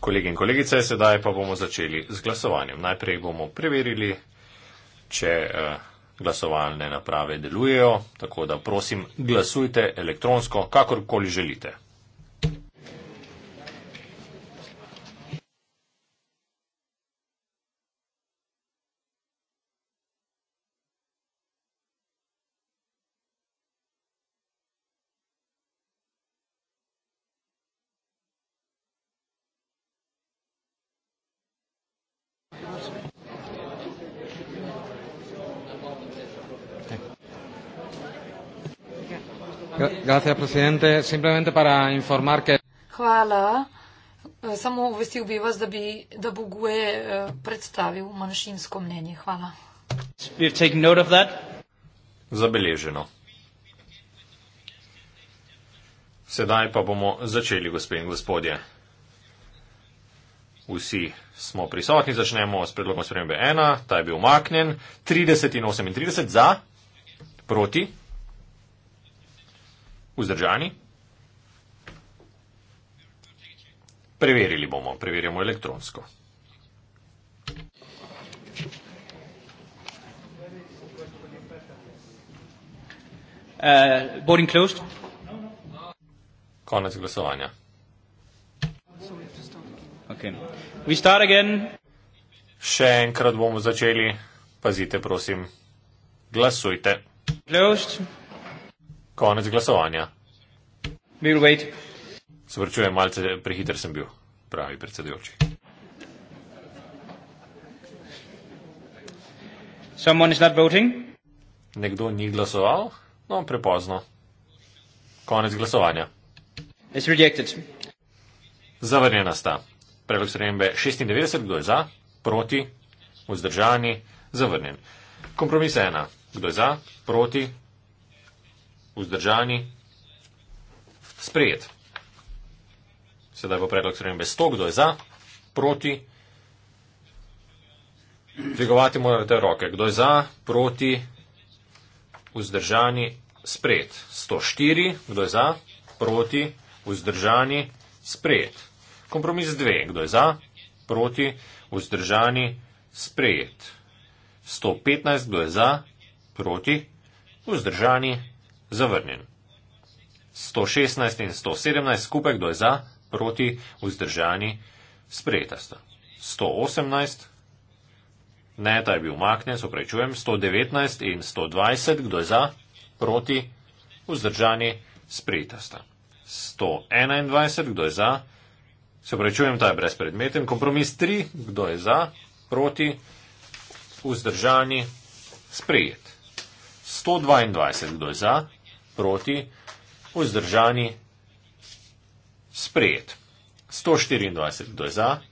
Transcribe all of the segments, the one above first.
Kolegi in kolegice, sedaj pa bomo začeli z glasovanjem. Najprej bomo preverili, če eh, glasovalne naprave delujejo, tako da prosim, glasujte elektronsko, kakorkoli želite. Gracias, presidente. Simplemente para informar que... Hvala. Samo obvestil bi vas, da bi da Bogue eh, predstavil manjšinsko mnenje. Hvala. Zabeleženo. Sedaj pa bomo začeli, gospe in gospodje. Vsi smo prisotni, začnemo s predlogom spremembe 1, ta je bil umaknjen, 30 in 38 za, proti vzdržani. Preverili bomo, preverjamo elektronsko. Uh, Konec glasovanja. Okay. Še enkrat bomo začeli. Pazite, prosim. Glasujte. Closed konec glasovanja. Se vrčujem, malce prehiter sem bil, pravi predsedujoči. Nekdo ni glasoval? No, prepozno. Konec glasovanja. Zavrnjena sta. Predlog spremembe 96, kdo je za, proti, vzdržani, zavrnjen. Kompromis ena. Kdo je za, proti, vzdržani, sprejet. Sedaj bo predlog spremembe 100, kdo je za, proti. Dvigovati morate roke. Kdo je za, proti, vzdržani, sprejet. 104, kdo je za, proti, vzdržani, sprejet. Kompromis 2, kdo je za, proti, vzdržani, sprejet. 115, kdo je za, proti, vzdržani, sprejet zavrnjen. 116 in 117 skupaj, kdo je za, proti, vzdržani, sprejeta sta. 118, ne, ta je bil umaknjen, se upravičujem, 119 in 120, kdo je za, proti, vzdržani, sprejeta sta. 121, kdo je za, se upravičujem, ta je brezpredmeten, kompromis 3, kdo je za, proti, vzdržani, sprejet. 122, kdo je za, proti, vzdržani, sprejet. 124 kdo je za,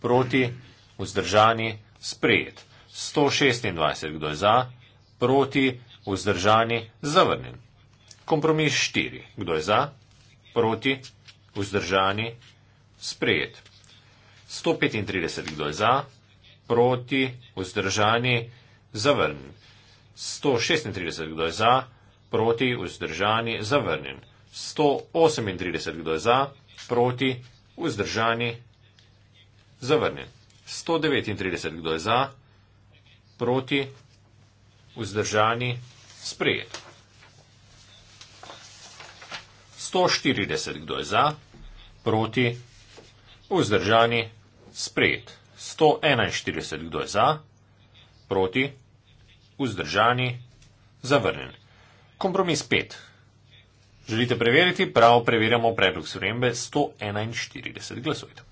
proti, vzdržani, sprejet. 126 kdo je za, proti, vzdržani, zavrnjen. Kompromis 4. Kdo je za, proti, vzdržani, sprejet. 135 kdo je za, proti, vzdržani, zavrnjen. 136 kdo je za, proti, vzdržani, zavrnjen proti, vzdržani, zavrnjen. 138, kdo je za, proti, vzdržani, zavrnjen. 139, kdo je za, proti, vzdržani, sprejet. 140, kdo je za, proti, vzdržani, sprejet. 141, kdo je za, proti, vzdržani, zavrnjen. Kompromis 5. Želite preveriti? Prav preverjamo predlog surembe 141. Glasujte.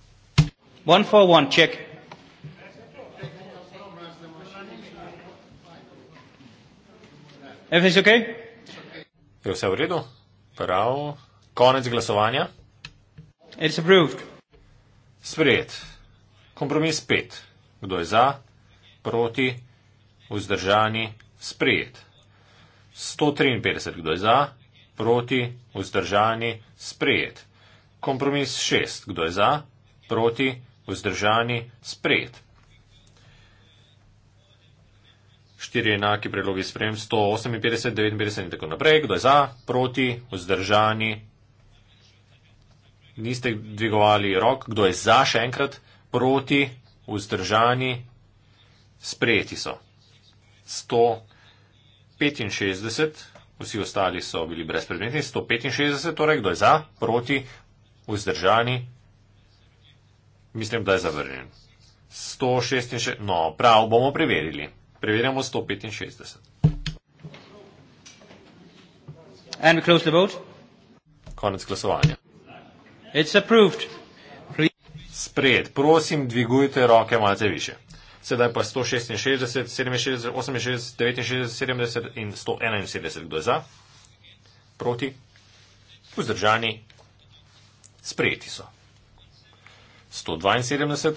One for one, check. Everything's okay? Je vse v redu? Prav. Konec glasovanja. It's approved. Sprejet. Kompromis 5. Kdo je za? Proti? Vzdržani? Sprejet. 153, kdo je za, proti, vzdržani, sprejet. Kompromis 6, kdo je za, proti, vzdržani, sprejet. Štiri enaki predlogi sprejem 158, 59 in tako naprej. Kdo je za, proti, vzdržani? Niste dvigovali rok. Kdo je za še enkrat, proti, vzdržani? Sprejeti so. 100. 65, vsi ostali so bili brezpredmetni, 165, torej kdo je za, proti, vzdržani, mislim, da je zavrnjen. 166, no, prav bomo preverili. Preverjamo 165. And we close the vote. Konec glasovanja. It's approved. Please. Sprejet, prosim, dvigujte roke malce više sedaj pa 166, 67, 68, 69, 70 in 171, kdo je za, proti, vzdržani, sprejeti so. 172,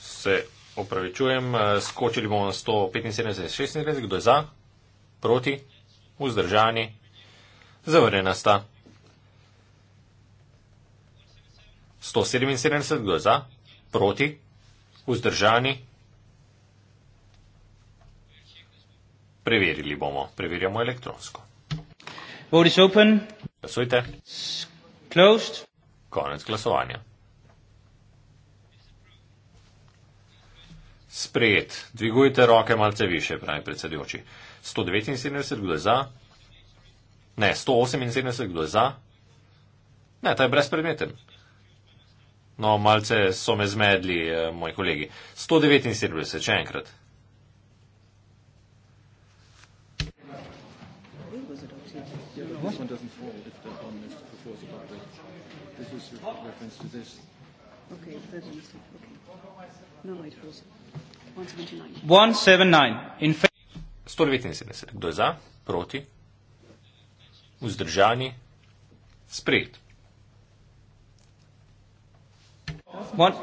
se opravičujem, eh, skočili bomo na 175, 76, kdo je za, proti, vzdržani, zavrnjena sta. 177, kdo je za, proti, vzdržani. Preverili bomo, preverjamo elektronsko. Vote is open. Glasujte. Closed. Konec glasovanja. Sprejet. Dvigujte roke malce više, pravi predsedujoči. 179, kdo je za? Ne, 178, kdo je za? Ne, ta je brezpredmeten. No, malce so me zmedli, eh, moji kolegi. 179, še enkrat. Okay, 179. Kdo je za? Proti? Vzdržani? Sprejet. What?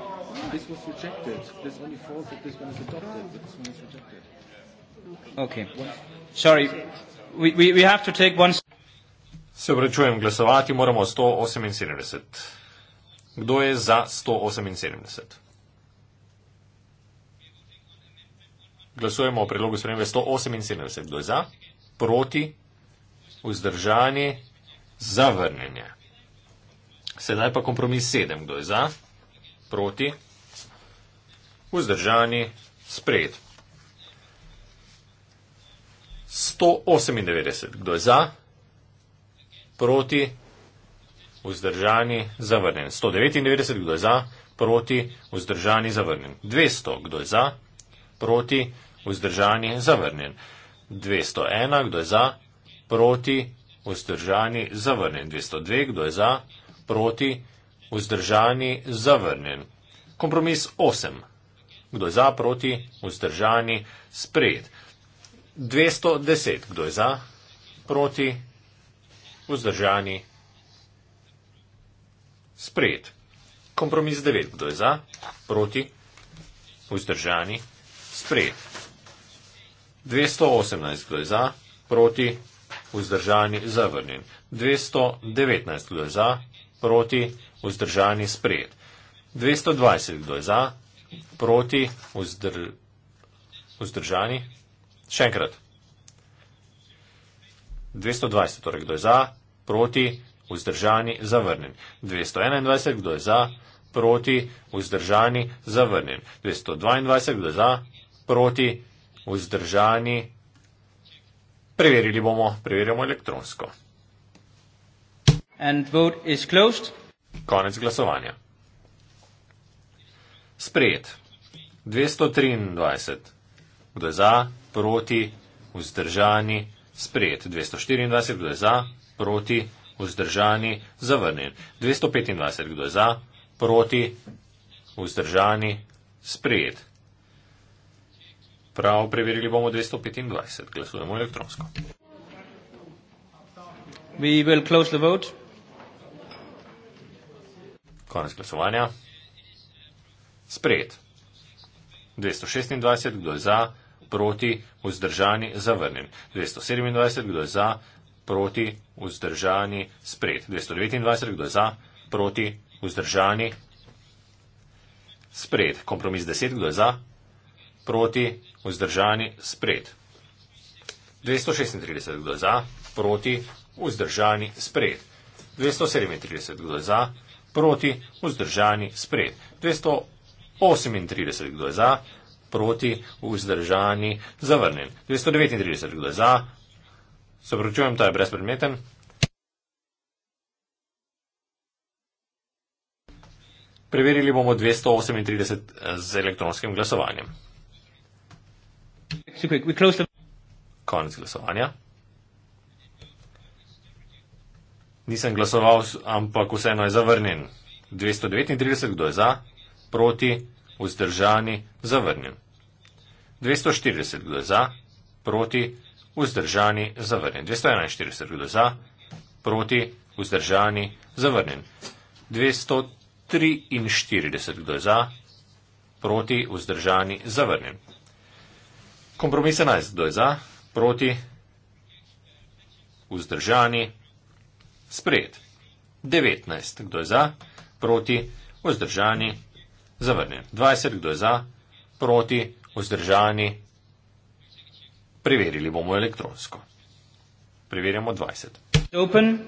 This was rejected. There's only four that this one is adopted, but this one is rejected. Okay. Sorry. We, we, we have to take one. Se vrečujem, glasovati moramo 178. Kdo je za 178? Glasujemo o predlogu spremembe 178. Kdo je za? Proti? Vzdržani? Zavrnjenje. Sedaj pa kompromis 7. Kdo je za? proti, vzdržani, sprejet. 198, kdo je za, proti, vzdržani, zavrnjen. 199, kdo je za, proti, vzdržani, zavrnjen. 200, kdo je za, proti, vzdržani, zavrnjen. 201, kdo je za, proti, vzdržani, zavrnjen. 202, kdo je za, proti, vzdržani, zavrnjen vzdržani, zavrnjen. Kompromis 8. Kdo je za, proti, vzdržani, sprejet. 210. Kdo je za, proti, vzdržani, sprejet. Kompromis 9. Kdo je za, proti, vzdržani, sprejet. 218. Kdo je za, proti, vzdržani, zavrnjen. 219. Kdo je za, proti, vzdržani sprejet. 220, kdo je za, proti, vzdr, vzdržani. Še enkrat. 220, torej kdo je za, proti, vzdržani, zavrnjen. 221, kdo je za, proti, vzdržani, zavrnjen. 222, kdo je za, proti, vzdržani. Preverili bomo, preverjamo elektronsko. And vote is closed. Konec glasovanja. Sprejet. 223. Kdo je za, proti, vzdržani? Sprejet. 224. Kdo je za, proti, vzdržani? Zavrnjen. 225. Kdo je za, proti, vzdržani? Sprejet. Prav preverili bomo 225. Glasujemo elektronsko. We will close the vote. Konec glasovanja. Sprejet. 226, kdo je za, proti, vzdržani, zavrnjen. 227, kdo je za, proti, vzdržani, sprejet. 229, kdo je za, proti, vzdržani, sprejet. Kompromis 10, kdo je za, proti, vzdržani, sprejet. 236, kdo je za, proti, vzdržani, sprejet. 237, kdo je za, proti, vzdržani, sprejet proti, vzdržani, spred. 238, kdo je za, proti, vzdržani, zavrnjen. 239, kdo je za, se pravčujem, ta je brezpredmeten. Preverili bomo 238 eh, z elektronskim glasovanjem. Konec glasovanja. nisem glasoval, ampak vseeno je zavrnjen. 239, kdo je za, proti, vzdržani, zavrnjen. 240, kdo je za, proti, vzdržani, zavrnjen. 241, kdo je za, proti, vzdržani, zavrnjen. 243, kdo je za, proti, vzdržani, zavrnjen. Kompromis 11, kdo je za, proti, vzdržani, zavrnjen. Sprejet. 19. Kdo je za? Proti. Vzdržani. Zavrnjen. 20. Kdo je za? Proti. Vzdržani. Preverili bomo elektronsko. Preverjamo 20. Open.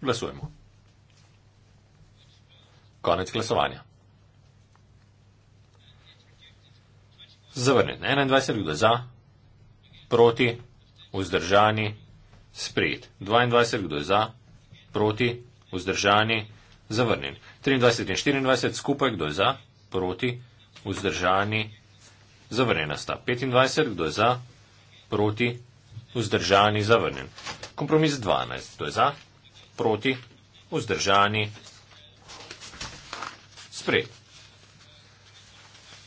Glasujemo. Konec glasovanja. Zavrnjen. 21. Kdo je za? Proti. Vzdržani. Sprejet. 22. Kdo je za? Proti proti, vzdržani, zavrnjen. 23 in 24 skupaj, kdo je za, proti, vzdržani, zavrnjena sta. 25, kdo je za, proti, vzdržani, zavrnjen. Kompromis 12, kdo je za, proti, vzdržani, sprejet.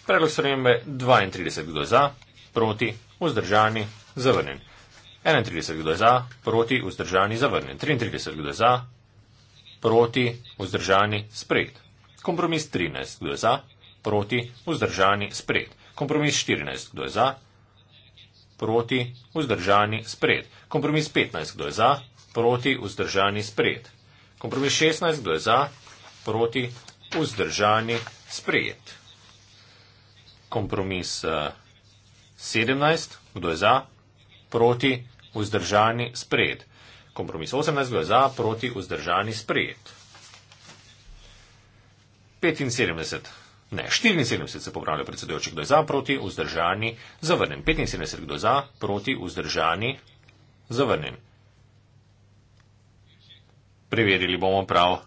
Predlog spremembe 32, kdo je za, proti, vzdržani, zavrnjen. 31 kdo je za, proti, vzdržani, zavrnjen. 33 kdo je za, proti, vzdržani, sprejet. Kompromis 13 kdo je za, proti, vzdržani, sprejet. Kompromis 14 kdo je za, proti, vzdržani, sprejet. Kompromis 15 kdo je za, proti, vzdržani, sprejet. Kompromis 16 kdo je za, proti, vzdržani, sprejet. Kompromis 17 eh, kdo je za, proti, vzdržani, sprejet vzdržani sprejet. Kompromis 18 je za, proti vzdržani sprejet. 75, ne, 74 se popravlja predsedujoči, kdo je za, proti vzdržani, zavrnjen. 75, kdo je za, proti vzdržani, zavrnjen. Preverili bomo prav,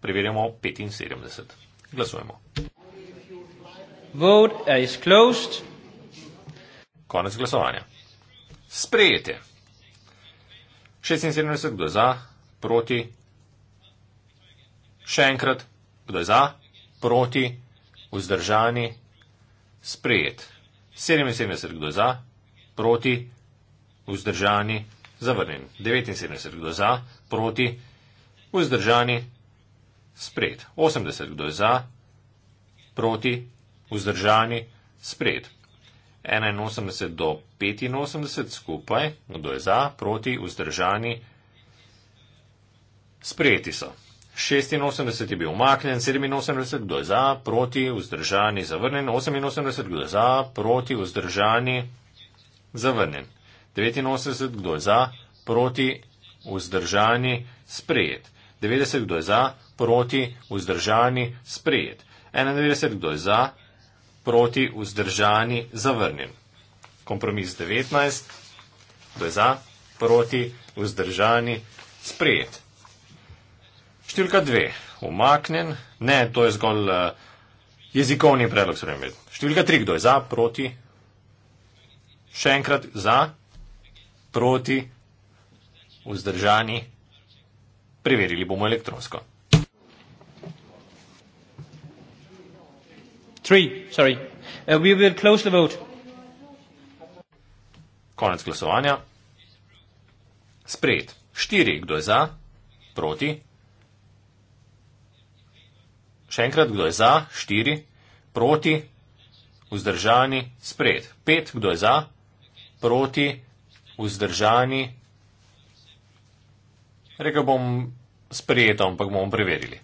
preverjamo 75. Glasujemo. Vote is closed. Konec glasovanja. Sprejete. 76, kdo je za, proti, še enkrat, kdo je za, proti, vzdržani, sprejet. 77, kdo je za, proti, vzdržani, zavrnjen. 79, kdo je za, proti, vzdržani, sprejet. 80, kdo je za, proti, vzdržani, sprejet. 81 do 85 skupaj, kdo je za, proti, vzdržani, sprejeti so. 86 je bil umaknjen, 87 kdo je za, proti, vzdržani, zavrnjen, 88 kdo je za, proti, vzdržani, zavrnjen, 89 kdo je za, proti, vzdržani, sprejet, 90 kdo je za, proti, vzdržani, sprejet, 91 kdo je za, proti, vzdržani, zavrnjen. Kompromis 19, kdo je za, proti, vzdržani, sprejet. Številka 2, umaknen, ne, to je zgolj uh, jezikovni predlog, se pravi. Številka 3, kdo je za, proti, še enkrat za, proti, vzdržani, preverili bomo elektronsko. Three, sorry. Uh, we will close the vote. Konec glasovanja. Sprejet. Štiri, kdo je za? Proti. Še enkrat, kdo je za? Štiri. Proti. Vzdržani. Sprejet. Pet, kdo je za? Proti. Vzdržani. Rekel bom sprejeto, ampak bomo preverili.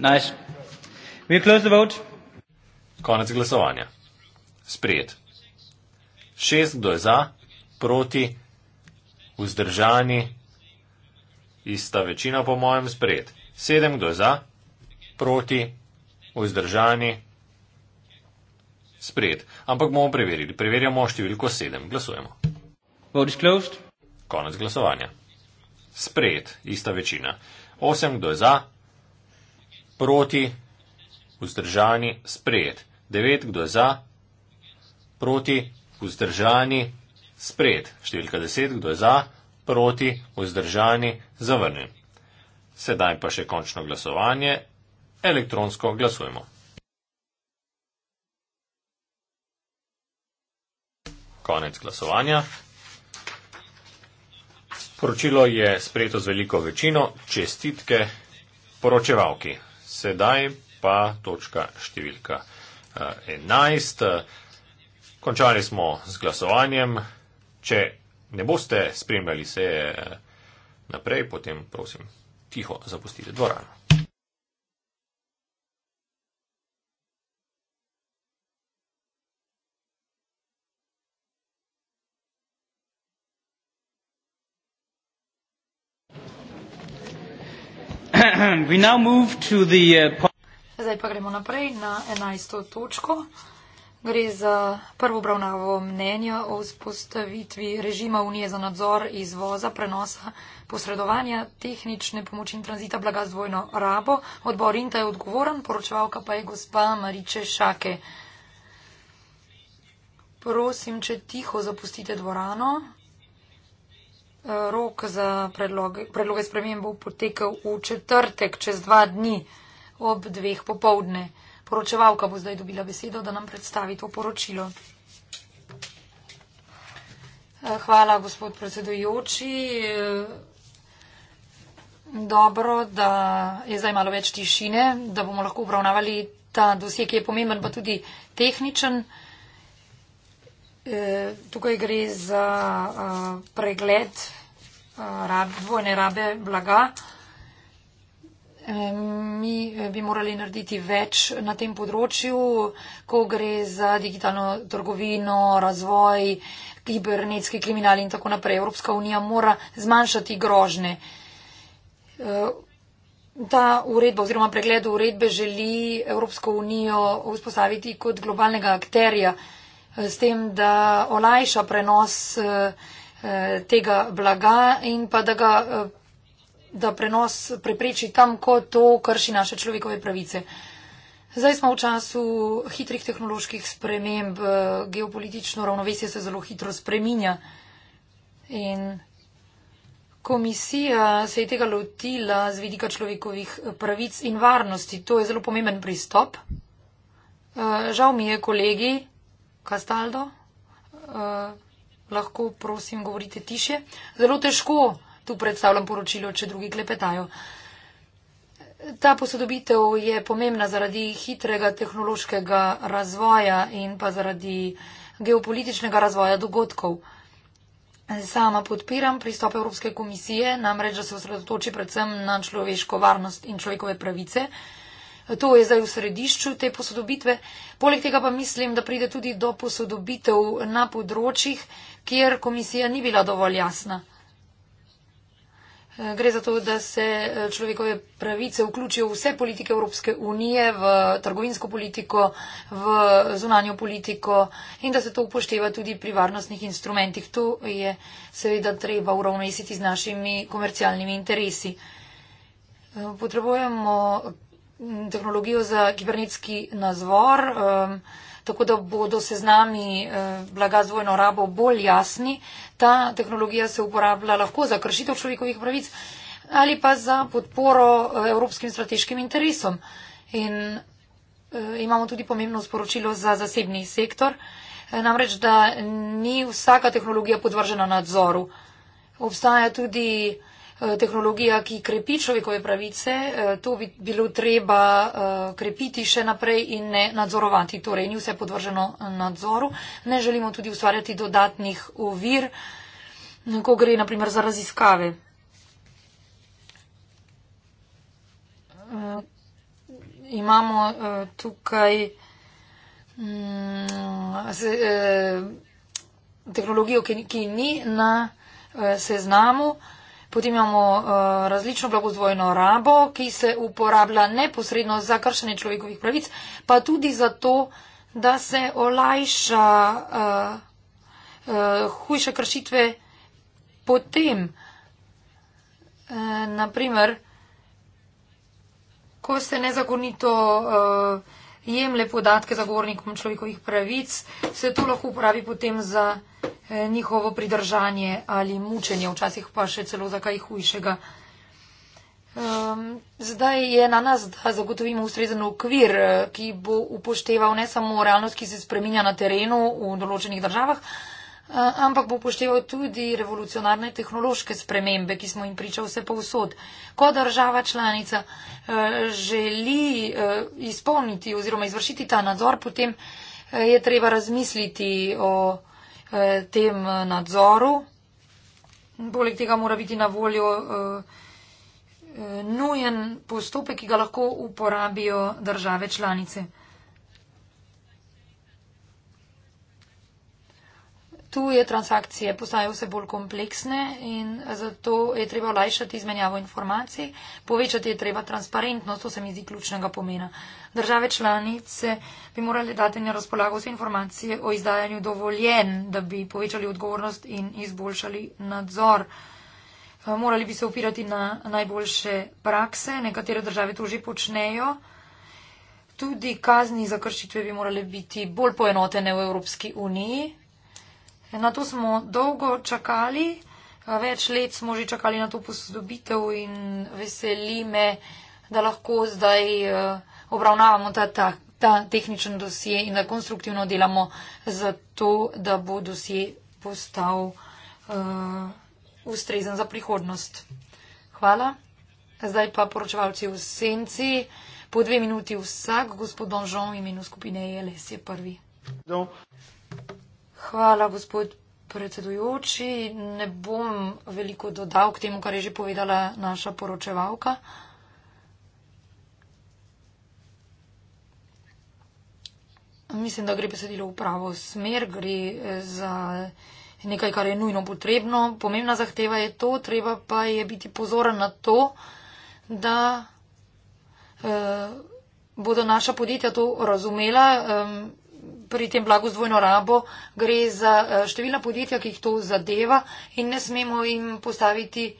Nice. We close the vote. Konec glasovanja. Sprijet. Šest kdo je za, proti, vzdržani, ista večina po mojem, sprijet. Sedem kdo je za, proti, vzdržani, sprijet. Ampak bomo preverili. Preverjamo številko sedem. Glasujemo. Vote is closed. Konec glasovanja. Sprijet, ista večina. Osem kdo je za, proti, vzdržani vzdržani, sprejet. 9, kdo za, proti, vzdržani, sprejet. Številka 10, kdo za, proti, vzdržani, zavrnjen. Sedaj pa še končno glasovanje. Elektronsko glasujemo. Konec glasovanja. Poročilo je sprejeto z veliko večino. Čestitke poročevalki. Sedaj pa točka številka 11. Eh, Končali smo z glasovanjem. Če ne boste spremljali se eh, naprej, potem prosim tiho zapustite dvorano. We now move to the uh, Zdaj pa gremo naprej na 11. točko. Gre za prvo obravnavo mnenja o vzpostavitvi režima Unije za nadzor izvoza, prenosa, posredovanja tehnične pomoči in tranzita blaga z vojno rabo. Odbor Inta je odgovoren, poročevalka pa je gospa Mariče Šake. Prosim, če tiho zapustite dvorano. Eh, rok za predloge, predloge spremembo potekal v četrtek, čez dva dni ob dveh popovdne. Poročevalka bo zdaj dobila besedo, da nam predstavi to poročilo. Eh, hvala, gospod predsedujoči. Eh, dobro, da je zdaj malo več tišine, da bomo lahko obravnavali ta dosje, ki je pomemben, pa tudi tehničen. Eh, tukaj gre za pregled dvojne rabe blaga mi eh, bi morali narediti več na tem področju, ko gre za digitalno trgovino, razvoj, kibernetski kriminal in tako naprej. Evropska unija mora zmanjšati grožne. Eh, ta uredba oziroma pregled uredbe želi Evropsko unijo vzpostaviti kot globalnega akterja eh, s tem, da olajša prenos tega blaga in pa da ga da prenos prepreči tam, ko to krši naše človekove pravice. Zdaj smo v času hitrih tehnoloških sprememb, eh, geopolitično ravnovesje se zelo hitro spreminja. In komisija se je tega lotila z vidika človekovih eh, pravic in varnosti. To je zelo pomemben pristop. Eh, žal mi je kolegi Kastaldo, lahko prosim govorite tiše. Zelo težko tu predstavljam poročilo, če drugi klepetajo. Ta posodobitev je pomembna zaradi hitrega tehnološkega razvoja in pa zaradi geopolitičnega razvoja dogodkov. Sama podpiram pristop Evropske komisije, namreč, da se osredotoči predvsem na človeško varnost in človekove pravice. To je zdaj v središču te posodobitve. Poleg tega pa mislim, da pride tudi do posodobitev na področjih, kjer komisija ni bila dovolj jasna. Gre za to, da se eh, človekove pravice vključijo vse politike Evropske unije v trgovinsko politiko, v zunanjo politiko in da se to upošteva tudi pri varnostnih instrumentih. To je seveda treba uravnesiti z našimi komercialnimi interesi. Eh, potrebujemo mm, tehnologijo za kibernetski nazvor. Um, tako da bodo seznami eh, blagazvojno rabo bolj jasni. Ta tehnologija se uporablja lahko za kršitev človekovih pravic ali pa za podporo eh, evropskim strateškim interesom. In eh, imamo tudi pomembno sporočilo za zasebni sektor, namreč, da ni vsaka tehnologija podvržena nadzoru. Obstaja tudi Eh, tehnologija, ki krepi človekove pravice, eh, to bi bilo treba eh, krepiti še naprej in ne nadzorovati. Torej, ni vse podvrženo nadzoru. Ne želimo tudi ustvarjati dodatnih ovir, ko gre naprimer za raziskave. Imamo tukaj mm, tehnologijo, ki ni na seznamu. Potem imamo eh, različno blagozvojno rabo, ki se uporablja neposredno za kršene človekovih pravic, pa tudi zato, da se olajša eh, eh, hujše kršitve potem. Naprimer, ko se nezakonito jemlje podatke zagovornikom človekovih pravic, se to lahko uporabi potem za eh, njihovo pridržanje ali mučenje, včasih pa še celo za kaj hujšega. Um, zdaj je na nas, da zagotovimo ustrezen okvir, eh, ki bo upošteval ne samo realnost, ki se spreminja na terenu v določenih državah, Eh, ampak bo upošteval tudi revolucionarne tehnološke spremembe, ki smo jim pričali vse povsod. Ko država članica eh, želi eh, izpolniti oziroma izvršiti ta nadzor, potem je treba razmisliti o tem nadzoru. Poleg tega mora biti na voljo nujen postopek, ki ga lahko uporabijo države članice. tuje transakcije postajajo vse bolj kompleksne in zato je treba olajšati izmenjavo informacij, povečati je treba transparentnost, to se mi zdi ključnega pomena. Države članice bi morali dati na razpolago vse informacije o izdajanju dovoljen, da bi povečali odgovornost in izboljšali nadzor. Morali bi se upirati na najboljše prakse, nekatere države to že počnejo. Tudi kazni za kršitve bi morali biti bolj poenotene v Evropski uniji, Na to smo dolgo čakali, več let smo že čakali na to posodobitev in veseli me, da lahko zdaj eh, obravnavamo ta, ta, ta tehničen dosje in da konstruktivno delamo za to, da bo dosje postal uh, ustrezen za prihodnost. Hvala. Zdaj pa poročevalci v senci. Po dve minuti vsak, gospod Donžon, imenu skupine ELS je prvi. Don. Hvala, gospod predsedujoči. Ne bom veliko dodal k temu, kar je že povedala naša poročevalka. Mislim, da gre besedilo v pravo smer, gre eh, za nekaj, kar je nujno potrebno. Pomembna zahteva je to, treba pa je biti pozoren na to, da eh, bodo naša podjetja to razumela. Eh, pri tem blagu z dvojno rabo gre za eh, številna podjetja, ki jih to zadeva in ne smemo jim postaviti eh,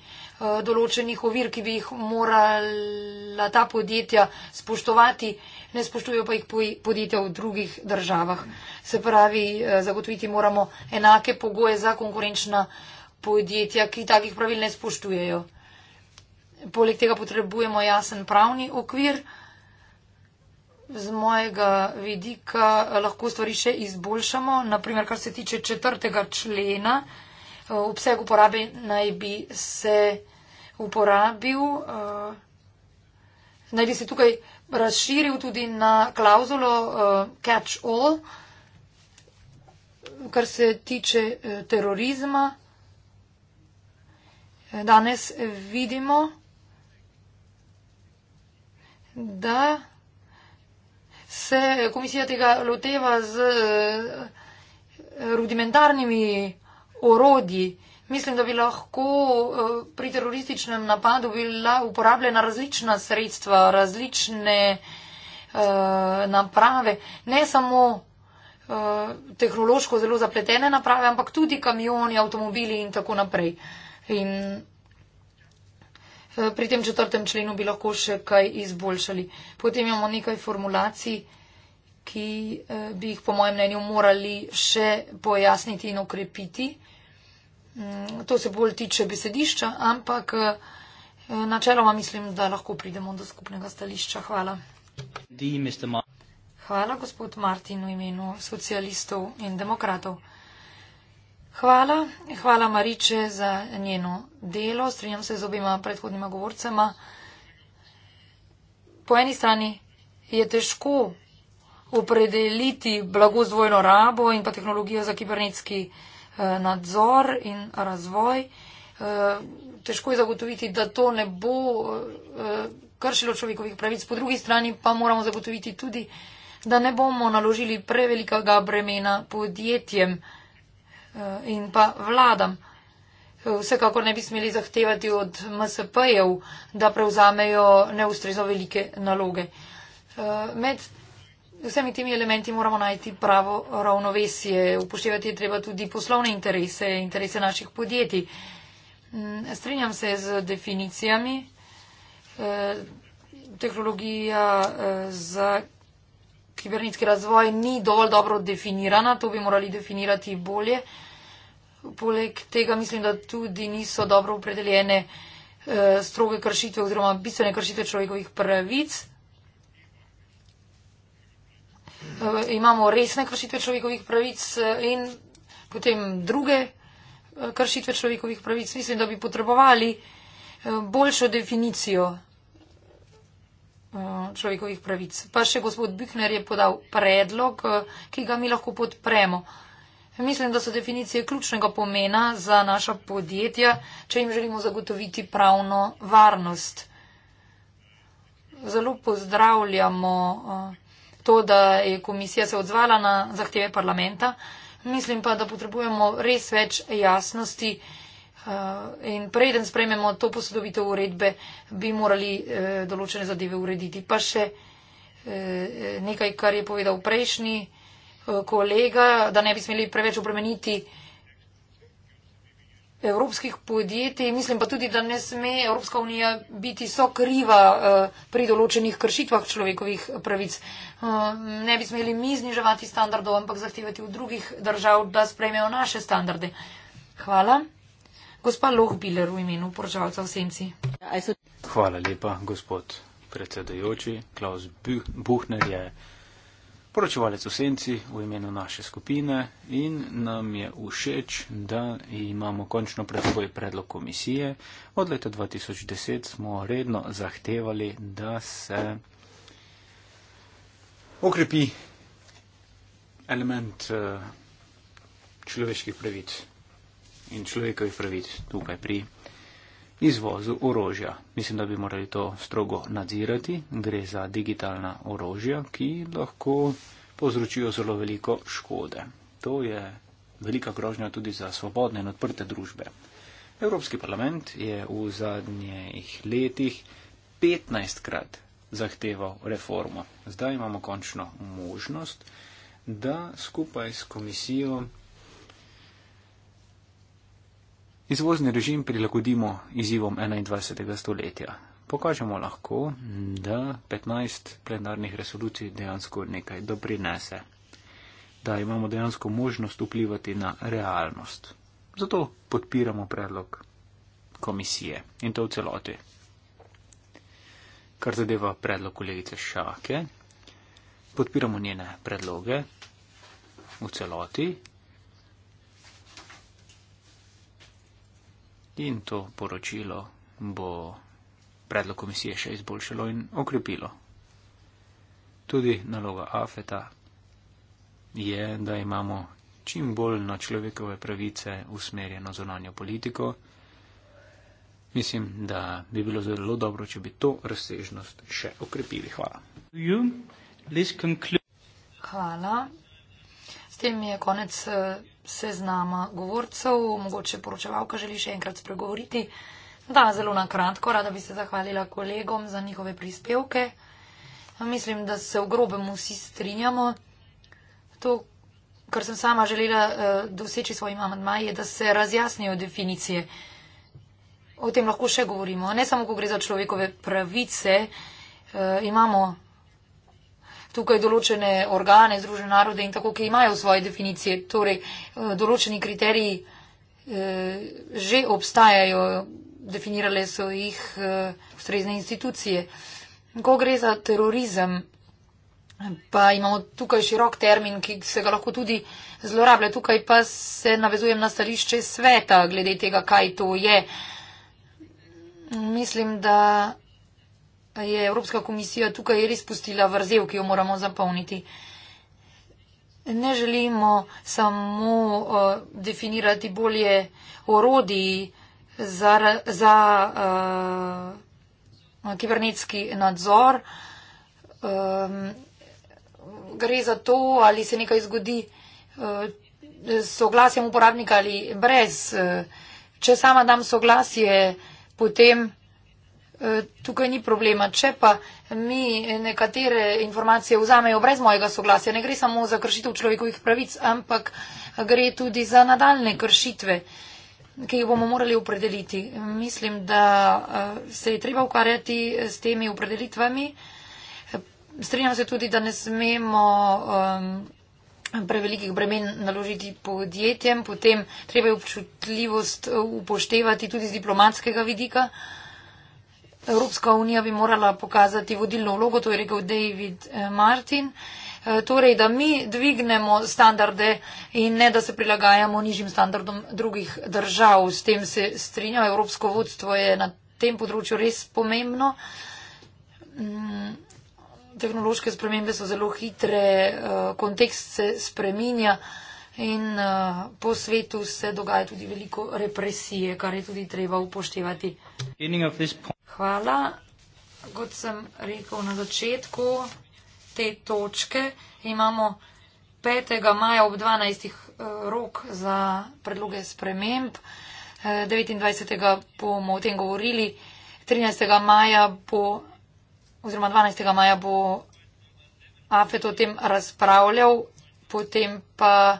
določenih ovir, ki bi jih morala ta podjetja spoštovati, ne spoštujo pa jih podjetja v drugih državah. Se pravi, eh, zagotoviti moramo enake pogoje za konkurenčna podjetja, ki takih pravil ne spoštujejo. Poleg tega potrebujemo jasen pravni okvir z mojega vidika lahko stvari še izboljšamo. Naprimer, kar se tiče četrtega člena, eh, obseg uporabe naj bi se uporabil, eh, naj bi se tukaj razširil tudi na klauzulo eh, catch all, kar se tiče terorizma. Danes vidimo, da se komisija tega loteva z eh, rudimentarnimi orodji. Mislim, da bi lahko eh, pri terorističnem napadu bila uporabljena različna sredstva, različne uh, naprave, ne samo uh, tehnološko zelo zapletene naprave, ampak tudi kamioni, avtomobili in tako naprej. In Eh, pri tem četrtem členu bi lahko še kaj izboljšali. Potem imamo nekaj formulacij, ki eh, bi jih po mojem mnenju morali še pojasniti in ukrepiti. Mm, to se bolj tiče besedišča, ampak eh, načeloma mislim, da lahko pridemo do skupnega stališča. Hvala. Hvala, gospod Martin, v imenu socialistov in demokratov. Hvala, hvala Mariče za njeno delo. Strinjam se z obima predhodnima govorcema. Po eni strani je težko opredeliti blagozvojno rabo in pa tehnologijo za kibernetski eh, nadzor in razvoj. Eh, težko je zagotoviti, da to ne bo eh, kršilo človekovih pravic. Po drugi strani pa moramo zagotoviti tudi, da ne bomo naložili prevelikega bremena podjetjem. Eh, in pa vladam. Vsekakor ne bi smeli zahtevati od MSP-jev, da prevzamejo neustrezo velike naloge. Eh, med vsemi temi elementi moramo najti pravo ravnovesje. Upoštevati je treba tudi poslovne interese, interese naših podjetij. Mm, strinjam se z definicijami. Eh, tehnologija za kibernetski razvoj ni dovolj dobro definirana, to bi morali definirati bolje. Poleg tega mislim, da tudi niso dobro opredeljene eh, stroge kršitve oziroma bistvene kršitve človekovih pravic. Eh, imamo resne kršitve človekovih pravic eh, in potem druge eh, kršitve človekovih pravic. Mislim, da bi potrebovali eh, boljšo definicijo Eh, človekovih pravic. Pa še gospod Bikner je podal predlog, eh, ki ga mi lahko podpremo. Mislim, da so definicije ključnega pomena za naša podjetja, če jim želimo zagotoviti pravno varnost. Zelo pozdravljamo eh, to, da je komisija se odzvala na zahteve parlamenta. Mislim pa, da potrebujemo res več jasnosti Eh, in preden sprejmemo to posodobitev uredbe, bi morali eh, določene zadeve urediti. Pa še eh, nekaj, kar je povedal prejšnji kolega, da ne bi smeli preveč obremeniti evropskih podjetij. Mislim pa tudi, da ne sme Evropska unija biti sokriva pri določenih kršitvah človekovih pravic. Ne bi smeli mi zniževati standardov, ampak zahtevati v drugih držav, da sprejmejo naše standarde. Hvala. Gospa Lohbiler v imenu poročalca v Senci. Hvala lepa, gospod predsedajoči. Klaus Buhner je poročevalec v Senci v imenu naše skupine in nam je všeč, da imamo končno pred svoj predlog komisije. Od leta 2010 smo redno zahtevali, da se okrepi element eh, človeških pravic in človekovih pravic tukaj pri izvozu orožja. Mislim, da bi morali to strogo nadzirati. Gre za digitalna orožja, ki lahko povzročijo zelo veliko škode. To je velika grožnja tudi za svobodne in odprte družbe. Evropski parlament je v zadnjih letih 15krat zahteval reformo. Zdaj imamo končno možnost, da skupaj s komisijo Izvozni režim prilagodimo izzivom 21. stoletja. Pokažemo lahko, da 15 plenarnih resolucij dejansko nekaj doprinese, da imamo dejansko možnost vplivati na realnost. Zato podpiramo predlog komisije in to v celoti. Kar zadeva predlog kolegice Šake, podpiramo njene predloge v celoti, in to poročilo bo predlog komisije še izboljšalo in okrepilo. Tudi naloga AFETA je, da imamo čim bolj na človekove pravice usmerjeno zonanjo politiko. Mislim, da bi bilo zelo dobro, če bi to razsežnost še okrepili. Hvala. Hvala tem je konec eh, seznama govorcev. Mogoče poročevalka želi še enkrat spregovoriti. Da, zelo na kratko. Rada bi se zahvalila kolegom za njihove prispevke. Mislim, da se v grobem vsi strinjamo. To, kar sem sama želela eh, doseči svojim amadmaji, je, da se razjasnijo definicije. O tem lahko še govorimo. Ne samo, ko gre za človekove pravice. Eh, imamo tukaj določene organe, Združene narode in tako, ki imajo svoje definicije. Torej, eh, določeni kriteriji eh, že obstajajo, definirale so jih eh, ustrezne institucije. Ko gre za terorizem, pa imamo tukaj širok termin, ki se ga lahko tudi zlorablja. Tukaj pa se navezujem na stališče sveta glede tega, kaj to je. Mislim, da je Evropska komisija tukaj res pustila vrzel, ki jo moramo zapolniti. Ne želimo samo uh, definirati bolje orodi za, za uh, kibernetski nadzor. Um, gre za to, ali se nekaj zgodi uh, s soglasjem uporabnika ali brez. Uh, če sama dam soglasje, potem tukaj ni problema. Če pa mi nekatere informacije vzamejo brez mojega soglasja, ne gre samo za kršitev človekovih pravic, ampak gre tudi za nadaljne kršitve, ki jih bomo morali opredeliti. Mislim, da eh, se je treba ukvarjati s temi opredelitvami. Strinjam se tudi, da ne smemo um, prevelikih bremen naložiti podjetjem, potem treba je občutljivost eh, upoštevati tudi z diplomatskega vidika. Uh, Evropska unija bi morala pokazati vodilno vlogo, to je rekel David eh, Martin. Eh, torej, da mi dvignemo standarde in ne, da se prilagajamo nižjim standardom drugih držav. S tem se strinja. Evropsko vodstvo je na tem področju res pomembno. Mm, tehnološke spremembe so zelo hitre, eh, kontekst se spreminja in uh, po svetu se dogaja tudi veliko represije, kar je tudi treba upoštevati. Hvala. Kot sem rekel na začetku te točke, imamo 5. maja ob 12. Uh, eh, rok za predloge sprememb. Uh, eh, 29. bomo o tem govorili. 13. maja bo, oziroma 12. maja bo Afet o tem razpravljal, potem pa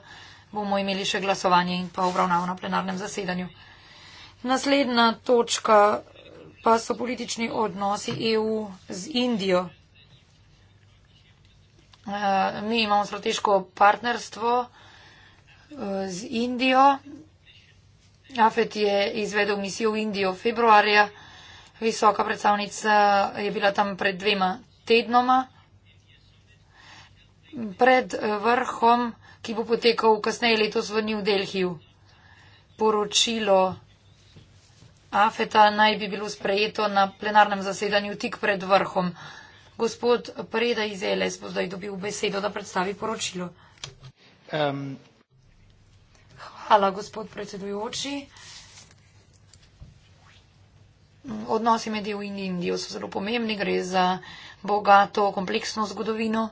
bomo imeli še glasovanje in pa obravnavo na plenarnem zasedanju. Naslednja točka pa so politični odnosi EU z Indijo. Eh, mi imamo strateško partnerstvo eh, z Indijo. AFET je izvedel misijo v Indijo februarja. Visoka predstavnica je bila tam pred dvema tednoma. Pred vrhom ki bo potekal kasneje letos v New Delhiju. Poročilo Afeta naj bi bilo sprejeto na plenarnem zasedanju tik pred vrhom. Gospod Preda iz LS bo zdaj dobil besedo, da predstavi poročilo. Um. Hvala, gospod predsedujoči. Odnosi med EU in Indijo so zelo pomembni, gre za bogato, kompleksno zgodovino.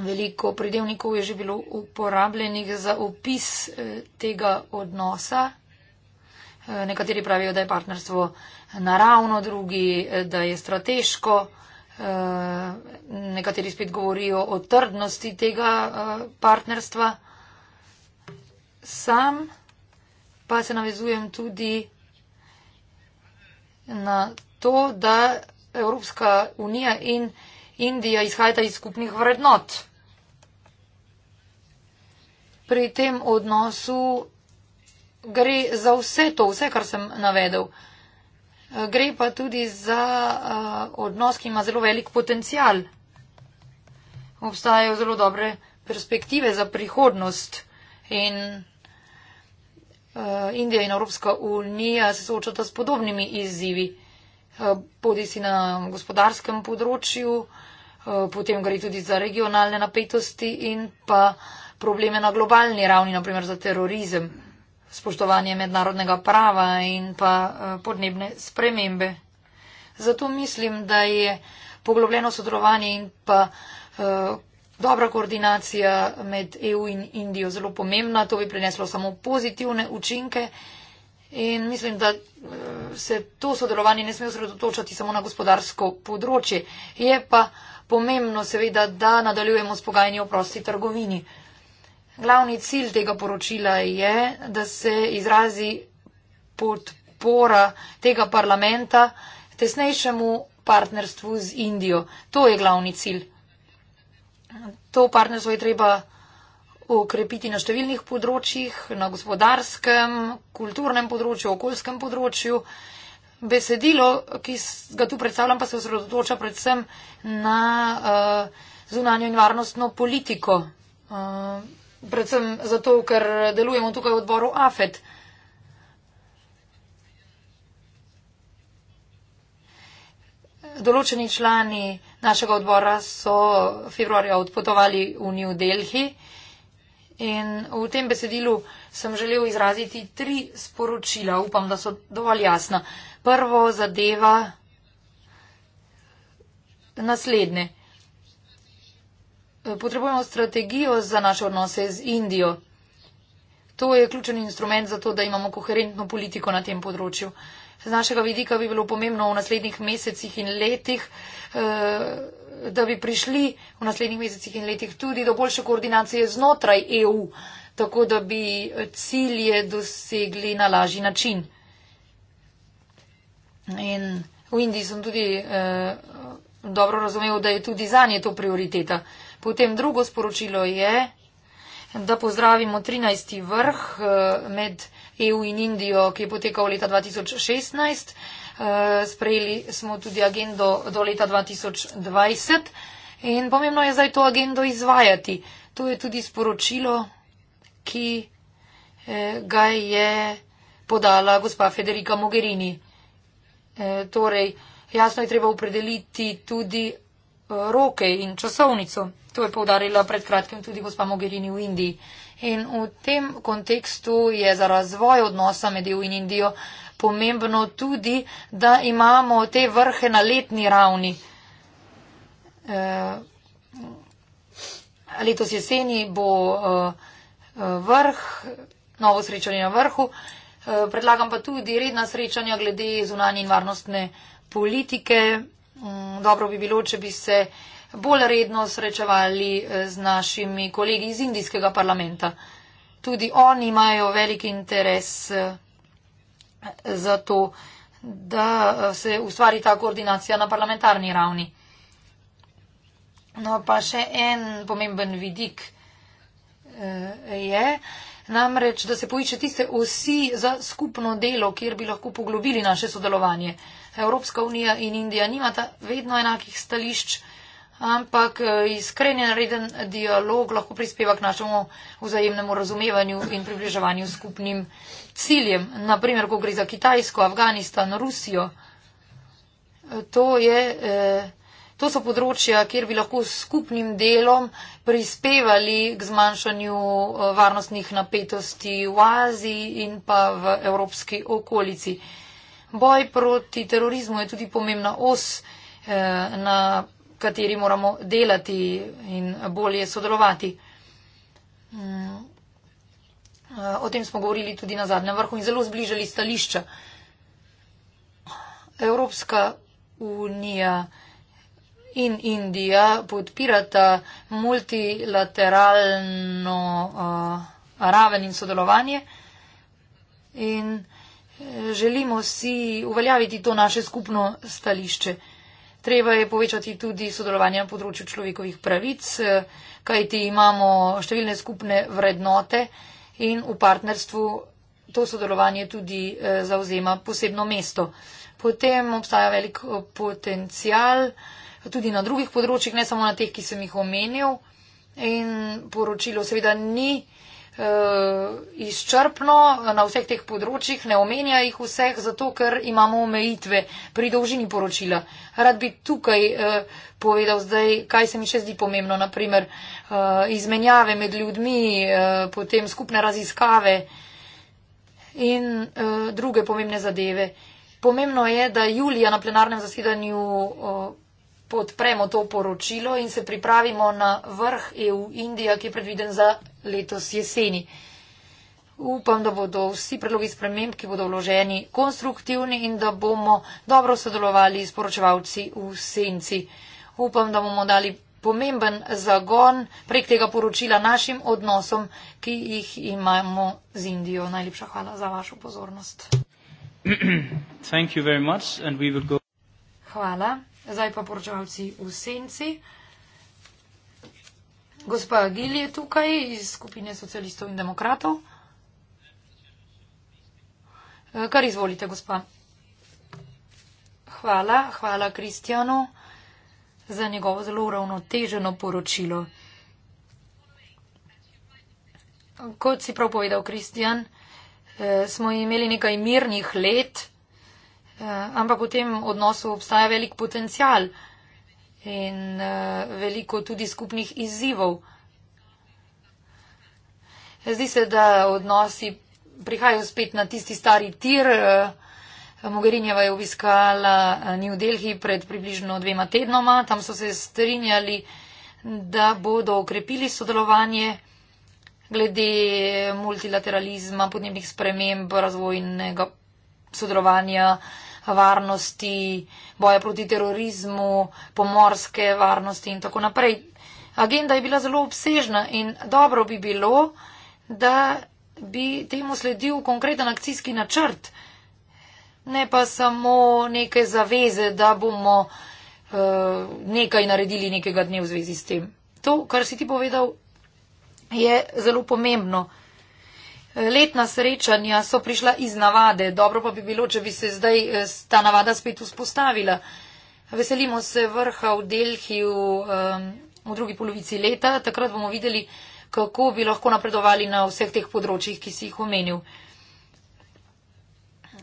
Veliko pridevnikov je že bilo uporabljenih za opis eh, tega odnosa. Eh, nekateri pravijo, da je partnerstvo naravno, drugi, eh, da je strateško. Nekateri spet govorijo o trdnosti tega partnerstva. Sam pa se navezujem tudi na to, da Evropska unija in. Indija izhajata iz skupnih vrednot. Pri tem odnosu gre za vse to, vse, kar sem navedel. Gre pa tudi za uh, odnos, ki ima zelo velik potencial. Obstajajo zelo dobre perspektive za prihodnost in uh, Indija in Evropska unija se soočata s podobnimi izzivi. Eh, bodi si na gospodarskem področju, eh, potem gre tudi za regionalne napetosti in pa probleme na globalni ravni, naprimer za terorizem, spoštovanje mednarodnega prava in pa eh, podnebne spremembe. Zato mislim, da je poglobljeno sodelovanje in pa dobra koordinacija med EU in Indijo zelo pomembna. To bi prineslo samo pozitivne učinke. In mislim, da eh, se to sodelovanje ne sme osredotočati samo na gospodarsko področje. Je pa pomembno seveda, da nadaljujemo s pogajanji o prosti trgovini. Glavni cilj tega poročila je, da se izrazi podpora tega parlamenta tesnejšemu partnerstvu z Indijo. To je glavni cilj. To partnerstvo je treba ukrepiti na številnih področjih, na gospodarskem, kulturnem področju, okoljskem področju. Besedilo, ki ga tu predstavljam, pa se osredotoča predvsem na uh, zunanjo in varnostno politiko. Uh, predvsem zato, ker delujemo tukaj v odboru AFED. Določeni člani našega odbora so februarja odpotovali v New Delhi. Uh, In v tem besedilu sem želel izraziti tri sporočila. Upam, da so dovolj jasna. Prvo zadeva naslednje. Potrebujemo strategijo za naše odnose z Indijo. To je ključen instrument za to, da imamo koherentno politiko na tem področju. Z našega vidika bi bilo pomembno v naslednjih mesecih in letih. Eh, da bi prišli v naslednjih mesecih in letih tudi do boljše koordinacije znotraj EU, tako da bi cilje dosegli na lažji način. In v Indiji sem tudi eh, dobro razumel, da je tudi za nje to prioriteta. Potem drugo sporočilo je, da pozdravimo 13. vrh eh, med EU in Indijo, ki je potekal leta 2016. Eh, sprejeli smo tudi agendo do leta 2020 in pomembno je zdaj to agendo izvajati. To je tudi sporočilo, ki eh, ga je podala gospa Federica Mogherini. Eh, torej, jasno je treba opredeliti tudi roke in časovnico. To je povdarila pred kratkim tudi gospa Mogherini v Indiji. In v tem kontekstu je za razvoj odnosa med EU in Indijo pomembno tudi, da imamo te vrhe na letni ravni. E, letos jeseni bo e, vrh, novo srečanje na vrhu, e, predlagam pa tudi redna srečanja glede zunanje in varnostne politike. Mm, dobro bi bilo, če bi se bolj redno srečevali z našimi kolegi iz indijskega parlamenta. Tudi oni imajo velik interes. E, za to, da eh, se ustvari ta koordinacija na parlamentarni ravni. No pa še en pomemben vidik eh, je namreč, da se poiče tiste vsi za skupno delo, kjer bi lahko poglobili naše sodelovanje. Evropska unija in Indija nimata vedno enakih stališč, ampak eh, iskreni nareden dialog lahko prispeva k našemu vzajemnemu razumevanju in približevanju skupnim ciljem, naprimer, ko gre za Kitajsko, Afganistan, Rusijo. To, je, eh, to so področja, kjer bi lahko skupnim delom prispevali k zmanjšanju eh, varnostnih napetosti v Aziji in pa v evropski okolici. Boj proti terorizmu je tudi pomembna os, eh, na kateri moramo delati in bolje sodelovati. Mm, Eh, o tem smo govorili tudi na zadnjem vrhu in zelo zbližali stališča. Evropska unija in Indija podpirata multilateralno uh, raven in sodelovanje in eh, želimo si uveljaviti to naše skupno stališče. Treba je povečati tudi sodelovanje na področju človekovih pravic, kajti imamo številne skupne vrednote. Uh, in v partnerstvu to sodelovanje tudi eh, zauzema posebno mesto. Potem obstaja velik eh, potencial tudi na drugih področjih, ne samo na teh, ki sem jih omenil. In poročilo seveda ni. Eh, izčrpno na vseh teh področjih, ne omenja jih vseh, zato ker imamo omejitve pri dolžini poročila. Rad bi tukaj eh, povedal zdaj, kaj se mi še zdi pomembno, naprimer eh, izmenjave med ljudmi, potem skupne raziskave in druge pomembne zadeve. Pomembno je, da julija na plenarnem zasedanju podpremo to poročilo in se pripravimo na vrh EU-Indija, ki je predviden za letos jeseni. Upam, da bodo vsi predlogi sprememb, ki bodo vloženi, konstruktivni in da bomo dobro sodelovali s poročevalci v senci. Upam, da bomo dali pomemben zagon prek tega poročila našim odnosom, ki jih imamo z Indijo. Najlepša hvala za vašo pozornost. Hvala. Zdaj pa poročevalci v senci. Gospa Gili je tukaj iz skupine socialistov in demokratov. E, kar izvolite, gospa. Hvala, hvala Kristjanu za njegovo zelo uravnoteženo poročilo. Kot si prav povedal, Kristjan, e, smo imeli nekaj mirnih let, e, ampak v tem odnosu obstaja velik potencial in eh, veliko tudi skupnih izzivov. Zdi se, da odnosi prihajajo spet na tisti stari tir. Eh, Mogherinjeva je obiskala eh, New Delhi pred približno dvema tednoma. Tam so se strinjali, da bodo okrepili sodelovanje glede multilateralizma, podnebnih sprememb, razvojnega sodelovanja varnosti, boja proti terorizmu, pomorske varnosti in tako naprej. Agenda je bila zelo obsežna in dobro bi bilo, da bi temu sledil konkreten akcijski načrt, ne pa samo neke zaveze, da bomo uh, nekaj naredili nekega dne v zvezi s tem. To, kar si ti povedal, je zelo pomembno. Letna srečanja so prišla iz navade. Dobro pa bi bilo, če bi se zdaj eh, ta navada spet vzpostavila. Veselimo se vrha v Delhi v, ehm, v drugi polovici leta. Takrat bomo videli, kako bi lahko napredovali na vseh teh področjih, ki si jih omenil.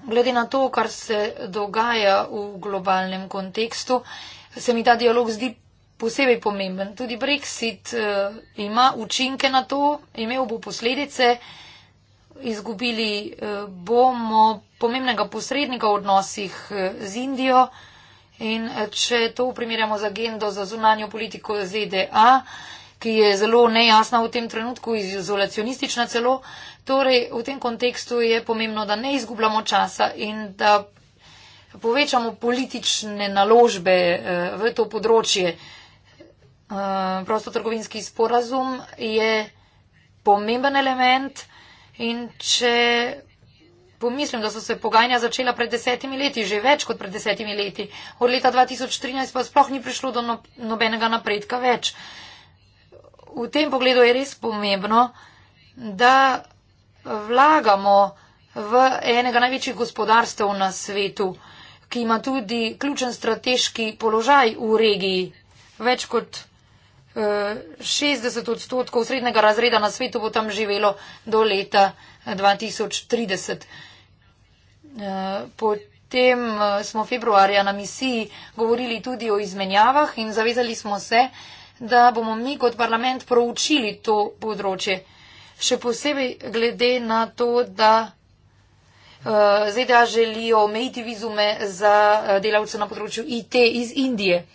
Glede na to, kar se dogaja v globalnem kontekstu, se mi ta dialog zdi posebej pomemben. Tudi Brexit eh, ima učinke na to, imel bo posledice izgubili eh, bomo pomembnega posrednika v odnosih eh, z Indijo in eh, če to primerjamo z agendo za zunanjo politiko ZDA, ki je zelo nejasna v tem trenutku, izolacionistična celo, torej v tem kontekstu je pomembno, da ne izgubljamo časa in da povečamo politične naložbe v to področje. Prostotrgovinski sporazum je pomemben element In če pomislim, da so se pogajanja začela pred desetimi leti, že več kot pred desetimi leti, od leta 2013 pa sploh ni prišlo do no-, nobenega napredka več. V tem pogledu je res pomembno, da vlagamo v enega največjih gospodarstev na svetu, ki ima tudi ključen strateški položaj v regiji. Več kot 60 odstotkov srednjega razreda na svetu bo tam živelo do leta 2030. Eh, eh, potem eh, smo februarja na misiji govorili tudi o izmenjavah in zavezali smo se, da bomo mi kot parlament proučili to področje. Še posebej glede na to, da ZDA želijo omejiti vizume za delavce na področju IT iz Indije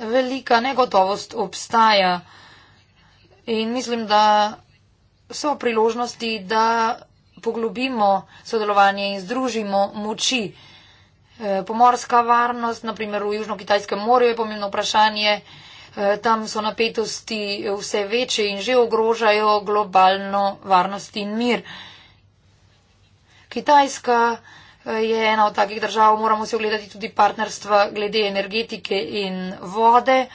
velika negotovost obstaja. In mislim, da so priložnosti, da poglobimo sodelovanje in združimo moči. E, pomorska varnost, naprimer v Južno-Kitajskem morju, je pomembno vprašanje. E, tam so napetosti vse večje in že ogrožajo globalno varnost in mir. Kitajska je ena od takih držav, moramo se ogledati tudi partnerstva glede energetike in vode, eh,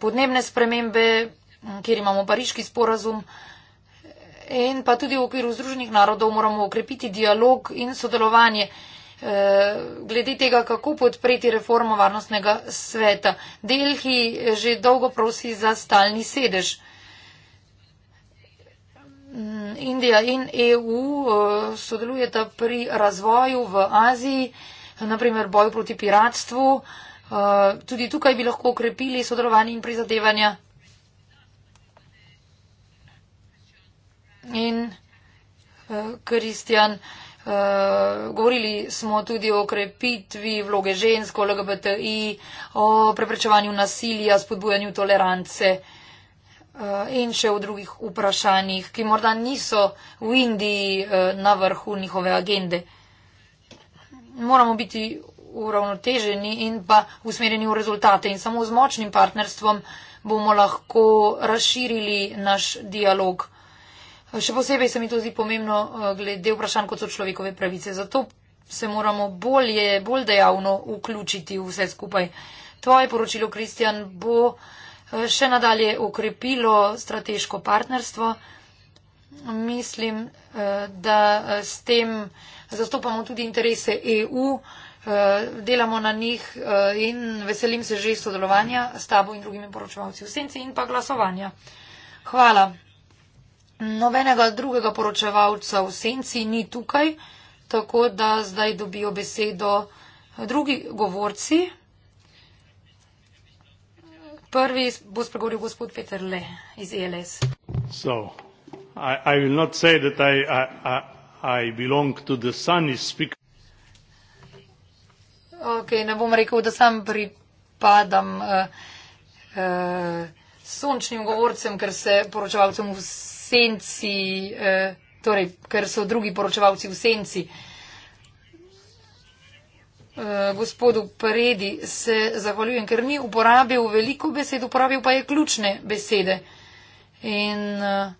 podnebne spremembe, kjer imamo pariški sporazum in pa tudi v okviru Združenih narodov moramo okrepiti dialog in sodelovanje eh, glede tega, kako podpreti reformo varnostnega sveta. Delhi že dolgo prosi za stalni sedež. Indija in EU eh, sodelujeta pri razvoju v Aziji, naprimer boj proti piratstvu. Eh, tudi tukaj bi lahko ukrepili sodelovanje in prizadevanja. In eh, Kristjan, govorili smo tudi o krepitvi vloge žensko LGBTI, o preprečevanju nasilja, spodbujanju tolerance. Eh, in še v drugih vprašanjih, ki morda niso v Indiji eh, na vrhu njihove agende. Moramo biti uravnoteženi in pa usmerjeni v rezultate in samo z močnim partnerstvom bomo lahko razširili naš dialog. Eh, še posebej se mi to zdi pomembno glede vprašanj, kot so človekove pravice. Zato se moramo bolje, bolj dejavno vključiti v vse skupaj. Tvoje poročilo, Kristjan, bo še nadalje ukrepilo strateško partnerstvo. Mislim, eh, da eh, s tem zastopamo tudi interese EU, eh, delamo na njih in veselim se že sodelovanja s tabo in drugimi poročevalci v senci in pa glasovanja. Hvala. Nobenega drugega poročevalca v senci ni tukaj, tako da zdaj dobijo besedo drugi govorci. Prvi bo spregovoril gospod Peter Le iz ELS. So, I, I I, I, I, I ok, ne bom rekel, da sam pripadam uh, uh, sončnim govorcem, ker se poročevalcem v senci, uh, torej, ker so drugi poročevalci v senci. Uh, Eh, gospodu Paredi se zahvaljujem, ker ni uporabil veliko besed, uporabil pa je ključne besede. In eh,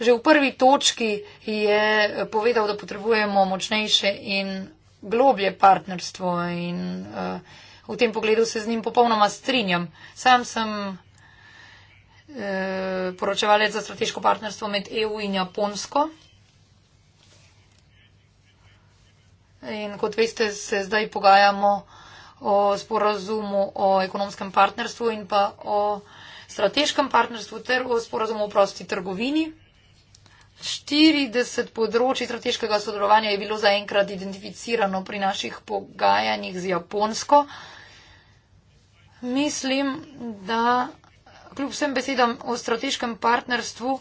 že v prvi točki je povedal, da potrebujemo močnejše in globje partnerstvo in eh, v tem pogledu se z njim popolnoma strinjam. Sam sem poročevalec za strateško partnerstvo med EU in Japonsko. In kot veste, se zdaj pogajamo o sporazumu o ekonomskem partnerstvu in pa o strateškem partnerstvu ter o sporazumu o prosti trgovini. 40 področji strateškega sodelovanja je bilo zaenkrat identificirano pri naših pogajanjih z Japonsko. Mislim, da kljub vsem besedam o strateškem partnerstvu,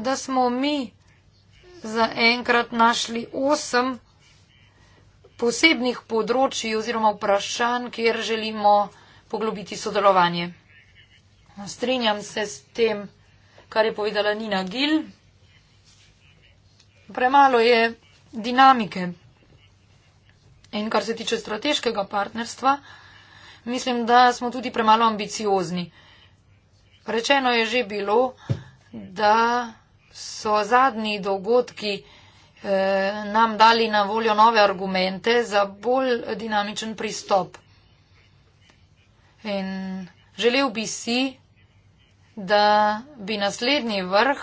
da smo mi zaenkrat našli 8 posebnih področji oziroma vprašanj, kjer želimo poglobiti sodelovanje. Strinjam se s tem, kar je povedala Nina Gil. Premalo je dinamike. In kar se tiče strateškega partnerstva, mislim, da smo tudi premalo ambiciozni. Rečeno je že bilo, da so zadnji dogodki Eh, nam dali na voljo nove argumente za bolj dinamičen pristop. In želel bi si, da bi naslednji vrh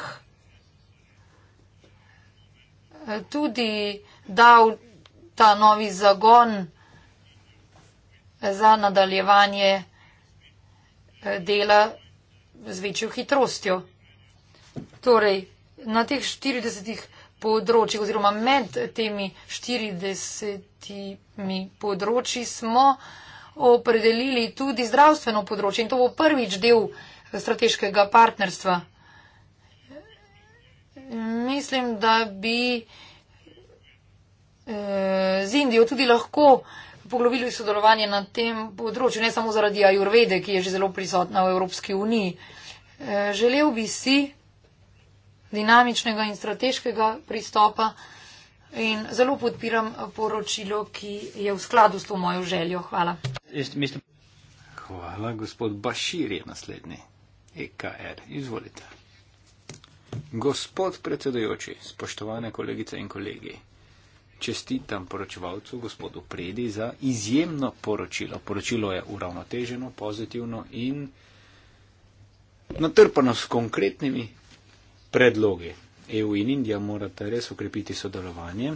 eh, tudi dal ta novi zagon eh, za nadaljevanje dela z večjo hitrostjo. Torej, na teh 40 področjih oziroma med temi 40 področji smo opredelili tudi zdravstveno področje in to bo prvič del strateškega partnerstva. Mislim, da bi eh, z Indijo tudi lahko poglobili sodelovanje na tem področju, ne samo zaradi ajurvede, ki je že zelo prisotna v Evropski uniji. Eh, želel bi si, dinamičnega in strateškega pristopa in zelo podpiram poročilo, ki je v skladu s to mojo željo. Hvala. Hvala, gospod Bašir je naslednji. EKR, er, izvolite. Gospod predsedojoči, spoštovane kolegice in kolegi, čestitam poročevalcu gospodu Predi za izjemno poročilo. Poročilo je uravnoteženo, pozitivno in natrpano s konkretnimi predlogi. EU in Indija morata res ukrepiti sodelovanje,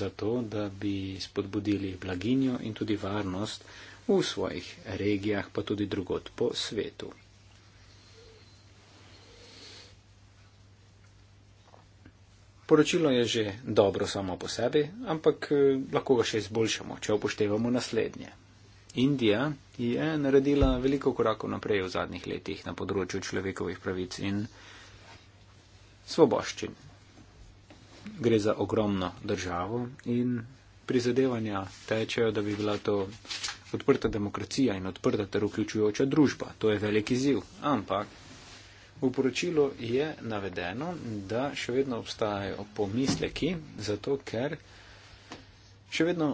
zato da bi spodbudili blaginjo in tudi varnost v svojih regijah, pa tudi drugot po svetu. Poročilo je že dobro samo po sebi, ampak eh, lahko ga še izboljšamo, če upoštevamo naslednje. Indija je naredila veliko korakov naprej v zadnjih letih na področju človekovih pravic in svoboščin. Gre za ogromno državo in prizadevanja tečejo, da bi bila to odprta demokracija in odprta ter vključujoča družba. To je veliki ziv. Ampak v poročilu je navedeno, da še vedno obstajajo pomisleki, zato ker še vedno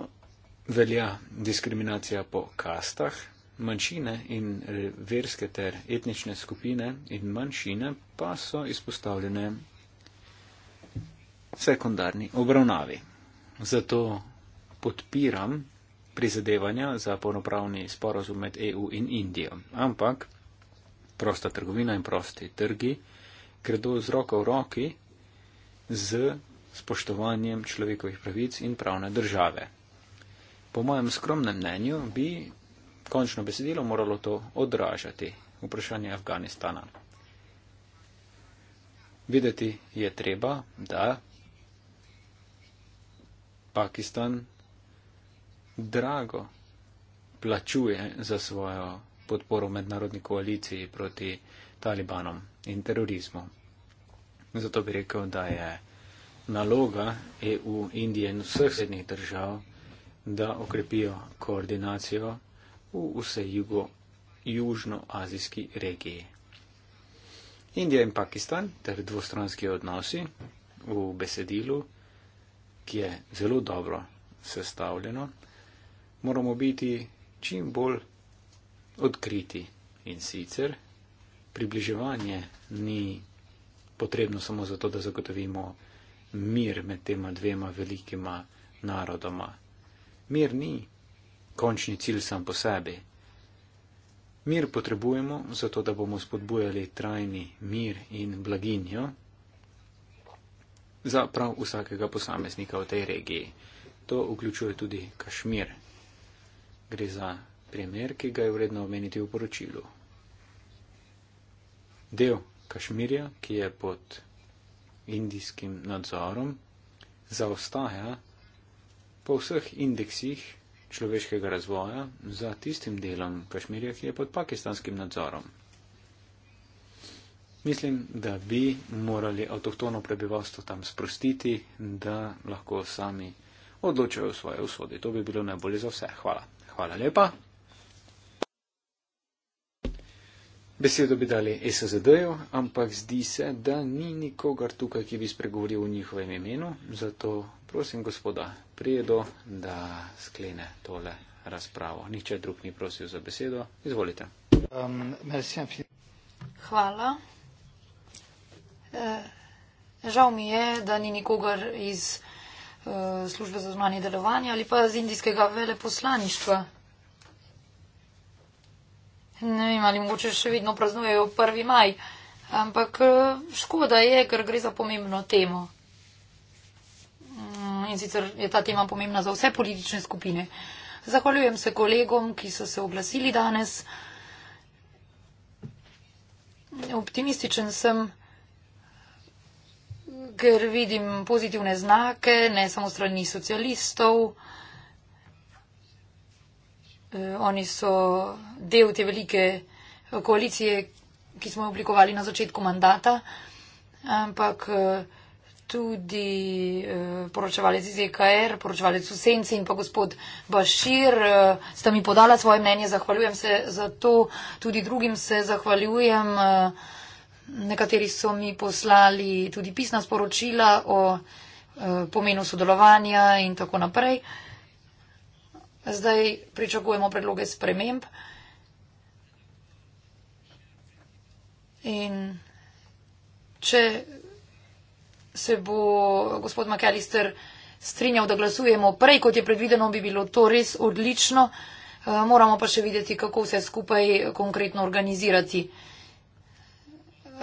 velja diskriminacija po kastah, manjšine in eh, verske ter etnične skupine in manjšine pa so izpostavljene sekundarni obravnavi. Zato podpiram prizadevanja za ponopravni sporozum med EU in Indijo. Ampak prosta trgovina in prosti trgi gredo z roko v roki z spoštovanjem človekovih pravic in pravne države. Po mojem skromnem mnenju bi končno besedilo moralo to odražati, vprašanje Afganistana. Videti je treba, da Pakistan drago plačuje za svojo podporo mednarodni koaliciji proti talibanom in terorizmu. Zato bi rekel, da je naloga EU, Indije in vseh srednjih držav, da okrepijo koordinacijo v vse jugo-južnoazijski regiji. Indija in Pakistan ter dvostranski odnosi v besedilu, ki je zelo dobro sestavljeno, moramo biti čim bolj odkriti in sicer približevanje ni potrebno samo zato, da zagotovimo mir med tema dvema velikima narodoma. Mir ni končni cilj sam po sebi. Mir potrebujemo, zato da bomo spodbujali trajni mir in blaginjo za prav vsakega posameznika v tej regiji. To vključuje tudi Kašmir. Gre za primer, ki ga je vredno omeniti v poročilu. Del Kašmirja, ki je pod indijskim nadzorom, zaostaja po vseh indeksih človeškega razvoja za tistim delom Kašmirja, ki je pod pakistanskim nadzorom. Mislim, da bi morali avtohtono prebivalstvo tam sprostiti, da lahko sami odločajo o svoje usodi. To bi bilo najbolje za vse. Hvala. Hvala lepa. Besedo bi dali SZD-ju, ampak zdi se, da ni nikogar tukaj, ki bi spregovoril v njihovem imenu. Zato prosim gospoda prijedo, da sklene tole razpravo. Niče drug ni prosil za besedo. Izvolite. Um, Hvala. E, žal mi je, da ni nikogar iz e, službe za zunanje delovanje ali pa z indijskega veleposlaništva. Ne vem, ali mogoče še vedno praznujejo 1. maj, ampak eh, škoda je, ker gre za pomembno temo in sicer je ta tema pomembna za vse politične skupine. Zahvaljujem se kolegom, ki so se oglasili danes. Optimističen sem, ker vidim pozitivne znake, ne samo strani socialistov. E, oni so del te velike koalicije, ki smo jo oblikovali na začetku mandata, ampak. E, tudi eh, poročevalec iz EKR, poročevalec v Senci in pa gospod Bašir, eh, sta mi podala svoje mnenje, zahvaljujem se za to, tudi drugim se zahvaljujem. Eh, nekateri so mi poslali tudi pisna sporočila o eh, pomenu sodelovanja in tako naprej. Zdaj pričakujemo predloge sprememb. In če se bo gospod McAllister strinjal, da glasujemo prej, kot je predvideno, bi bilo to res odlično. Eh, moramo pa še videti, kako vse skupaj konkretno organizirati.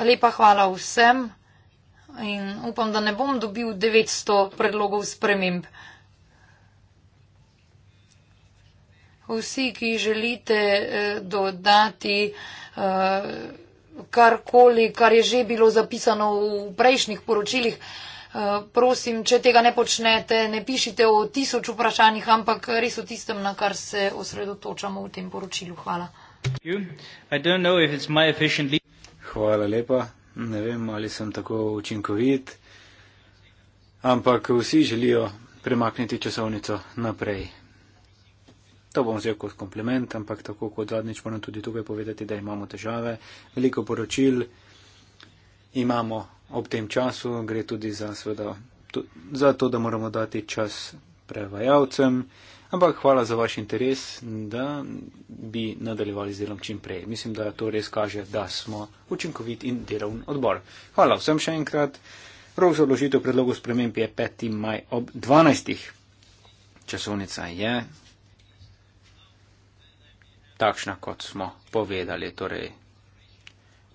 Lepa hvala vsem in upam, da ne bom dobil 900 predlogov sprememb. Vsi, ki želite eh, dodati. Uh, karkoli, kar je že bilo zapisano v prejšnjih poročilih. Eh, prosim, če tega ne počnete, ne pišite o tisoč vprašanjih, ampak res o tistem, na kar se osredotočamo v tem poročilu. Hvala. Hvala lepa. Ne vem, ali sem tako učinkovit, ampak vsi želijo premakniti časovnico naprej. To bom vzel kot kompliment, ampak tako kot zadnjič moram tudi tukaj povedati, da imamo težave. Veliko poročil imamo ob tem času, gre tudi za, sveda, za to, da moramo dati čas prevajalcem, ampak hvala za vaš interes, da bi nadaljevali z delom čim prej. Mislim, da to res kaže, da smo učinkovit in delovn odbor. Hvala vsem še enkrat. Rok za odložitev predlogov sprememb je 5. maj ob 12. Časovnica je takšna, kot smo povedali. Torej,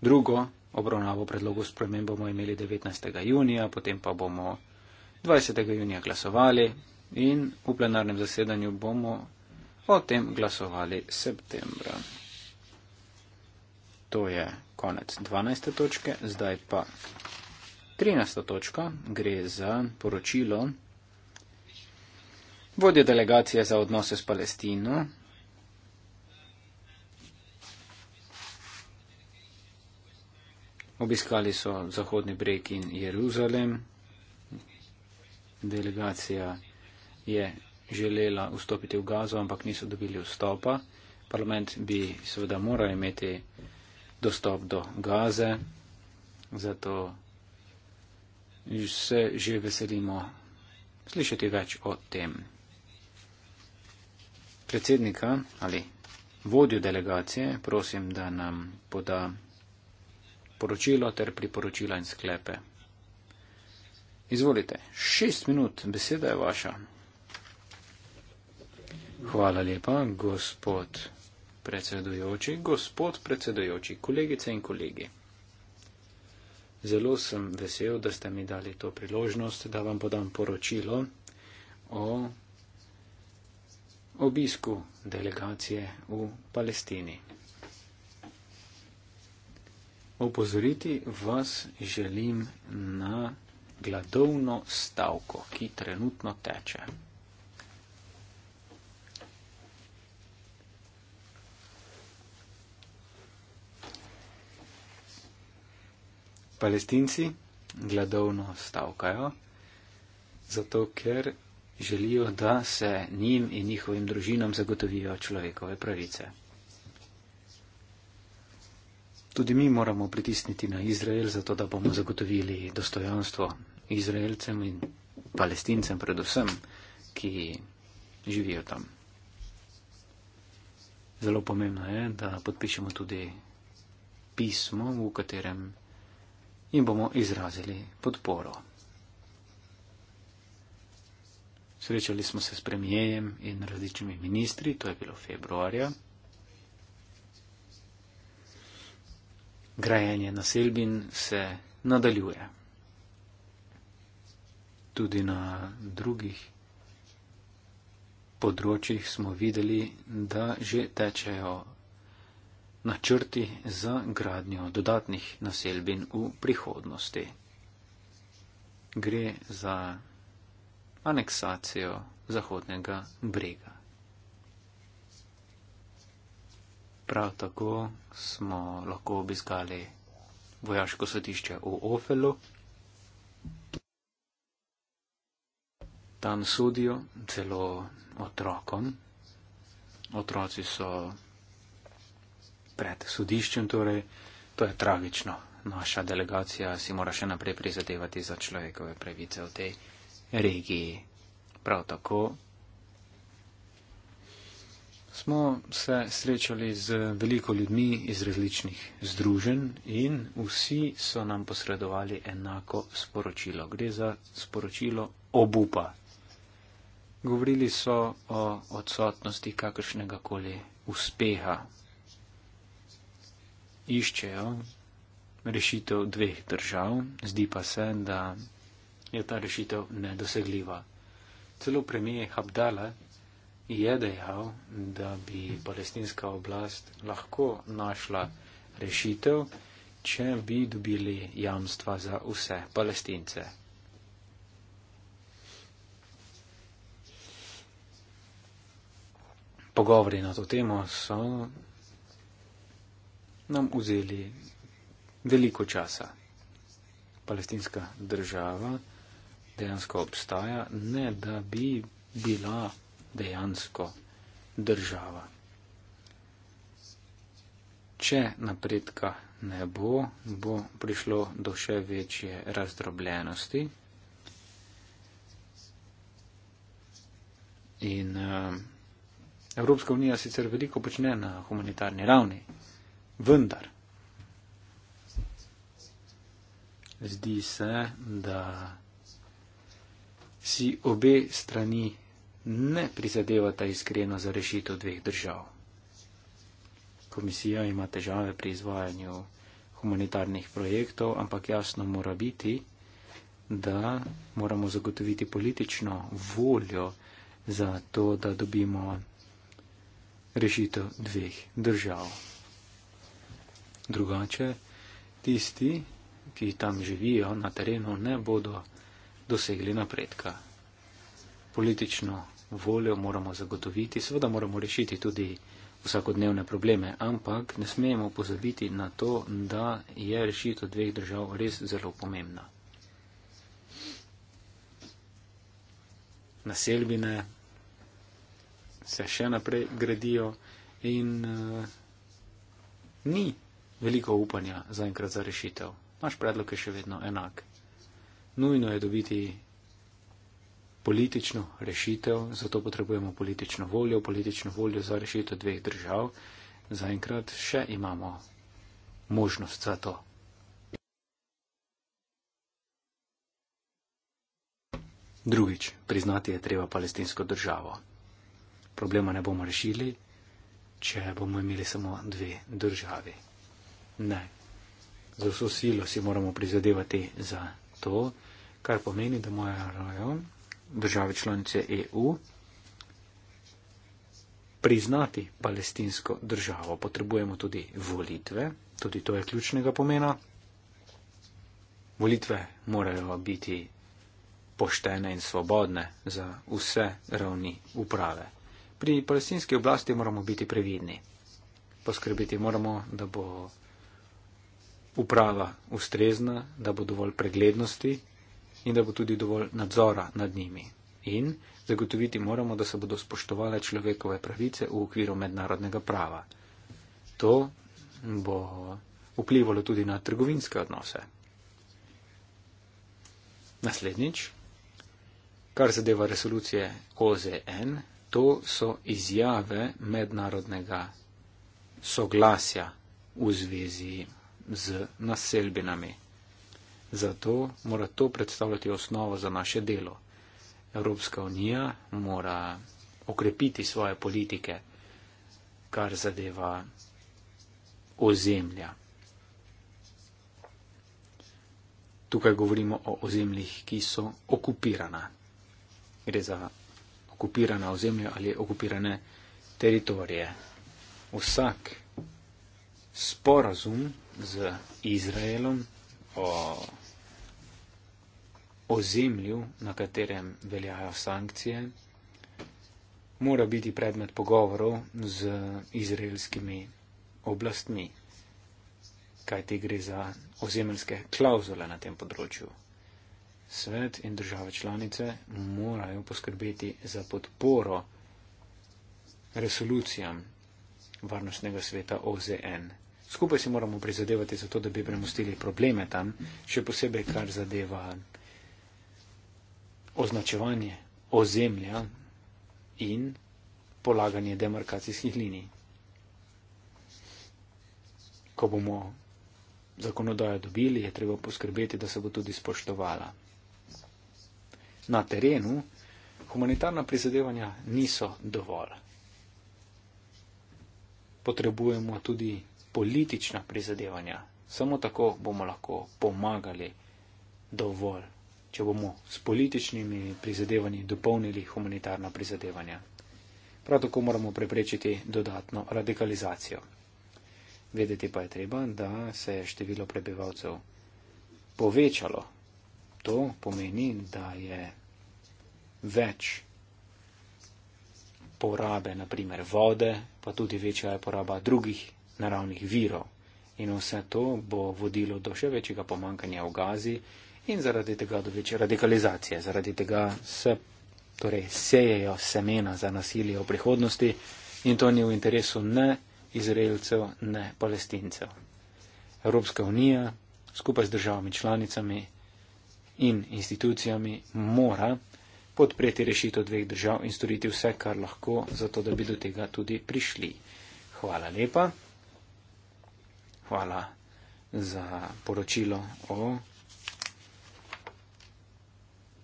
drugo obravnavo predlogu spremem bomo imeli 19. junija, potem pa bomo 20. junija glasovali in v plenarnem zasedanju bomo o tem glasovali septembra. To je konec 12. točke, zdaj pa 13. točka gre za poročilo. Vodje delegacije za odnose s Palestino Obiskali so Zahodni breg in Jeruzalem. Delegacija je želela vstopiti v Gazo, ampak niso dobili vstopa. Parlament bi seveda moral imeti dostop do Gaze, zato se že veselimo slišati več o tem. Predsednika ali vodjo delegacije prosim, da nam poda poročilo ter priporočila in sklepe. Izvolite, šest minut, beseda je vaša. Hvala lepa, gospod predsedujoči, gospod predsedujoči, kolegice in kolegi. Zelo sem vesel, da ste mi dali to priložnost, da vam podam poročilo o obisku delegacije v Palestini. Opozoriti vas želim na gladovno stavko, ki trenutno teče. Palestinci gladovno stavkajo, zato ker želijo, da se njim in njihovim družinam zagotovijo človekove pravice. Tudi mi moramo pritisniti na Izrael, zato da bomo zagotovili dostojanstvo Izraelcem in palestincem predvsem, ki živijo tam. Zelo pomembno je, da podpišemo tudi pismo, v katerem jim bomo izrazili podporo. Srečali smo se s premijejem in različnimi ministri, to je bilo februarja. grajenje naselbin se nadaljuje. Tudi na drugih področjih smo videli, da že tečejo načrti za gradnjo dodatnih naselbin v prihodnosti. Gre za aneksacijo zahodnega brega. Prav tako smo lahko obiskali vojaško svetišče v Ofelu. Tam sodijo celo otrokom. Otroci so pred sodiščem, torej to je tragično. Naša delegacija si mora še naprej prizadevati za človekove pravice v tej regiji. Prav tako smo se srečali z veliko ljudmi iz različnih združenj in vsi so nam posredovali enako sporočilo. Gre za sporočilo obupa. Govorili so o odsotnosti kakršnega koli uspeha. Iščejo rešitev dveh držav, zdi pa se, da je ta rešitev nedosegljiva. Celo premije Habdala je dejal, da bi palestinska oblast lahko našla rešitev, če bi dobili jamstva za vse palestince. Pogovori na to temo so nam vzeli veliko časa. Palestinska država dejansko obstaja, ne da bi bila dejansko država. Če napredka ne bo, bo prišlo do še večje razdrobljenosti. In uh, Evropska unija sicer veliko počne na humanitarni ravni, vendar zdi se, da si obe strani ne prizadevata iskreno za rešitev dveh držav. Komisija ima težave pri izvajanju humanitarnih projektov, ampak jasno mora biti, da moramo zagotoviti politično voljo za to, da dobimo rešitev dveh držav. Drugače, tisti, ki tam živijo na terenu, ne bodo dosegli napredka. Politično voljo moramo zagotoviti, seveda moramo rešiti tudi vsakodnevne probleme, ampak ne smemo pozabiti na to, da je rešitev dveh držav res zelo pomembna. Naselbine se še naprej gradijo in uh, ni veliko upanja zaenkrat za rešitev. Naš predlog je še vedno enak. Nujno je dobiti politično rešitev, zato potrebujemo politično voljo, politično voljo za rešitev dveh držav. Zaenkrat še imamo možnost za to. Drugič, priznati je treba palestinsko državo. Problema ne bomo rešili, če bomo imeli samo dve državi. Ne. Za vso silo si moramo prizadevati za to, kar pomeni, da morajo države članice EU priznati palestinsko državo. Potrebujemo tudi volitve, tudi to je ključnega pomena. Volitve morajo biti poštene in svobodne za vse ravni uprave. Pri palestinski oblasti moramo biti previdni. Poskrbeti moramo, da bo uprava ustrezna, da bo dovolj preglednosti, in da bo tudi dovolj nadzora nad njimi. In zagotoviti moramo, da se bodo spoštovale človekove pravice v okviru mednarodnega prava. To bo vplivalo tudi na trgovinske odnose. Naslednjič, kar zadeva resolucije OZN, to so izjave mednarodnega soglasja v zvezi z naselbinami. Zato mora to predstavljati osnovo za naše delo. Evropska unija mora okrepiti svoje politike, kar zadeva ozemlja. Tukaj govorimo o ozemljih, ki so okupirana. Gre za okupirana ozemlja ali okupirane teritorije. Vsak sporazum z Izraelom o ozemlju, na katerem veljajo sankcije, mora biti predmet pogovorov z izraelskimi oblastmi, kaj ti gre za ozemljske klauzule na tem področju. Svet in države članice morajo poskrbeti za podporo resolucijam varnostnega sveta OZN skupaj si moramo prizadevati za to, da bi premustili probleme tam, še posebej kar zadeva označevanje ozemlja in polaganje demarkacijskih linij. Ko bomo zakonodajo dobili, je treba poskrbeti, da se bo tudi spoštovala. Na terenu humanitarna prizadevanja niso dovolj. Potrebujemo tudi politična prizadevanja. Samo tako bomo lahko pomagali dovolj, če bomo s političnimi prizadevanji dopolnili humanitarna prizadevanja. Prav tako moramo preprečiti dodatno radikalizacijo. Vedeti pa je treba, da se je število prebivalcev povečalo. To pomeni, da je več porabe, naprimer vode, pa tudi večja je poraba drugih naravnih virov. In vse to bo vodilo do še večjega pomankanja v gazi in zaradi tega do večje radikalizacije. Zaradi tega se torej, sejejo semena za nasilje v prihodnosti in to ni v interesu ne Izraelcev, ne Palestincev. Evropska unija skupaj z državami članicami in institucijami mora podpreti rešitev dveh držav in storiti vse, kar lahko, zato da bi do tega tudi prišli. Hvala lepa hvala za poročilo o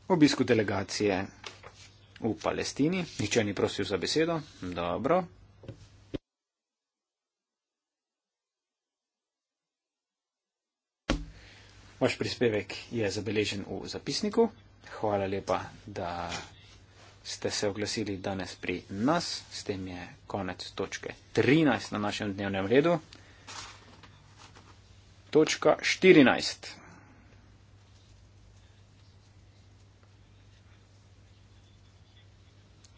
obisku delegacije v Palestini. Nihče ni prosil za besedo. Dobro. Vaš prispevek je zabeležen v zapisniku. Hvala lepa, da ste se oglasili danes pri nas. S tem je konec točke 13 na našem dnevnem redu točka 14.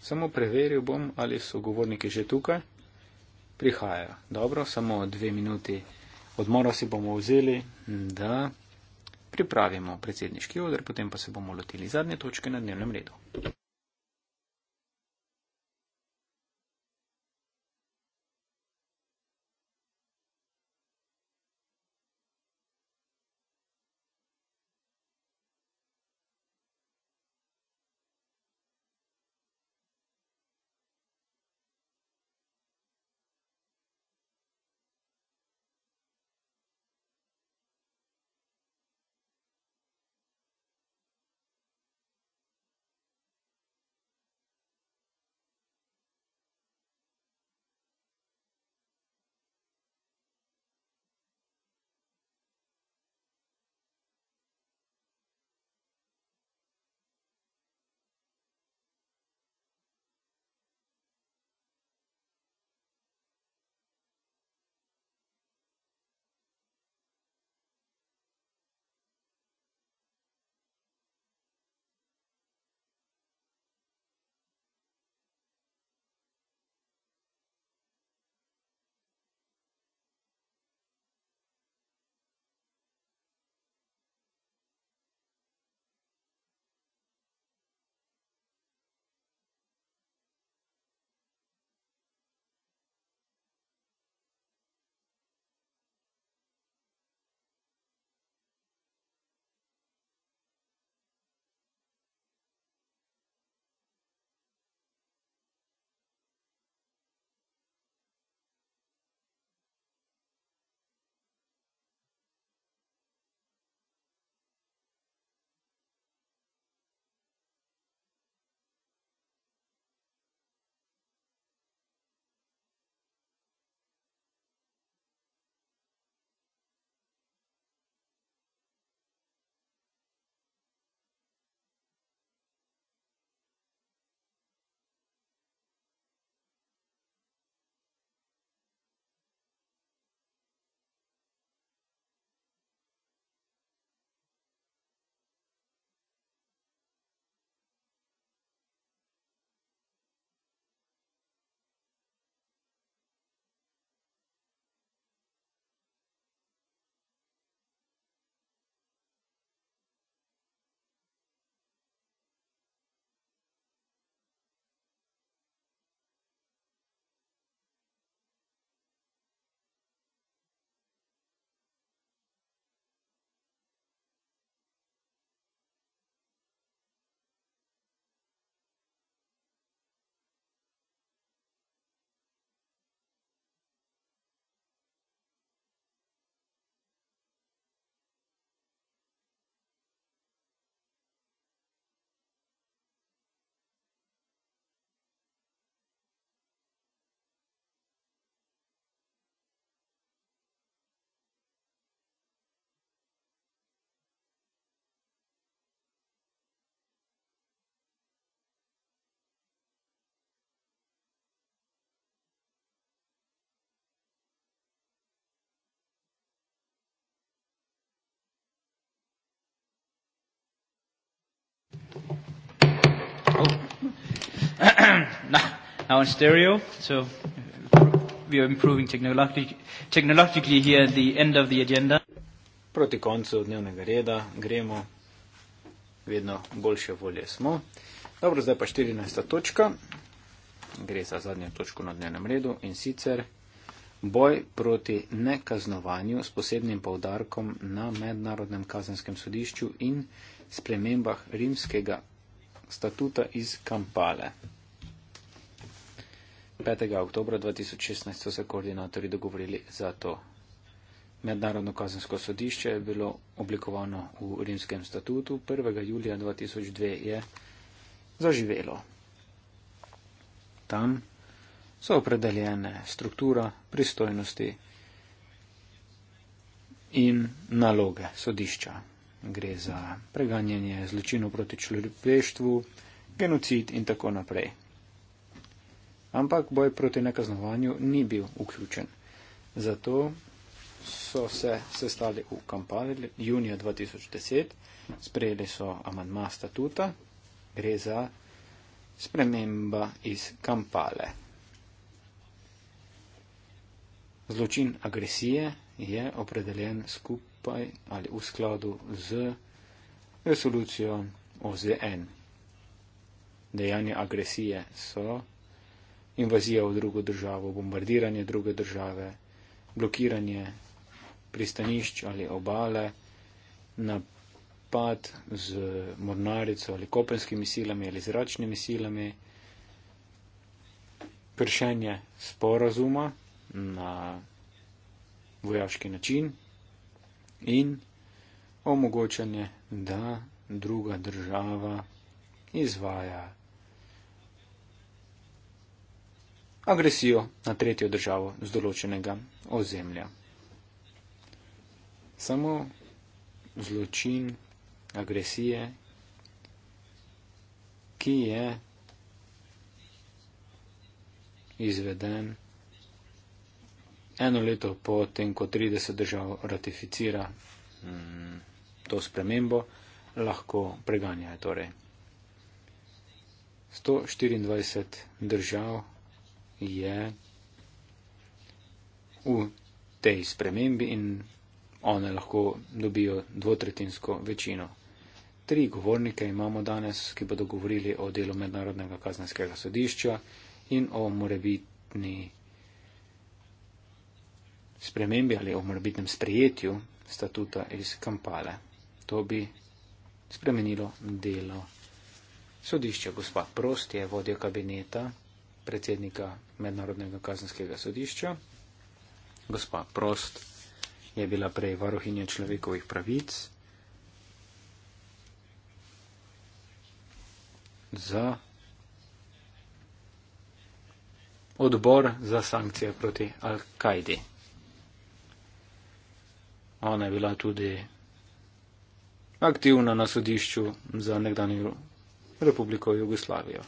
Samo preveril bom, ali so govorniki že tukaj. Prihajajo. Dobro, samo dve minuti odmora si bomo vzeli, da pripravimo predsedniški odr, potem pa se bomo lotili zadnje točke na dnevnem redu. now in stereo. So we are improving technologi technologically here at the end of the agenda. Proti koncu dnevnega reda gremo, vedno boljše volje smo. Dobro, zdaj pa 14. točka. Gre za zadnjo točko na dnevnem redu in sicer boj proti nekaznovanju s posebnim povdarkom na mednarodnem kazenskem sodišču in spremembah rimskega statuta iz Kampale. 5. oktobra 2016 so se koordinatori dogovorili za to. Mednarodno kazensko sodišče je bilo oblikovano v rimskem statutu, 1. julija 2002 je zaživelo. Tam so opredeljene struktura, pristojnosti in naloge sodišča. Gre za preganjanje zločinov proti človeštvu, genocid in tako naprej ampak boj proti nekaznovanju ni bil vključen. Zato so se sestali v Kampali junija 2010, sprejeli so amandma statuta, gre za sprememba iz Kampale. Zločin agresije je opredeljen skupaj ali v skladu z resolucijo OZN. Dejanja agresije so invazija v drugo državo, bombardiranje druge države, blokiranje pristanišč ali obale, napad z mornarico ali kopenskimi silami ali zračnimi silami, kršenje sporazuma na vojaški način in omogočanje, da druga država izvaja agresijo na tretjo državo z določenega ozemlja. Samo zločin agresije, ki je izveden eno leto po tem, ko 30 držav ratificira mm, to spremembo, lahko preganja. Torej. 124 držav je v tej spremembi in one lahko dobijo dvotretinsko večino. Tri govornike imamo danes, ki bodo govorili o delu Mednarodnega kazenskega sodišča in o morebitni spremembi ali o morebitnem sprejetju statuta iz Kampale. To bi spremenilo delo sodišča. Gospa Prost je vodja kabineta predsednika Mednarodnega kazenskega sodišča. Gospa Prost je bila prej varuhinja človekovih pravic. za odbor za sankcije proti Al-Kaidi. Ona je bila tudi aktivna na sodišču za nekdanjo republiko Jugoslavijo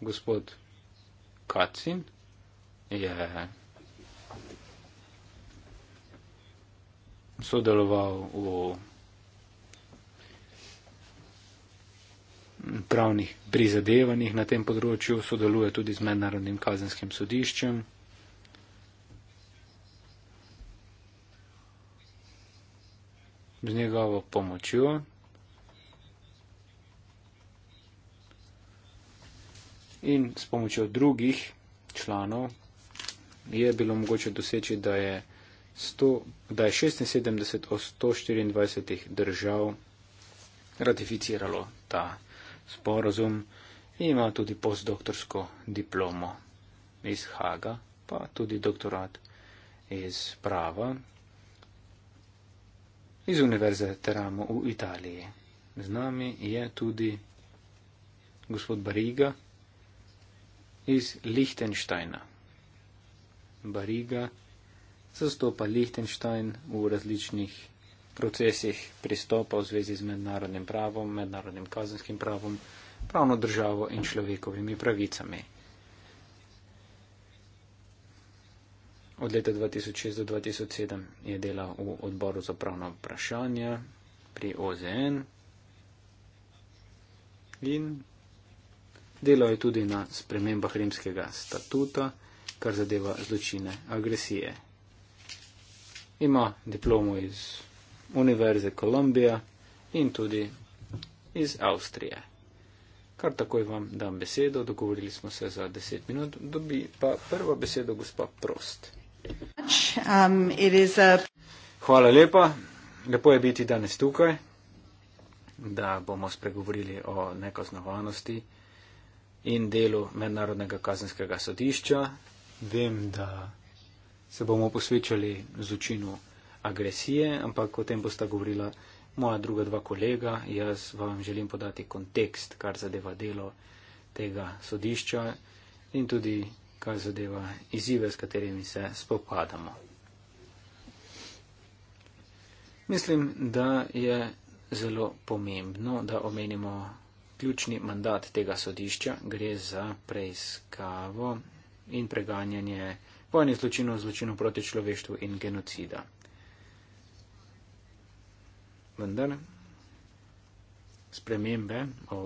gospod Kacin je sodeloval v pravnih prizadevanjih na tem področju, sodeluje tudi z Mednarodnim kazenskim sodiščem. Z njegovo pomočjo in s pomočjo drugih članov je bilo mogoče doseči, da je, 100, da je 76 od 124 držav ratificiralo ta sporozum in ima tudi postdoktorsko diplomo iz Haga, pa tudi doktorat iz prava iz Univerze Teramo v Italiji. Z nami je tudi gospod Bariga iz Lichtensteina. Bariga zastopa Lichtenstein v različnih procesih pristopa v zvezi z mednarodnim pravom, mednarodnim kazenskim pravom, pravno državo in človekovimi pravicami. Od leta 2006 do 2007 je delal v odboru za pravno vprašanje pri OZN in Delal je tudi na spremembah rimskega statuta, kar zadeva zločine agresije. Ima diplomo iz Univerze Kolumbija in tudi iz Avstrije. Kar takoj vam dam besedo, dogovorili smo se za deset minut, dobi pa prvo besedo gospa Prost. Um, a... Hvala lepa, lepo je biti danes tukaj, da bomo spregovorili o nekaznovanosti in delu Mednarodnega kazenskega sodišča. Vem, da se bomo posvečali zločinu agresije, ampak o tem bosta govorila moja druga dva kolega. Jaz vam želim podati kontekst, kar zadeva delo tega sodišča in tudi, kar zadeva izzive, s katerimi se spopadamo. Mislim, da je zelo pomembno, da omenimo ključni mandat tega sodišča, gre za preiskavo in preganjanje vojnih zločinov, zločinov proti človeštvu in genocida. Vendar spremembe o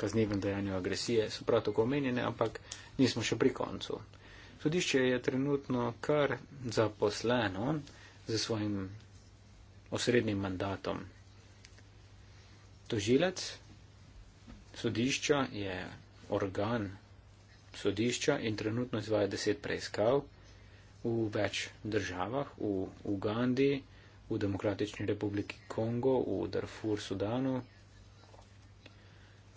kaznivem dejanju agresije so prav tako omenjene, ampak nismo še pri koncu. Sodišče je trenutno kar zaposleno z svojim osrednjim mandatom Tožilec sodišča je organ sodišča in trenutno izvaja deset preiskav v več državah, v Ugandi, v Demokratični republiki Kongo, v Darfur, Sudanu,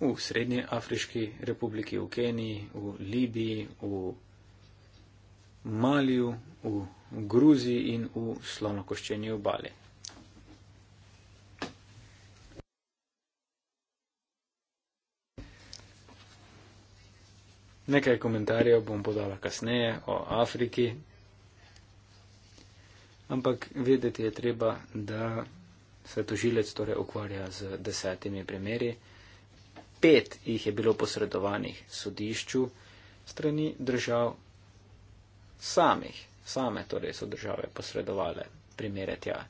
v Srednje Afriški republiki, v Keniji, v Libiji, v Maliju, v Gruziji in v slonokoščeni obali. Nekaj komentarjev bom podala kasneje o Afriki. Ampak vedeti je treba, da se tožilec torej ukvarja z desetimi primeri. Pet jih je bilo posredovanih sodišču strani držav samih. Same torej so države posredovale primere tja.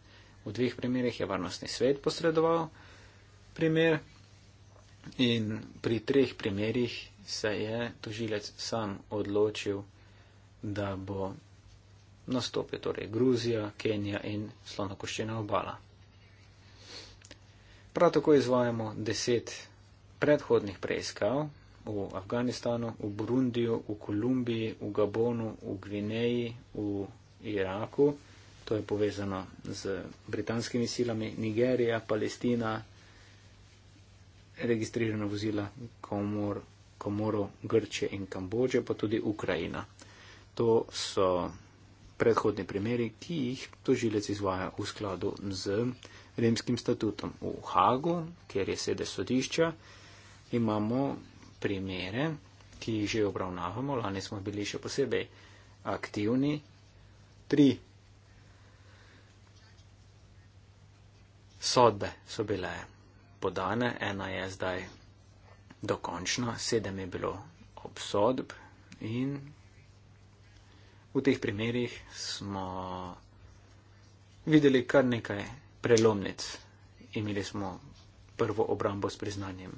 V dveh primerih je varnostni svet posredoval primer in pri treh primerih se je tožilec sam odločil, da bo nastopil torej Gruzija, Kenija in slonokoščena obala. Prav tako izvajamo deset predhodnih preiskav v Afganistanu, v Burundiju, v Kolumbiji, v Gabonu, v Gvineji, v Iraku. To je povezano z britanskimi silami Nigerija, Palestina, registrirana vozila Komor Komoro, Grče in Kambođe, pa tudi Ukrajina. To so predhodni primeri, ki jih tožilec izvaja v skladu z rimskim statutom. V Hagu, kjer je sede sodišča, imamo primere, ki jih že obravnavamo, lani smo bili še posebej aktivni. Tri sodbe so bile podane, ena je zdaj dokončno, sedem je bilo obsodb in v teh primerjih smo videli kar nekaj prelomnic. Imeli smo prvo obrambo s priznanjem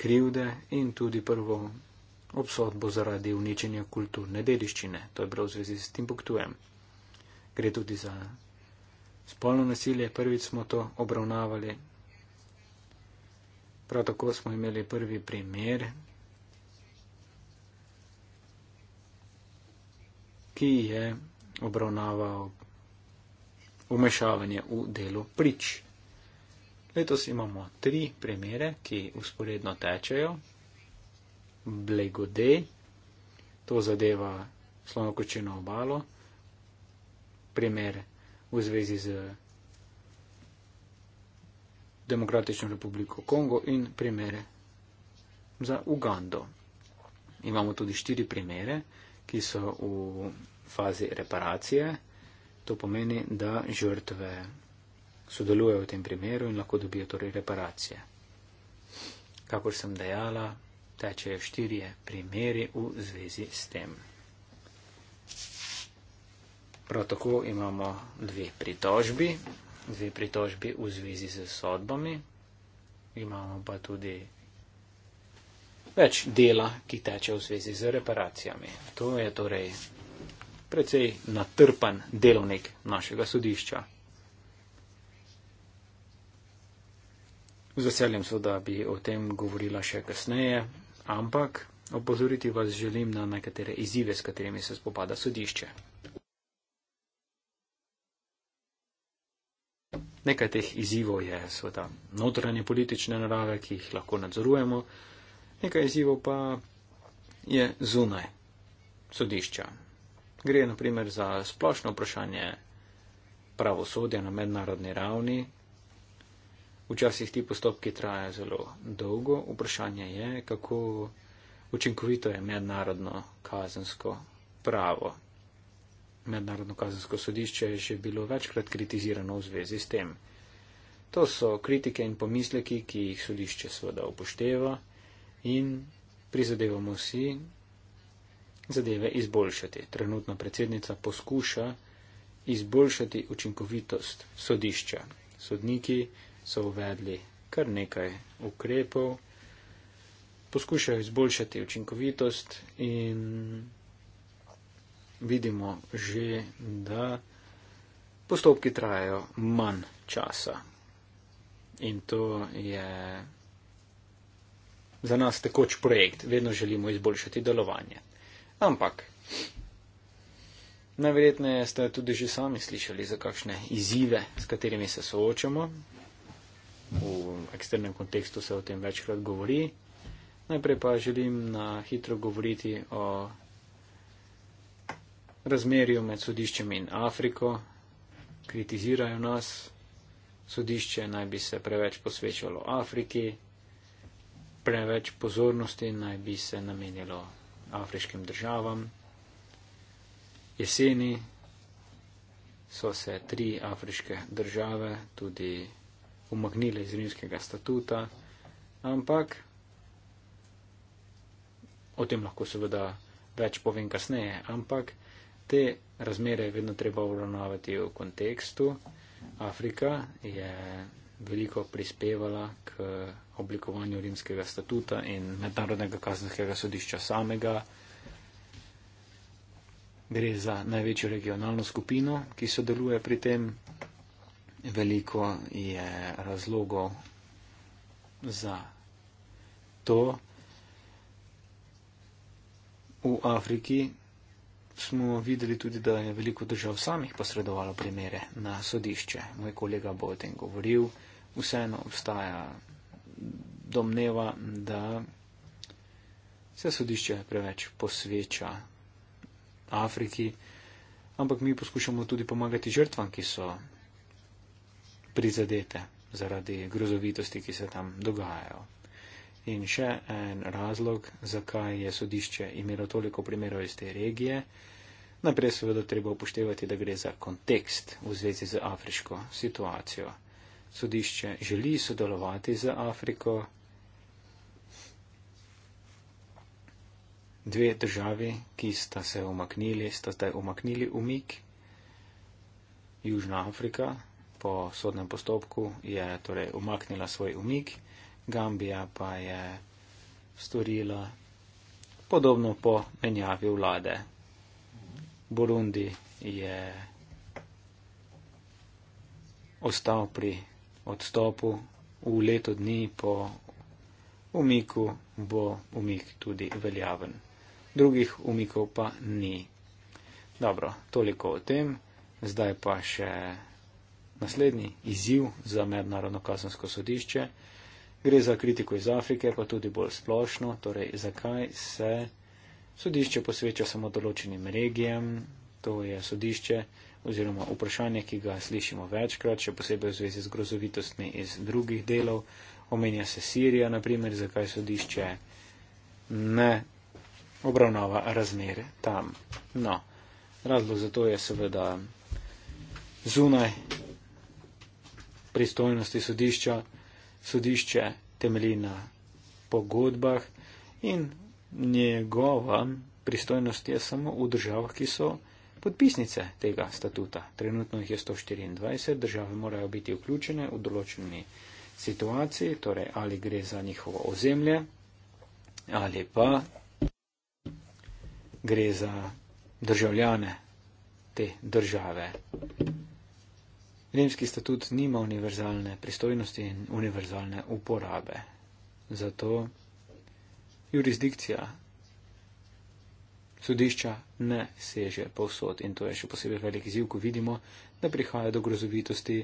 krivde in tudi prvo obsodbo zaradi uničenja kulturne dediščine. To je bilo v zvezi s tim buktujem. Gre tudi za spolno nasilje. Prvič smo to obravnavali Prav tako smo imeli prvi primer, ki je obravnaval umešavanje v delu prič. Letos imamo tri primere, ki usporedno tečejo. Blegodej, to zadeva slonokočino obalo, primer v zvezi z Demokratično republiko Kongo in primere za Ugando. Imamo tudi štiri primere, ki so v fazi reparacije. To pomeni, da žrtve sodelujejo v tem primeru in lahko dobijo torej reparacije. Kakor sem dejala, tečejo štirje primeri v zvezi s tem. Prav tako imamo dve pritožbi, dve pritožbi v zvezi z sodbami, imamo pa tudi več dela, ki teče v zvezi z reparacijami. To je torej precej natrpan delovnik našega sodišča. Z veseljem so, da bi o tem govorila še kasneje, ampak opozoriti vas želim na nekatere izzive, s katerimi se spopada sodišče. Nekaj teh izzivov je sveta notranje politične narave, ki jih lahko nadzorujemo, nekaj izzivov pa je zunaj sodišča. Gre naprimer za splošno vprašanje pravosodja na mednarodni ravni. Včasih ti postopki trajajo zelo dolgo. Vprašanje je, kako učinkovito je mednarodno kazensko pravo. Mednarodno kazensko sodišče je že bilo večkrat kritizirano v zvezi s tem. To so kritike in pomisleki, ki jih sodišče seveda upošteva in prizadevamo si zadeve izboljšati. Trenutna predsednica poskuša izboljšati učinkovitost sodišča. Sodniki so uvedli kar nekaj ukrepov, poskušajo izboljšati učinkovitost in vidimo že, da postopki trajajo manj časa. In to je za nas tekoč projekt, vedno želimo izboljšati delovanje. Ampak najverjetneje ste tudi že sami slišali za kakšne izzive, s katerimi se soočamo. V eksternem kontekstu se o tem večkrat govori. Najprej pa želim na hitro govoriti o razmerju med sodiščem in Afriko, kritizirajo nas, sodišče naj bi se preveč posvečalo Afriki, preveč pozornosti naj bi se namenjalo afriškim državam. Jeseni so se tri afriške države tudi umaknile iz rimskega statuta, ampak o tem lahko seveda več povem kasneje, ampak te razmere je vedno treba obravnavati v kontekstu. Afrika je veliko prispevala k oblikovanju rimskega statuta in mednarodnega kazenskega sodišča samega. Gre za največjo regionalno skupino, ki sodeluje pri tem. Veliko je razlogov za to. V Afriki smo videli tudi, da je veliko držav samih posredovalo primere na sodišče. Moj kolega bo o tem govoril. Vseeno obstaja domneva, da se sodišče preveč posveča Afriki, ampak mi poskušamo tudi pomagati žrtvam, ki so prizadete zaradi grozovitosti, ki se tam dogajajo. In še en razlog, zakaj je sodišče imelo toliko primerov iz te regije, najprej seveda treba upoštevati, da gre za kontekst v zvezi z afriško situacijo. Sodišče želi sodelovati z Afriko. Dve državi, ki sta se umaknili, sta zdaj umaknili umik. Južna Afrika po sodnem postopku je torej umaknila svoj umik. Gambija pa je storila podobno po menjavi vlade. Burundi je ostal pri odstopu v leto dni po umiku, bo umik tudi veljaven. Drugih umikov pa ni. Dobro, toliko o tem. Zdaj pa še naslednji izziv za mednarodno kazansko sodišče. Gre za kritiko iz Afrike, pa tudi bolj splošno, torej zakaj se sodišče posveča samo določenim regijam, to je sodišče oziroma vprašanje, ki ga slišimo večkrat, še posebej v zvezi z grozovitostmi iz drugih delov. Omenja se Sirija, naprimer, zakaj sodišče ne obravnava razmere tam. No, razlog za to je seveda zunaj pristojnosti sodišča sodišče temelji na pogodbah in njegova pristojnost je samo v državah, ki so podpisnice tega statuta. Trenutno jih je 124, države morajo biti vključene v določeni situaciji, torej ali gre za njihovo ozemlje ali pa gre za državljane te države. Rimski statut nima univerzalne pristojnosti in univerzalne uporabe. Zato jurisdikcija sodišča ne seže povsod in to je še posebej velik izziv, ko vidimo, da prihaja do grozovitosti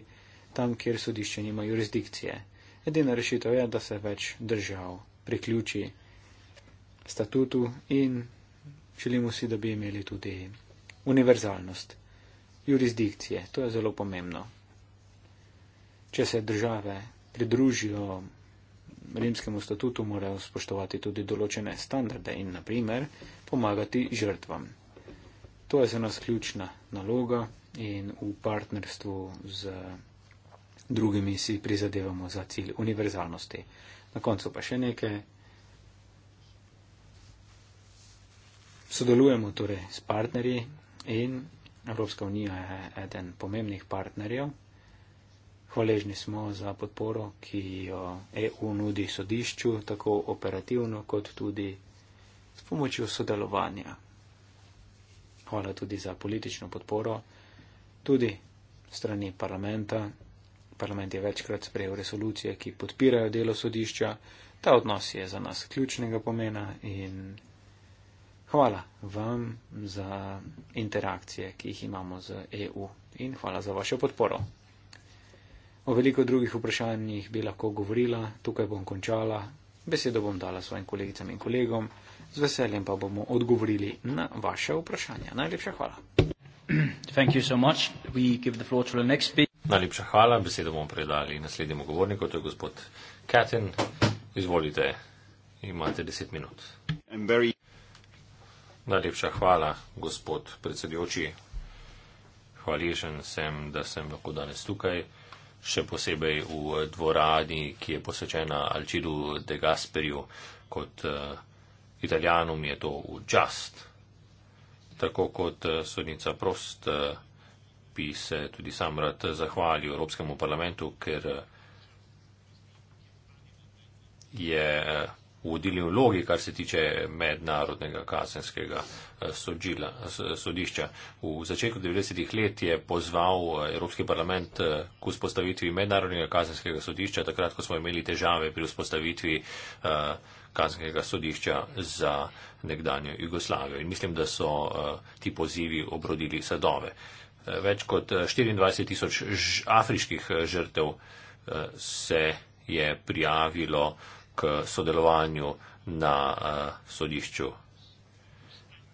tam, kjer sodišče nima jurisdikcije. Edina rešitev je, da se več držav priključi statutu in želimo si, da bi imeli tudi univerzalnost jurisdikcije. To je zelo pomembno če se države pridružijo rimskemu statutu, morajo spoštovati tudi določene standarde in naprimer pomagati žrtvam. To je za nas ključna naloga in v partnerstvu z drugimi si prizadevamo za cilj univerzalnosti. Na koncu pa še nekaj. Sodelujemo torej s partnerji in Evropska unija je eden pomembnih partnerjev. Hvaležni smo za podporo, ki jo EU nudi sodišču, tako operativno, kot tudi s pomočjo sodelovanja. Hvala tudi za politično podporo, tudi strani parlamenta. Parlament je večkrat sprejel resolucije, ki podpirajo delo sodišča. Ta odnos je za nas ključnega pomena in hvala vam za interakcije, ki jih imamo z EU in hvala za vašo podporo. O veliko drugih vprašanjih bi lahko govorila, tukaj bom končala. Besedo bom dala svojim kolegicam in kolegom, z veseljem pa bomo odgovorili na vaše vprašanja. Najlepša hvala. So Najlepša hvala. Besedo bomo predali naslednjemu govorniku, to je gospod Katin. Izvolite, imate deset minut. Very... Najlepša hvala, gospod predsedujoči. Hvaležen sem, da sem lahko danes tukaj še posebej v eh, dvorani, ki je posvečena Alčidu de Gasperju, kot uh, eh, italijanom je to v čast. Tako kot uh, sodnica Prost uh, bi se tudi sam rad zahvalil Evropskemu parlamentu, ker uh, je. Uh, vodili vlogi, kar se tiče mednarodnega kazenskega eh, sodžila, sodišča. V začetku 90-ih let je pozval eh, Evropski parlament eh, k vzpostavitvi mednarodnega kazenskega sodišča, takrat, ko smo imeli težave pri vzpostavitvi kazenskega sodišča za nekdanjo Jugoslavijo. In mislim, da so ti pozivi obrodili sadove. Več kot 24 tisoč afriških žrtev se je prijavilo k sodelovanju na uh, sodišču.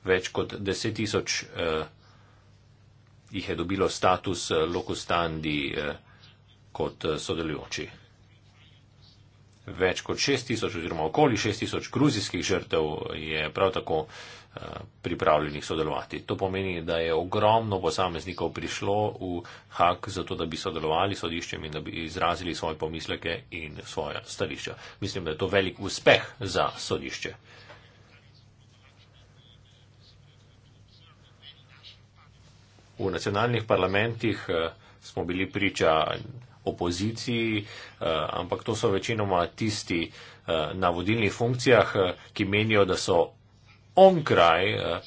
Več kot deset tisoč uh, jih je dobilo status uh, eh, lokustandi uh, kot uh, sodelujoči. Več kot šest tisoč oziroma okoli šest tisoč gruzijskih žrtev je prav tako uh, pripravljenih sodelovati. To pomeni, da je ogromno posameznikov prišlo v Hak za to, da bi sodelovali s sodiščem in da bi izrazili svoje pomisleke in svoje stališča. Mislim, da je to velik uspeh za sodišče. V nacionalnih parlamentih eh, smo bili priča opoziciji, eh, ampak to so večinoma tisti eh, na vodilnih funkcijah, ki menijo, da so onkraj eh,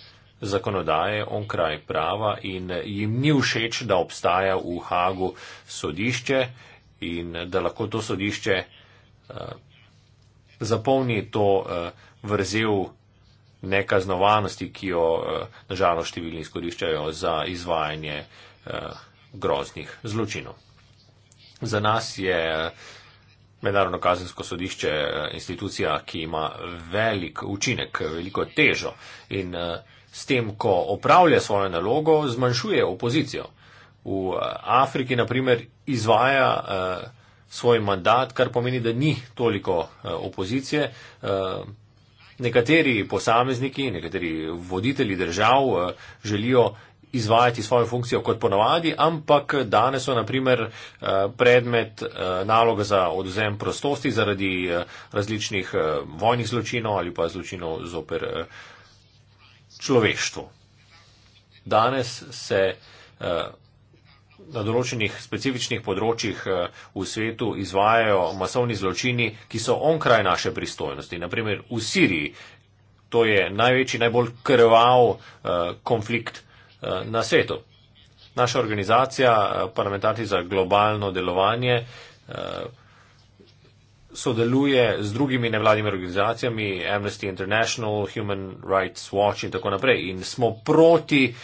zakonodaje, onkraj prava in jim ni všeč, da obstaja v Hagu sodišče in da lahko to sodišče eh, zapolni to eh, vrzel nekaznovanosti, ki jo nažalost številni izkoriščajo za izvajanje groznih zločinov. Za nas je Mednarodno kazensko sodišče je eh, institucija, ki ima velik učinek, veliko težo in eh, s tem, ko opravlja svojo nalogo, zmanjšuje opozicijo. V eh, Afriki, na primer, izvaja svoj mandat, kar pomeni, da ni toliko opozicije. Nekateri posamezniki, nekateri voditelji držav želijo izvajati svojo funkcijo kot ponavadi, ampak danes so naprimer eh, predmet eh, naloga za oduzem prostosti zaradi eh, različnih vojnih zločinov ali pa zločinov zoper človeštvo. Danes se na določenih specifičnih področjih v svetu izvajajo masovni zločini, ki so onkraj naše pristojnosti. Naprimer v Siriji. To je največji, najbolj krval konflikt Eh, na svetu. Naša organizacija, eh, parlamentarci za globalno delovanje, eh, sodeluje z drugimi nevladnimi organizacijami, Amnesty International, Human Rights Watch in tako naprej. In smo proti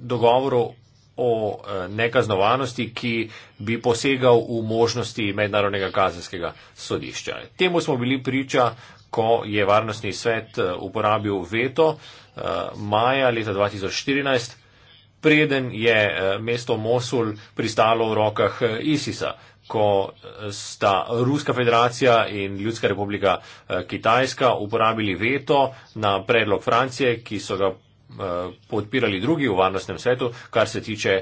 dogovoru o nekaznovanosti, ki bi posegal v možnosti mednarodnega kazenskega sodišča. Temu smo bili priča, ko je varnostni svet uporabil veto. Eh, maja leta 2014, preden je eh, mesto Mosul pristalo v rokah eh, ISIS-a, ko sta Ruska federacija in Ljudska republika Kitajska uporabili veto na predlog Francije, ki so ga podpirali drugi v varnostnem svetu, kar se tiče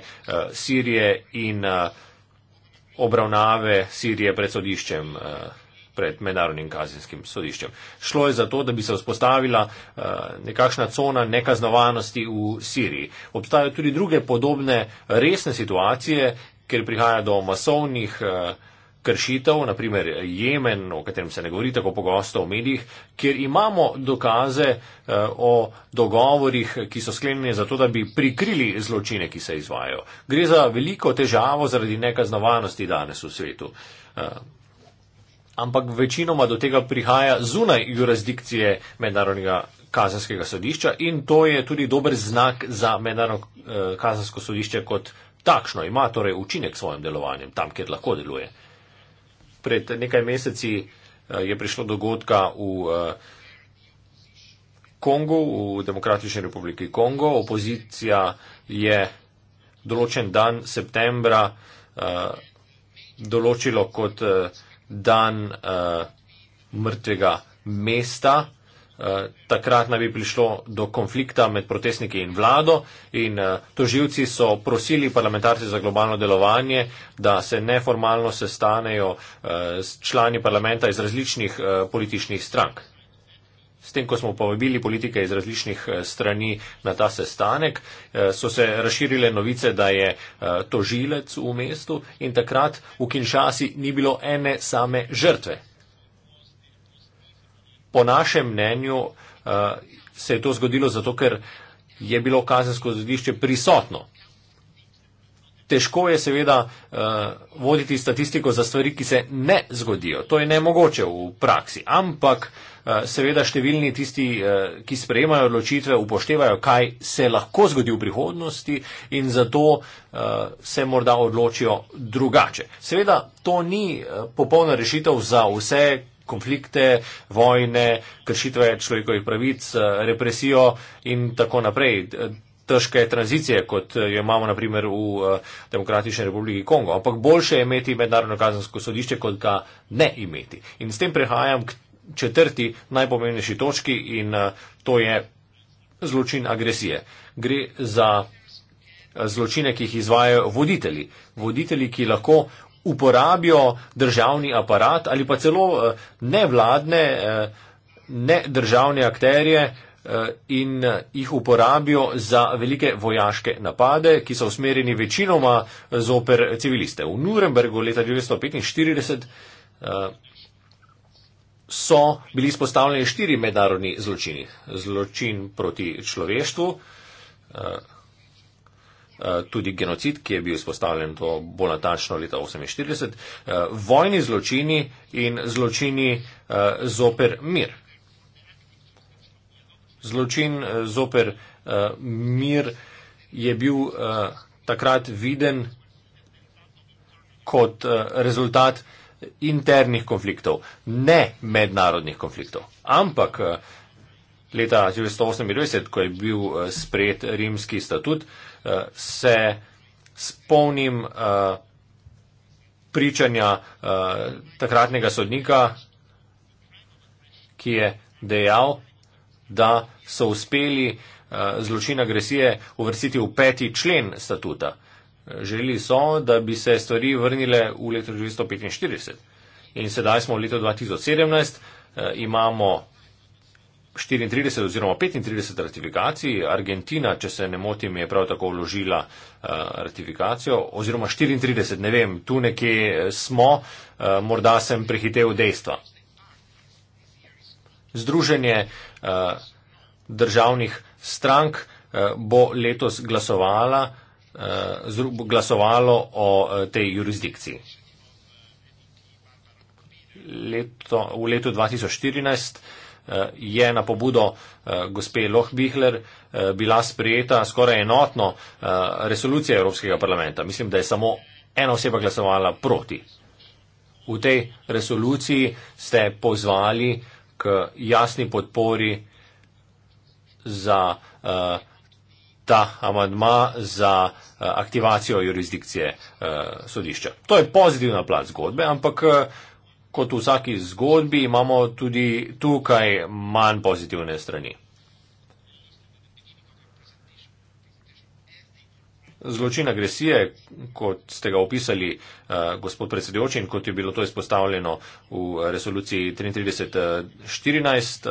Sirije in obravnave Sirije pred sodiščem pred mednarodnim kazenskim sodiščem. Šlo je za to, da bi se vzpostavila eh, nekakšna cona nekaznovanosti v Siriji. Obstajajo tudi druge podobne resne situacije, ker prihaja do masovnih eh, kršitev, naprimer Jemen, o katerem se ne govori tako pogosto v medijih, kjer imamo dokaze eh, o dogovorih, ki so sklenjeni za to, da bi prikrili zločine, ki se izvajo. Gre za veliko težavo zaradi nekaznovanosti danes v svetu ampak večinoma do tega prihaja zunaj jurisdikcije mednarodnega kazenskega sodišča in to je tudi dober znak za mednarodno eh, kazensko sodišče kot takšno. Ima torej učinek svojim delovanjem tam, kjer lahko deluje. Pred nekaj meseci eh, je prišlo dogodka v eh, Kongu, v Demokratični republiki Kongo. Opozicija je določen dan septembra določilo kot dan uh, mrtvega mesta. Uh, takrat naj bi prišlo do konflikta med protestniki in vlado in uh, eh, toživci so prosili parlamentarce za globalno delovanje, da se neformalno sestanejo uh, člani parlamenta iz različnih uh, političnih strank. S tem, ko smo povabili politike iz različnih eh, strani na ta sestanek, eh, so se razširile novice, da je eh, tožilec v mestu in takrat v Kinšasi ni bilo ene same žrtve. Po našem mnenju se je to zgodilo zato, ker je bilo kazensko zadišče prisotno. Težko je seveda voditi statistiko za stvari, ki se ne zgodijo. To je nemogoče v praksi. Ampak Eh, seveda številni tisti, eh, ki sprejemajo odločitve, upoštevajo, kaj se lahko zgodi v prihodnosti in zato eh, se morda odločijo drugače. Seveda to ni popolna rešitev za vse konflikte, vojne, kršitve človekovih pravic, represijo in tako naprej. Težke tranzicije, kot jo imamo naprimer v Demokratični republiki Kongo. Ampak boljše je imeti mednarodno kazansko sodišče, kot ga ne imeti. In s tem prehajam k četrti najpomembnejši točki in eh, to je zločin agresije. Gre za eh, zločine, ki jih izvajajo voditelji. Voditelji, ki lahko uporabijo državni aparat ali pa celo eh, nevladne, nedržavne akterje in jih uporabijo za velike vojaške napade, ki so usmerjeni večinoma zoper civiliste. V Nurembergu leta 1945 so bili izpostavljeni štiri mednarodni zločini. Zločin proti človeštvu, eh, eh, tudi genocid, ki je bil izpostavljen to bolj natančno leta 1948, eh, vojni zločini in zločini zoper mir. Zločin zoper mir je bil takrat viden kot rezultat internih konfliktov, ne mednarodnih konfliktov. Ampak eh, leta 1928, ko je bil eh, sprejet rimski statut, eh, se spomnim pričanja takratnega sodnika, ki je dejal, da so uspeli zločin agresije uvrstiti v peti člen statuta. Želeli so, da bi se stvari vrnile v leto 1945. In sedaj smo v letu 2017, eh, imamo 34 oziroma 35 ratifikacij. Argentina, če se ne motim, je prav tako vložila eh, ratifikacijo. Oziroma 34, ne vem, tu nekje eh, smo, morda sem prehitev dejstva. Združenje državnih strank bo letos glasovala Eh, glasovalo o eh, tej jurisdikciji. Leto, v letu 2014 eh, je na pobudo gospe Lohbihler bila sprejeta skoraj enotno resolucija Evropskega parlamenta. Mislim, da je samo ena oseba glasovala proti. V tej resoluciji ste pozvali k jasni podpori za uh, ta amadma za eh, aktivacijo jurisdikcije eh, sodišča. To je pozitivna plat zgodbe, ampak eh, kot v vsaki zgodbi imamo tudi tukaj manj pozitivne strani. Zločin agresije, kot ste ga opisali, gospod predsedujoči, in kot je bilo to izpostavljeno v resoluciji 33.14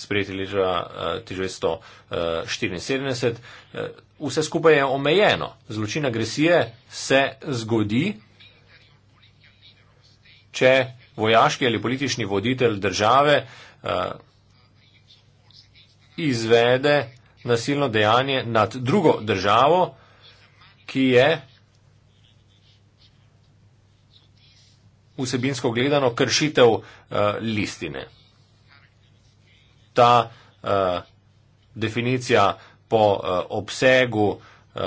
sprejeti leta 1974. Eh, eh, eh, vse skupaj je omejeno. Zločin agresije se zgodi, če vojaški ali politični voditelj države izvede nasilno dejanje nad drugo državo, ki je vsebinsko gledano kršitev listine ta uh, definicija po uh, obsegu uh,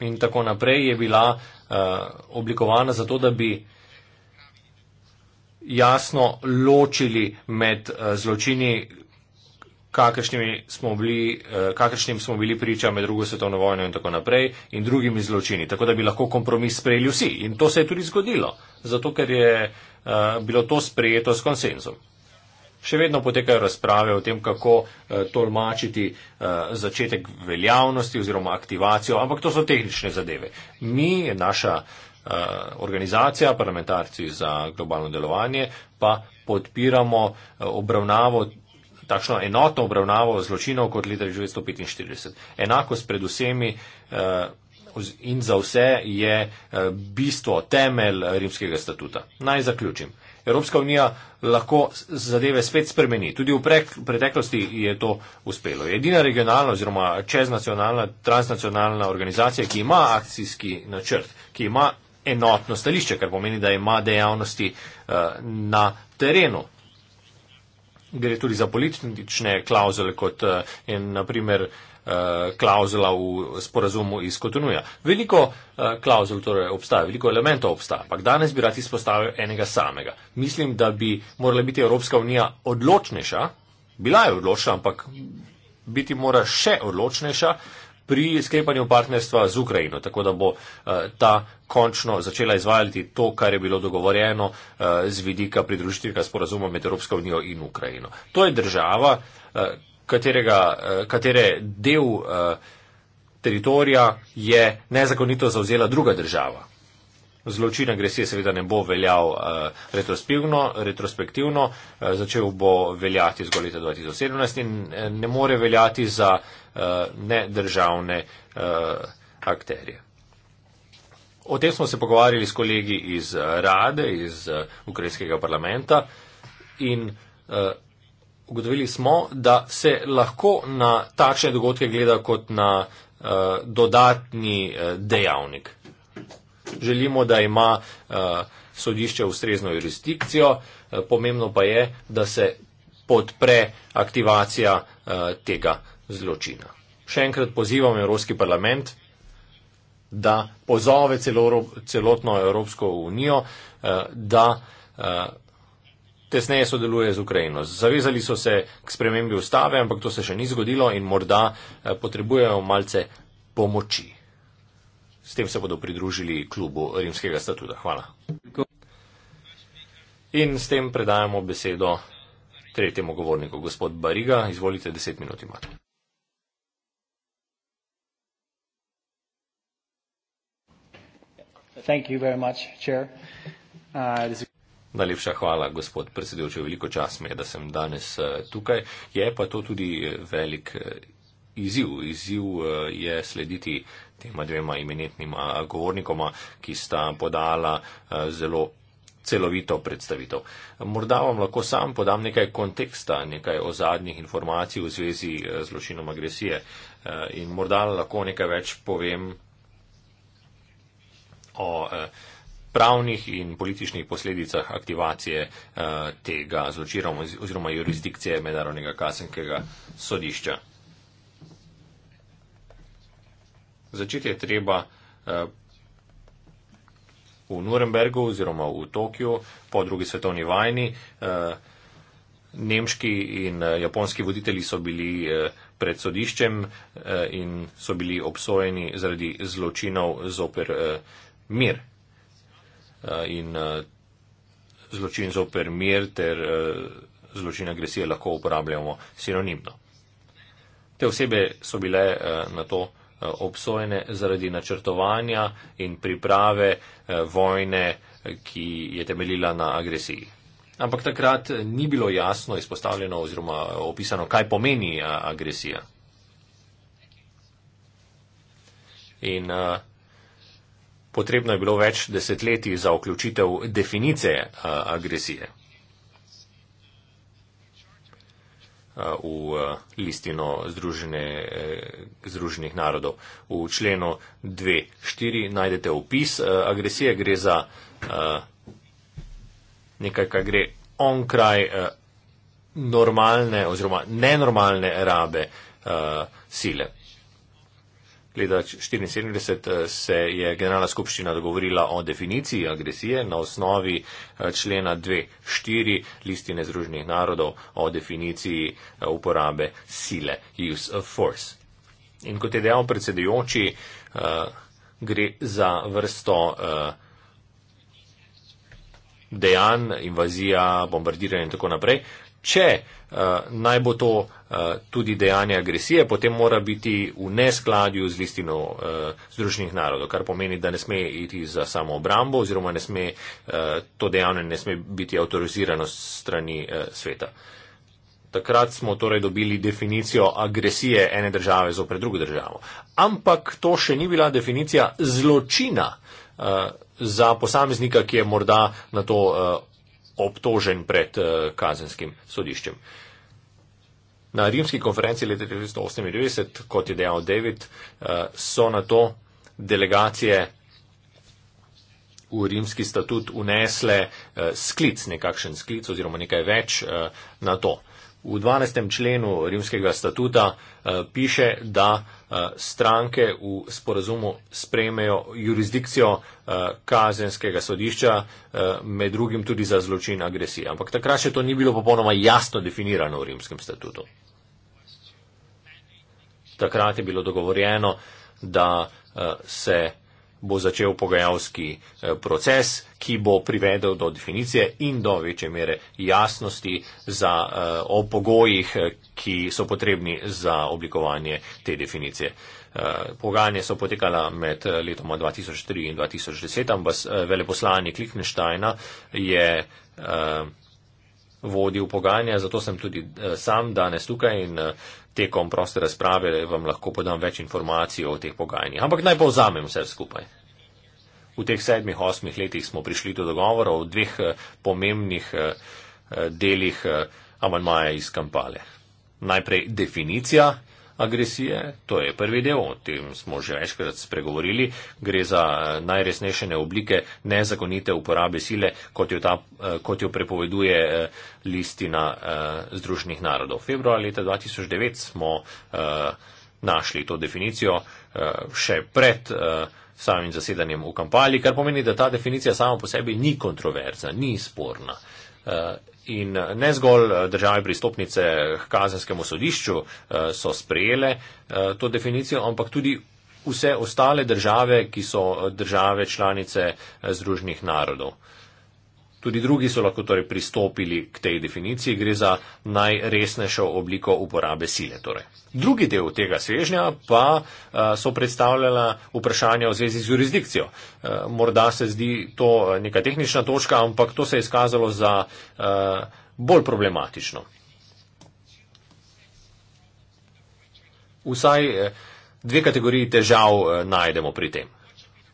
in tako naprej je bila uh, oblikovana zato, da bi jasno ločili med uh, zločini, Eh, kakršnim smo, smo bili priča med drugo svetovno vojno in tako naprej in drugimi zločini. Tako da bi lahko kompromis sprejeli vsi. In to se je tudi zgodilo, zato ker je uh, bilo to sprejeto s konsenzom. Še vedno potekajo razprave o tem, kako uh, tolmačiti uh, začetek veljavnosti oziroma aktivacijo, ampak to so tehnične zadeve. Mi, naša uh, organizacija, parlamentarci za globalno delovanje, pa podpiramo uh, obravnavo takšno enotno obravnavo zločinov kot leta 1945. Enako s predvsemi uh, in za vse je uh, bistvo, temelj rimskega statuta. Naj zaključim. Evropska unija lahko zadeve spet spremeni. Tudi v preteklosti je to uspelo. Edina regionalna oziroma čeznacionalna, transnacionalna organizacija, ki ima akcijski načrt, ki ima enotno stališče, kar pomeni, da ima dejavnosti uh, na terenu gre tudi za politične klauzule, kot je eh, naprimer eh, klauzula v sporazumu iz Kotonuja. Veliko eh, klauzul torej obstaja, veliko elementov obstaja, ampak danes bi rad izpostavil enega samega. Mislim, da bi morala biti Evropska unija odločnejša, bila je odločna, ampak biti mora še odločnejša, pri sklepanju partnerstva z Ukrajino, tako da bo eh, ta končno začela izvajati to, kar je bilo dogovorjeno eh, z vidika pridružitvega sporazuma med Evropsko unijo in Ukrajino. To je država, eh, katerega, katere del teritorija je nezakonito zauzela druga država. Zločin agresije seveda ne bo veljal uh, retrospektivno, uh, začel bo veljati zgolj leta 2017 in ne more veljati za uh, Eh, nedržavne eh, akterje. O tem smo se pogovarjali s kolegi iz eh, Rade, iz ukrajinskega parlamenta in ugotovili smo, da se lahko na takšne dogodke gleda kot na dodatni dejavnik. Želimo, da ima sodišče ustrezno jurisdikcijo, pomembno pa je, da se podpre aktivacija tega zločina. Še enkrat pozivam Evropski parlament, da pozove celo, celotno Evropsko unijo, eh, da eh, tesneje sodeluje z Ukrajino. Zavezali so se k spremembi ustave, ampak to se še ni zgodilo in morda eh, potrebujejo malce pomoči. S tem se bodo pridružili klubu rimskega statuta. Hvala. In s tem predajamo besedo tretjemu govorniku. Gospod Bariga, izvolite, deset minut imate. Uh, Najlepša hvala, gospod predsedujoči. Veliko čas mi je, da sem danes uh, tukaj. Je pa to tudi velik uh, izziv. Izziv je slediti tema dvema imenitnima govornikoma, ki sta podala zelo celovito predstavitev. Morda vam lahko sam podam nekaj konteksta, nekaj o zadnjih informacij v zvezi z zločinom agresije in morda lahko nekaj več povem o eh, pravnih in političnih posledicah aktivacije eh, tega zločina oziroma jurisdikcije Mednarodnega kazenskega sodišča. Začeti je treba eh, v Nurembergu oziroma v Tokiju po drugi svetovni vajni. Nemški in japonski voditelji so bili pred sodiščem in so bili obsojeni zaradi zločinov zoper mir. Eh, in eh, zločin zoper mir ter eh, zločin agresije lahko uporabljamo sinonimno. Te osebe so bile na to obsojene zaradi načrtovanja in priprave vojne, ki je temeljila na agresiji. Ampak takrat ni bilo jasno izpostavljeno oziroma opisano, kaj pomeni agresija. In uh, potrebno je bilo več desetletij za vključitev definicije eh, agresije eh, v eh, listino Združene, Združenih narodov. V členu 2.4 najdete opis agresije, gre za nekaj, kar gre onkraj normalne oziroma nenormalne rabe sile leta 1974 eh, se je generalna skupščina dogovorila o definiciji agresije na osnovi eh, člena 2.4 listine Združenih narodov o definiciji eh, uporabe sile, use of force. In kot je dejal predsedujoči, gre za vrsto dejanj, invazija, bombardiranje in tako naprej. Če naj bo to Eh, tudi dejanje agresije, potem mora biti v neskladju z listino uh, Združenih narodov, kar pomeni, da ne sme iti za samo obrambo oziroma sme, uh, to dejanje ne sme biti avtorizirano strani uh, sveta. Takrat smo torej dobili definicijo agresije ene države zopred drugo državo. Ampak to še ni bila definicija zločina uh, za posameznika, ki je morda na to uh, obtožen pred uh, kazenskim sodiščem. Uh, Na rimski konferenci leta 1998, kot je dejal David, eh, so na to delegacije v rimski statut unesle eh, sklic, nekakšen sklic oziroma nekaj več eh, na to. V 12. členu rimskega statuta piše, da stranke v sporazumu sprejmejo jurisdikcijo kazenskega sodišča, med drugim tudi za zločin agresije. Ampak takrat še to ni bilo popolnoma jasno definirano v rimskem statutu takrat je bilo dogovorjeno, da eh, se bo začel pogajalski eh, proces, ki bo privedel do definicije in do večje mere jasnosti za, eh, o pogojih, ki so potrebni za oblikovanje te definicije. Pogajanje so potekala med letoma 2003 in 2010. Ambas veleposlanik Lichtensteina je vodil pogajanja, zato sem tudi sam danes tukaj in uh, tekom proste razprave vam lahko podam več informacij o teh pogajanjih. Ampak naj povzamem vse skupaj. V teh sedmih, osmih letih smo prišli do dogovora o dveh eh, pomembnih eh, eh, delih amanmaja iz Kampale. Najprej definicija agresije. To je prvi del, o tem smo že večkrat spregovorili. Gre za najresnejšene oblike nezakonite uporabe sile, kot jo, ta, eh, kot jo prepoveduje eh, listina eh, Združenih narodov. Februar leta 2009 smo našli to definicijo še pred samim zasedanjem v Kampali, kar pomeni, da ta definicija sama po sebi ni kontroverzna, ni sporna. In eh, ne zgolj eh, države pristopnice k kazenskemu sodišču eh, so sprejele to definicijo, ampak tudi vse ostale države, ki so države članice Združenih narodov. Tudi drugi so lahko torej pristopili k tej definiciji, gre za najresnejšo obliko uporabe sile. Torej. Drugi del tega svežnja pa eh, so predstavljala vprašanja v zvezi z jurisdikcijo. Eh, morda se zdi to eh, neka tehnična točka, ampak to se je izkazalo za bolj problematično. Vsaj dve kategoriji težav najdemo pri tem.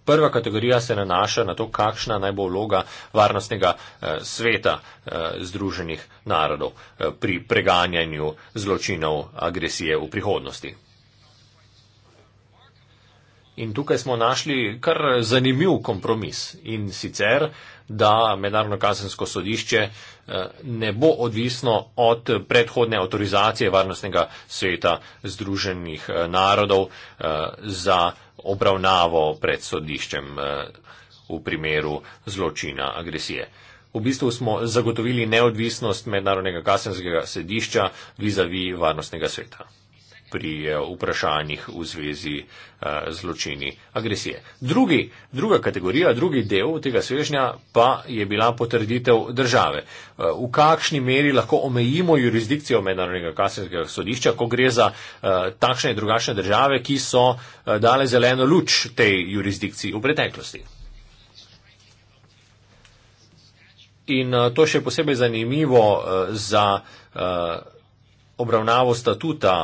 Prva kategorija se nanaša na to, kakšna naj bo vloga varnostnega eh, sveta eh, Združenih narodov eh, pri preganjanju zločinov agresije v prihodnosti. In tukaj smo našli kar zanimiv kompromis in sicer, da mednarodno kazensko sodišče eh, ne bo odvisno od predhodne avtorizacije Varnostnega sveta Združenih eh, narodov eh, za obravnavo pred sodiščem v primeru zločina agresije. V bistvu smo zagotovili neodvisnost mednarodnega kazenskega sedišča vizavi varnostnega sveta pri eh, vprašanjih v zvezi eh, z zločini agresije. Drugi, druga kategorija, drugi del tega svežnja pa je bila potrditev države. Eh, v kakšni meri lahko omejimo jurisdikcijo mednarodnega kasnjega sodišča, ko gre za takšne in drugačne države, ki so dale zeleno luč tej jurisdikciji v preteklosti. In to še posebej zanimivo za obravnavo statuta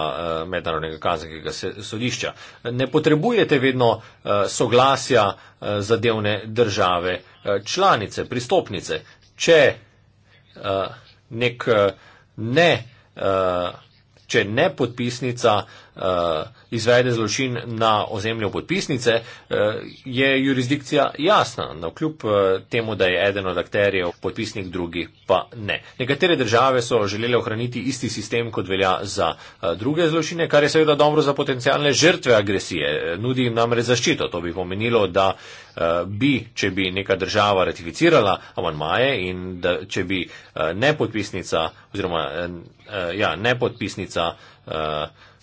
eh, mednarodnega kazenskega sodišča. Ne potrebujete vedno eh, soglasja eh, zadevne države članice, pristopnice. Če nek ne, če ne podpisnica Eh, izvede zločin na ozemlju podpisnice, eh, je jurisdikcija jasna, no kljub eh, temu, da je eden od akterjev podpisnik, drugi pa ne. Nekatere države so želele ohraniti isti sistem, kot velja za druge zločine, kar je seveda dobro za potencijalne žrtve agresije, nudi jim namreč zaščito. To bi pomenilo, da bi, če bi neka država ratificirala avanmaje in da, če bi nepodpisnica oziroma ja, nepodpisnica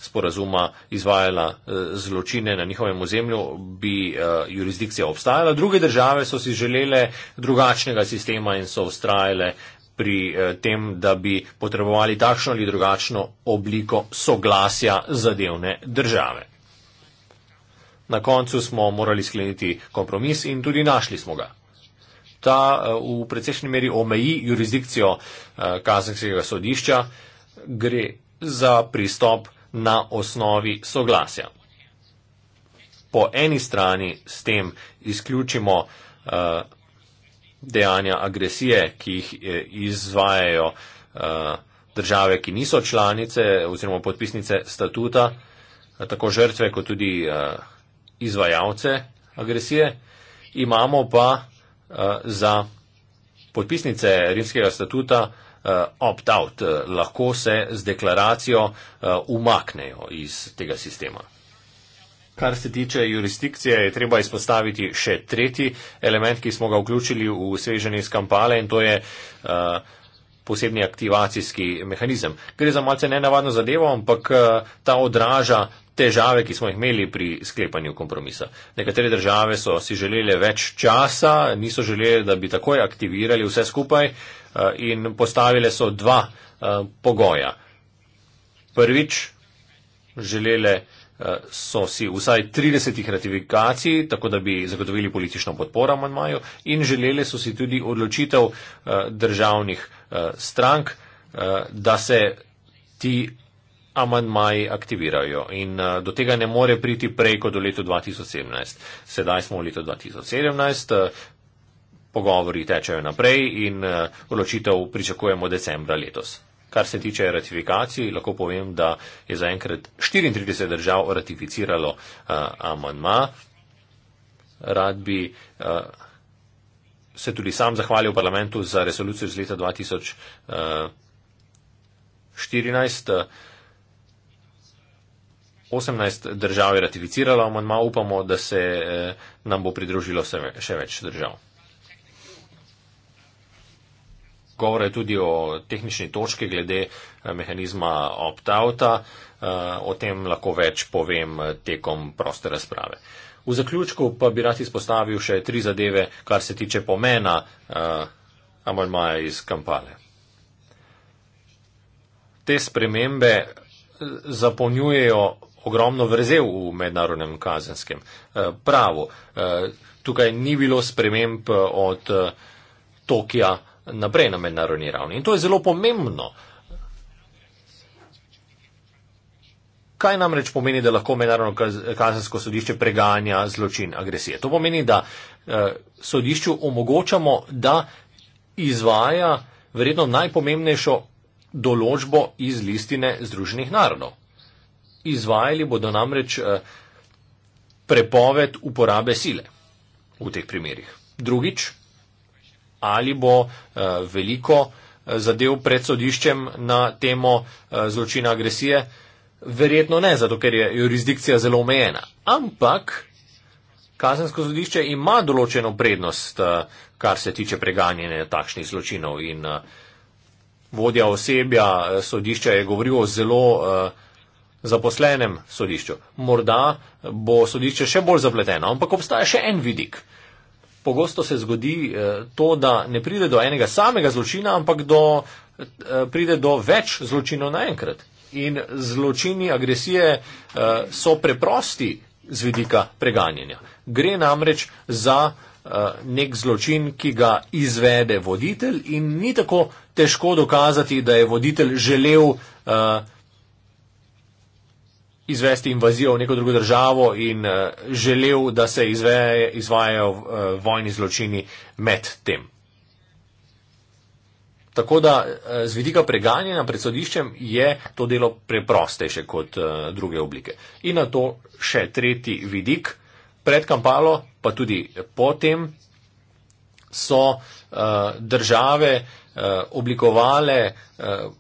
sporazuma izvajala eh, zločine na njihovem ozemlju, bi eh, jurisdikcija obstajala. Druge države so si želele drugačnega sistema in so ustrajale pri eh, tem, da bi potrebovali takšno ali drugačno obliko soglasja zadevne države. Na koncu smo morali skleniti kompromis in tudi našli smo ga. Ta v precejšnji meri omeji jurisdikcijo kazenskega sodišča, gre za pristop na osnovi soglasja. Po eni strani s tem izključimo eh, dejanja agresije, ki jih eh, izvajajo eh, države, ki niso članice oziroma podpisnice statuta, tako žrtve kot tudi izvajalce agresije. Imamo pa za podpisnice rimskega statuta uh, uh, opt-out, lahko se z deklaracijo uh, umaknejo iz tega sistema. Kar se tiče jurisdikcije, je treba izpostaviti še tretji element, ki smo ga vključili v sveženje iz kampale in to je uh, posebni aktivacijski mehanizem. Gre za malce nenavadno zadevo, ampak uh, ta odraža težave, ki smo jih imeli pri sklepanju kompromisa. Nekatere države so si želeli več časa, niso želeli, da bi takoj aktivirali vse skupaj eh, in postavile so dva eh, pogoja. Prvič, želele eh, so si vsaj 30 ratifikacij, tako da bi zagotovili politično podporo manjmaju in želele so si tudi odločitev državnih strank, da se ti amantmaji aktivirajo in eh, do tega ne more priti prej kot do leta 2017. Sedaj smo v letu 2017, eh, pogovori tečejo naprej in eh, odločitev pričakujemo decembra letos. Kar se tiče ratifikacij, lahko povem, da je zaenkrat 34 držav ratificiralo uh, amantma. Rad bi uh, se tudi sam zahvalil v parlamentu za resolucijo iz leta 2014. Uh, 18 držav je ratificiralo amandma, upamo, da se eh, nam bo pridružilo še več držav. Govore tudi o tehnični točki glede eh, mehanizma opt-outa, eh, o tem lahko več povem tekom proste razprave. V zaključku pa bi rad izpostavil še tri zadeve, kar se tiče pomena amandmaja iz kampale. Te spremembe zapolnjujejo ogromno vrzel v mednarodnem kazenskem eh, pravu. Eh, tukaj ni bilo sprememb eh, od Tokija naprej na mednarodni ravni. In to je zelo pomembno. Kaj nam reč pomeni, da lahko mednarodno kazensko sodišče preganja zločin agresije? To pomeni, da sodišču omogočamo, da izvaja verjetno najpomembnejšo določbo iz listine Združenih narodov izvajali bodo namreč eh, prepoved uporabe sile v teh primerjih. Drugič, ali bo eh, veliko eh, zadev pred sodiščem na temo zločina agresije, verjetno ne, zato ker je jurisdikcija zelo omejena. Ampak kazensko sodišče ima določeno prednost, kar se tiče preganjene takšnih zločinov in vodja osebja sodišča je govoril o zelo uh, zaposlenem sodišču. Morda bo sodišče še bolj zapleteno, ampak obstaja še en vidik. Pogosto se zgodi eh, to, da ne pride do enega samega zločina, ampak do, eh, pride do več zločinov naenkrat. In zločini agresije eh, so preprosti z vidika preganjanja. Gre namreč za nek zločin, ki ga izvede voditelj in ni tako težko dokazati, da je voditelj želel uh, izvesti invazijo v neko drugo državo in eh, želel, da se izveje, izvajajo eh, vojni zločini med tem. Tako da eh, z vidika preganjanja pred sodiščem je to delo preprostejše kot druge oblike. In na to še tretji vidik. Pred kampalo, pa tudi potem, so države Eh, oblikovale eh,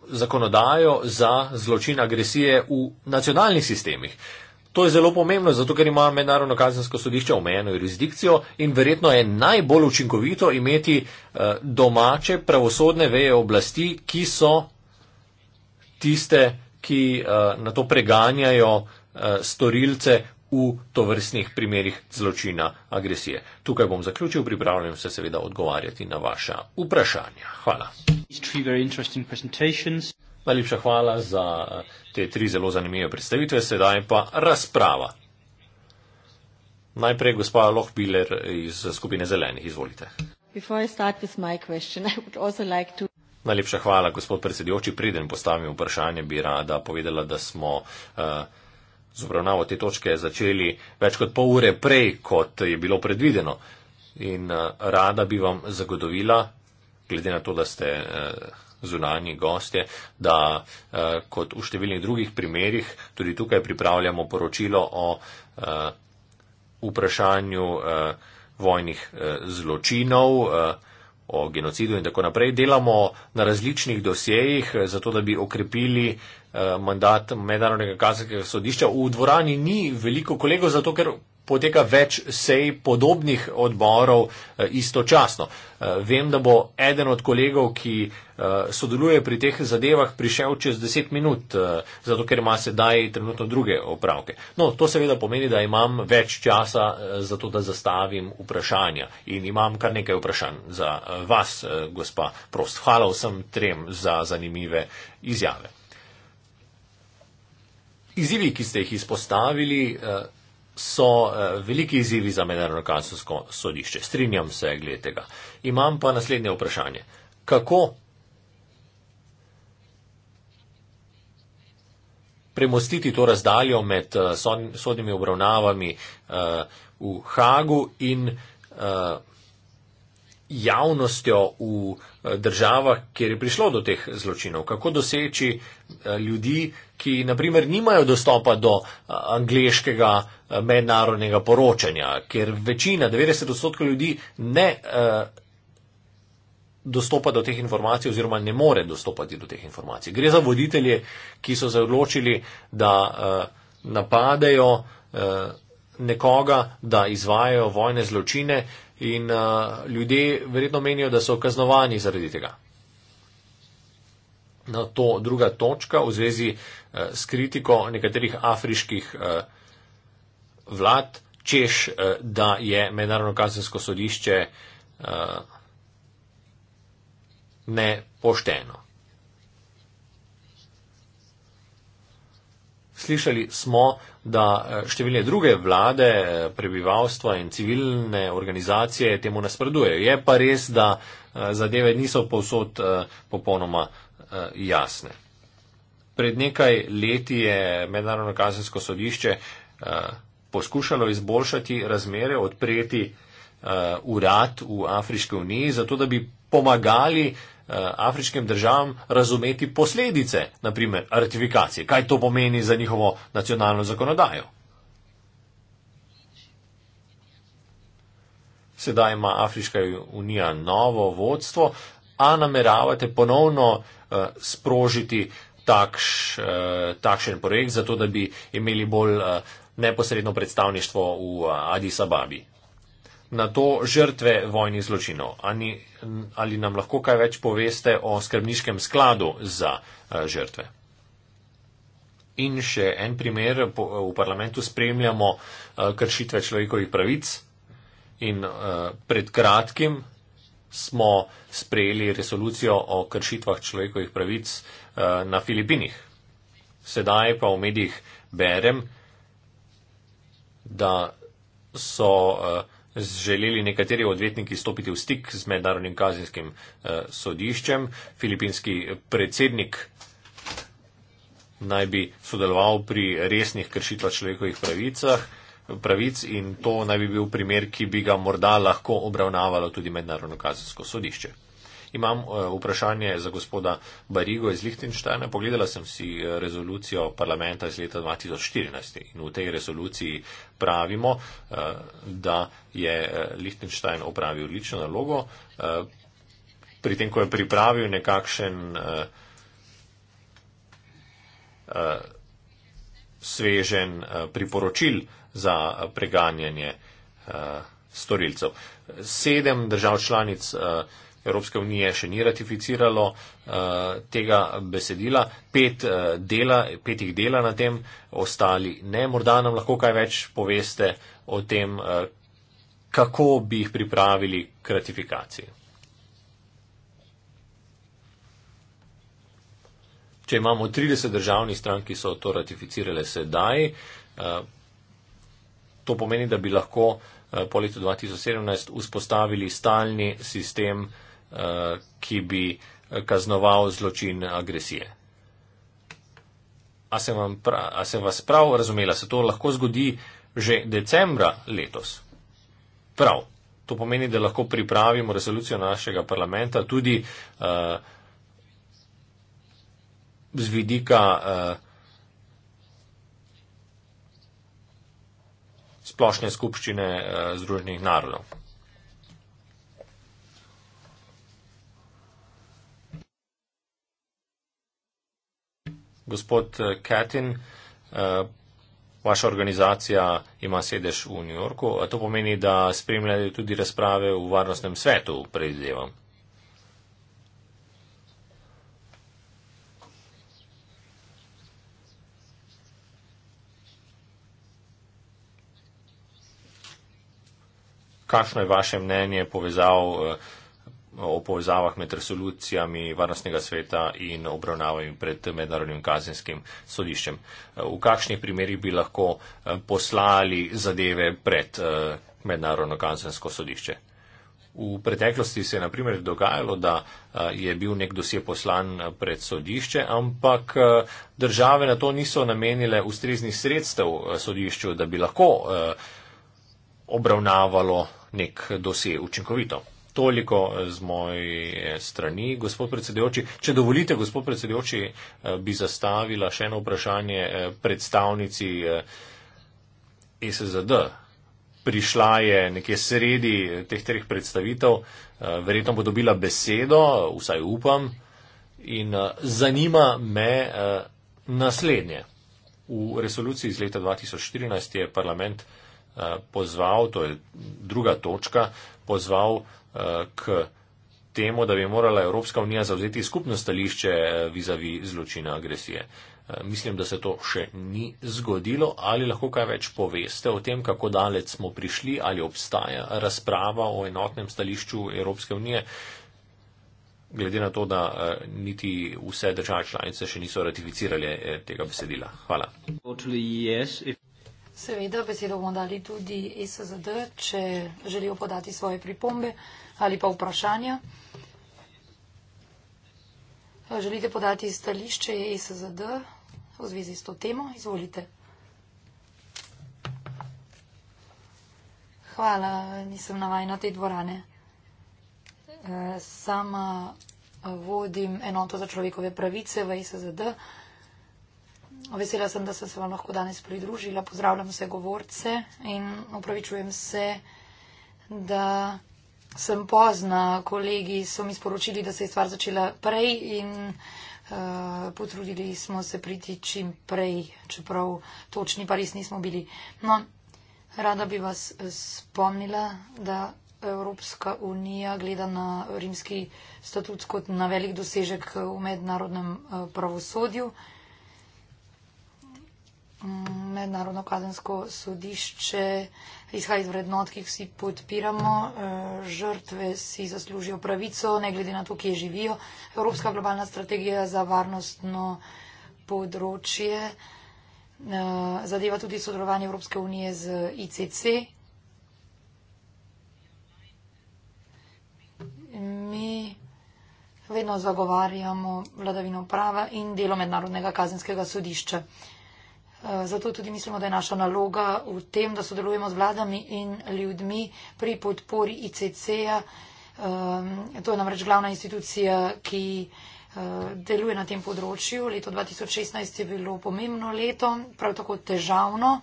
zakonodajo za zločin agresije v nacionalnih sistemih. To je zelo pomembno, zato ker ima mednarodno kazensko sodišče omejeno jurisdikcijo in verjetno je najbolj učinkovito imeti eh, domače pravosodne veje oblasti, ki so tiste, ki na to preganjajo storilce v tovrstnih primerih zločina agresije. Tukaj bom zaključil, pripravljam se seveda odgovarjati na vaša vprašanja. Hvala. Najlepša hvala za eh, te tri zelo zanimive predstavitve, sedaj pa razprava. Najprej gospa Lohbiler iz skupine zelenih, izvolite. Najlepša hvala, gospod predsedujoči. Preden postavim vprašanje, bi rada povedala, da smo uh, z obravnavo te točke začeli več kot pol ure prej, kot je bilo predvideno. In eh, rada bi vam zagotovila, glede na to, da ste eh, zunanji gostje, da eh, kot v številnih drugih primerjih tudi tukaj pripravljamo poročilo o vprašanju vojnih zločinov, o genocidu in tako naprej. Delamo na različnih dosjejih, zato da bi okrepili Eh, mandat mednarodnega kazenskega sodišča. V dvorani ni veliko kolegov, zato ker poteka več sej podobnih odborov eh, istočasno. Eh, vem, da bo eden od kolegov, ki sodeluje pri teh zadevah, prišel čez deset minut, zato ker ima sedaj trenutno druge opravke. No, to seveda pomeni, da imam več časa za to, da zastavim vprašanja. In imam kar nekaj vprašanj za vas, gospa Prost. Hvala vsem trem za zanimive izjave. Izivi, ki ste jih izpostavili, eh, so eh, veliki izivi za mednarodno kazensko sodišče. Strinjam se, gledajte ga. Imam pa naslednje vprašanje. Kako premostiti to razdaljo med eh, sodnimi obravnavami v Hagu in javnostjo v Hagu? državah, kjer je prišlo do teh zločinov. Kako doseči eh, ljudi, ki naprimer nimajo dostopa do eh, angliškega eh, mednarodnega poročanja, ker večina, 90 odstotkov ljudi ne dostopa do teh informacij oziroma ne more dostopati do teh informacij. Gre za voditelje, ki so se odločili, da napadejo nekoga, da izvajajo vojne zločine in uh, ljudje verjetno menijo, da so kaznovani zaradi tega. No, to druga točka v zvezi uh, s kritiko nekaterih afriških uh, vlad, češ, uh, da je mednarodno kazensko sodišče uh, nepošteno. slišali smo, da eh, številne druge vlade, eh, prebivalstva in civilne organizacije temu nasprotujejo. Je pa res, da eh, zadeve niso povsod popolnoma jasne. Pred nekaj leti je Mednarodno kazensko sodišče poskušalo izboljšati razmere, odpreti urad v Afriški uniji, zato da bi pomagali uh, Eh, afriškim državam razumeti posledice, naprimer ratifikacije, kaj to pomeni za njihovo nacionalno zakonodajo. Sedaj ima Afriška unija novo vodstvo, a nameravate ponovno uh, sprožiti takš, uh, takšen projekt, zato da bi imeli bolj uh, neposredno predstavništvo v uh, Adisababi na to žrtve vojnih zločinov. Ali, ali nam lahko kaj več poveste o skrbniškem skladu za eh, žrtve? In še en primer, eh, v parlamentu spremljamo eh, kršitve človekovih pravic in pred kratkim smo sprejeli resolucijo o kršitvah človekovih pravic na Filipinih. Sedaj pa v medijih berem, da so uh, želeli nekateri odvetniki stopiti v stik z mednarodnim kazenskim uh, sodiščem. Filipinski predsednik naj bi sodeloval pri resnih kršitvah človekovih pravicah, pravic in to naj bi bil primer, ki bi ga morda lahko obravnavalo tudi mednarodno kazensko sodišče. Imam eh, vprašanje za gospoda Barigo iz Lichtensteina. Pogledala sem si eh, rezolucijo parlamenta iz leta 2014 in v tej rezoluciji pravimo, eh, da je Lichtenstein opravil odlično nalogo pri tem, ko je pripravil nekakšen svežen priporočil za preganjanje storilcev. Sedem držav članic uh, Evropske unije še ni ratificiralo uh, tega besedila, pet uh, dela, petih dela na tem, ostali ne. Morda nam lahko kaj več poveste o tem, uh, kako bi jih pripravili k ratifikaciji. Če imamo 30 državnih stran, ki so to ratificirale sedaj, to pomeni, da bi lahko po letu 2017 vzpostavili stalni sistem ki bi kaznoval zločin agresije. A sem, pra, a sem vas prav razumela, se to lahko zgodi že decembra letos? Prav. To pomeni, da lahko pripravimo resolucijo našega parlamenta tudi uh, z vidika uh, splošne skupščine uh, Združenih narodov. Gospod eh, Katin, eh, vaša organizacija ima sedež v New Yorku. To pomeni, da spremljate tudi razprave v Varnostnem svetu, predvidevam. Kakšno je vaše mnenje povezav? Eh, o povezavah med resolucijami Varnostnega sveta in obravnavami pred mednarodnim kazenskim sodiščem. V kakšnih primerjih bi lahko eh, poslali zadeve pred eh, mednarodno kazensko sodišče? V preteklosti se je na primer dogajalo, da eh, je bil nek dosje poslan pred sodišče, ampak države na to niso namenile ustreznih sredstev sodišču, da bi lahko obravnavalo nek dosje učinkovito toliko eh, z moje strani, gospod predsedujoči. Če dovolite, gospod predsedujoči, eh, bi zastavila še eno vprašanje eh, predstavnici SZD. Prišla je nekje sredi teh treh predstavitev, verjetno bo dobila besedo, vsaj upam, in zanima me naslednje. V resoluciji iz leta 2014 je parlament pozval, to je druga točka, pozval k temu, da bi morala Evropska unija zavzeti skupno stališče eh, vizavi zločina agresije. Eh, mislim, da se to še ni zgodilo. Ali lahko kaj več poveste o tem, kako dalec smo prišli, ali obstaja razprava o enotnem stališču Evropske unije, glede na to, da eh, niti vse države članice še niso ratificirale tega besedila. Hvala. Seveda, besedo bomo dali tudi SZD, če želijo podati svoje pripombe ali pa vprašanja. Želite podati stališče ESZD v zvezi s to temo? Izvolite. Hvala, nisem navajena te dvorane. Sama vodim enoto za človekove pravice v ESZD. Vesela sem, da sem se vam lahko danes pridružila. Pozdravljam vse govorce in upravičujem se, da sem pozna, kolegi so mi sporočili, da se je stvar začela prej in uh, potrudili smo se priti čim prej, čeprav točni pa res nismo bili. No, rada bi vas eh, spomnila, da Evropska unija gleda na rimski statut kot na velik dosežek v mednarodnem eh, pravosodju mednarodno kazensko sodišče izhaja iz vrednot, ki jih vsi podpiramo. E, Žrtve si zaslužijo pravico, ne glede na to, kje živijo. Evropska globalna strategija za varnostno področje e, zadeva tudi sodelovanje Evropske unije z ICC. Mi vedno zagovarjamo vladavino prava in delo mednarodnega kazenskega sodišča. Eh, zato tudi mislimo, da je naša naloga v tem, da sodelujemo z vladami in ljudmi pri podpori ICC-ja. Eh, to je namreč glavna institucija, ki eh, deluje na tem področju. Leto 2016 je bilo pomembno leto, prav tako težavno.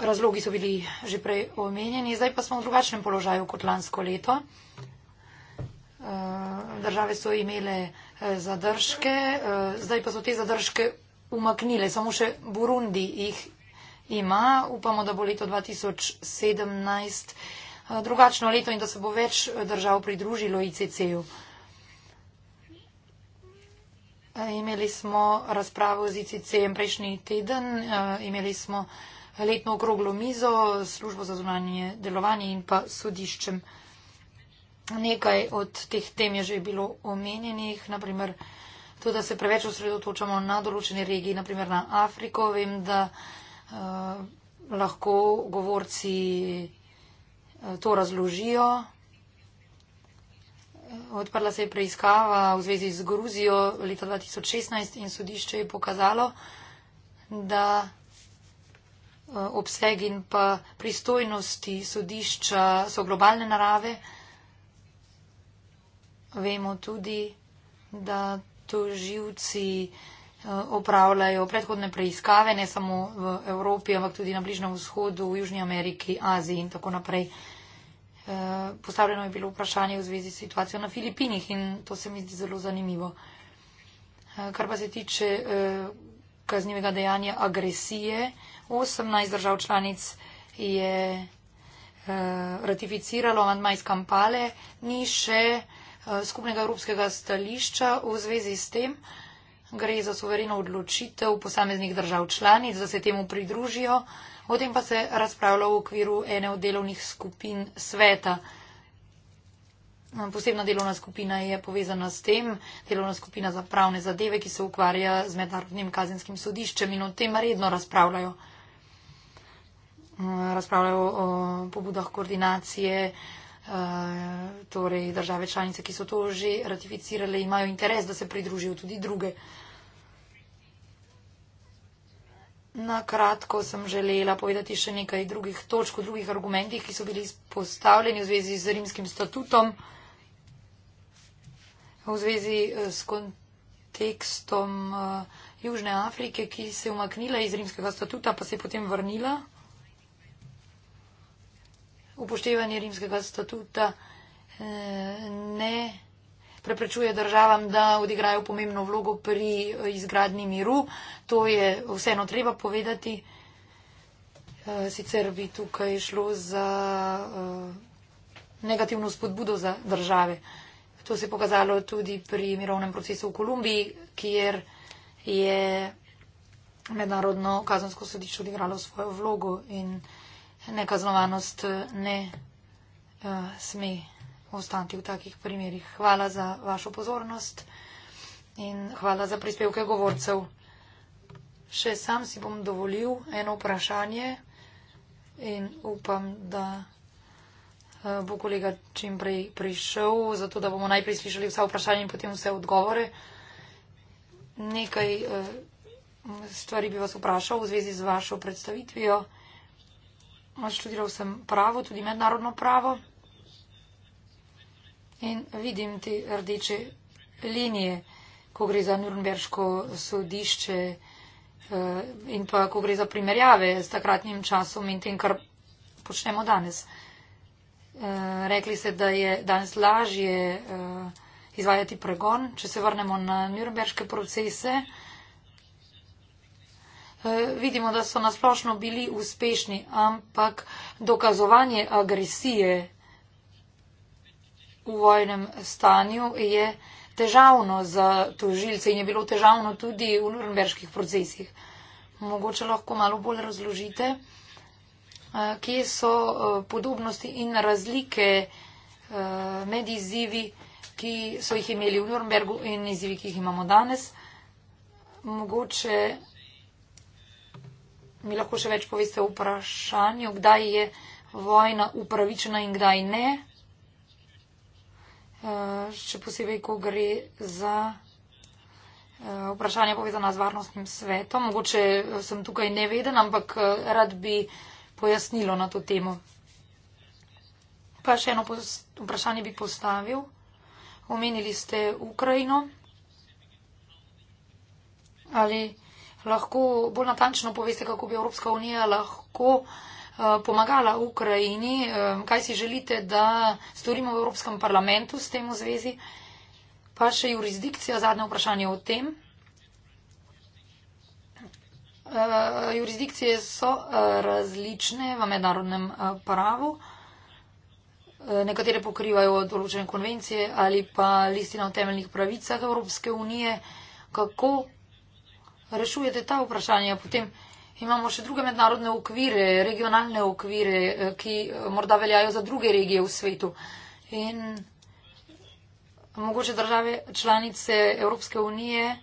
Razlogi so bili že prej omenjeni. Zdaj pa smo v drugačnem položaju kot lansko leto. Eh, države so imele eh, zadržke, eh, zdaj pa so te zadržke umaknile, samo še Burundi jih ima, upamo, da bo leto 2017 drugačno leto in da se bo več držav pridružilo ICC-ju. Imeli smo razpravo z ICC-jem prejšnji teden, imeli smo letno okroglo mizo, službo za zunanje delovanje in pa sodiščem. Nekaj od teh tem je že bilo omenjenih, naprimer to, da se preveč osredotočamo na določene regije, naprimer na Afriko. Vem, da uh, lahko govorci eh, to razložijo. Eh, odprla se je preiskava v zvezi z Gruzijo leta 2016 in sodišče je pokazalo, da obseg in pa pristojnosti sodišča so globalne narave vemo tudi, da toživci eh, opravljajo predhodne preiskave, ne samo v Evropi, ampak tudi na Bližnem vzhodu, v Južnji Ameriki, Aziji in tako naprej. Eh, postavljeno je bilo vprašanje v zvezi s situacijo na Filipinih in to se mi zdi zelo zanimivo. Eh, kar pa se tiče kaznjivega dejanja agresije, 18 držav članic je ratificiralo amandmaj iz Kampale, ni še Eh, skupnega evropskega stališča v zvezi s tem. Gre za suvereno odločitev posameznih držav članic, da se temu pridružijo. O tem pa se razpravlja v okviru ene od delovnih skupin sveta. Eh, posebna delovna skupina je povezana s tem, delovna skupina za pravne zadeve, ki se ukvarja z mednarodnim kazenskim sodiščem in o tem redno razpravljajo. Eh, razpravljajo o pobudah koordinacije Eh, torej države članice, ki so to že ratificirale, imajo interes, da se pridružijo tudi druge. Na kratko sem želela povedati še nekaj drugih točk, drugih argumentih, ki so bili izpostavljeni v zvezi z rimskim statutom, v zvezi eh, s kontekstom eh, Južne Afrike, ki se je umaknila iz rimskega statuta, pa se je potem vrnila upoštevanje rimskega statuta eh, ne preprečuje državam, da odigrajo pomembno vlogo pri izgradni miru. To je vseeno treba povedati. Eh, sicer bi tukaj šlo za eh, negativno spodbudo za države. To se je pokazalo tudi pri mirovnem procesu v Kolumbiji, kjer je mednarodno kazansko sodišče odigralo svojo vlogo in vlogo nekaznovanost eh, ne uh, sme ostati v takih primerjih. Hvala za vašo pozornost in hvala za prispevke govorcev. Še sam si bom dovolil eno vprašanje in upam, da eh, bo kolega čim prej prišel, zato da bomo najprej slišali vsa vprašanja in potem vse odgovore. Nekaj stvari bi vas vprašal v zvezi z vašo predstavitvijo. Študiral sem pravo, tudi mednarodno pravo. In vidim te rdeče linije, ko gre za Nurnberško sodišče eh, in pa ko gre za primerjave s takratnim časom in tem, kar počnemo danes. Eh, rekli ste, da je danes lažje eh, izvajati pregon, če se vrnemo na Nurnberške procese. Eh, vidimo, da so nasplošno bili uspešni, ampak dokazovanje agresije v vojnem stanju je težavno za tožilce in je bilo težavno tudi v nurnberških procesih. Mogoče lahko malo bolj razložite, eh, kje so eh, podobnosti in razlike med izzivi, ki so jih imeli v Nurnbergu in izzivi, ki jih imamo danes. Mogoče mi lahko še več poveste o vprašanju, kdaj je vojna upravičena in kdaj ne. Eh, še posebej, ko gre za eh, vprašanje povezana z varnostnim svetom. Mogoče eh, sem tukaj neveden, ampak rad bi pojasnilo na to temo. Pa še eno vprašanje bi postavil. Omenili ste Ukrajino. Ali lahko bolj natančno poveste, kako bi Evropska unija lahko eh, pomagala Ukrajini, eh, kaj si želite, da storimo v Evropskem parlamentu s tem v zvezi. Pa še jurisdikcija, zadnje vprašanje o tem. Eh, jurisdikcije so različne v mednarodnem pravu. Nekatere pokrivajo določene konvencije ali pa listina o temeljnih pravicah Evropske unije. Kako rešujete ta vprašanja. Potem imamo še druge mednarodne okvire, regionalne okvire, eh, ki eh, morda veljajo za druge regije v svetu. In mogoče države članice Evropske unije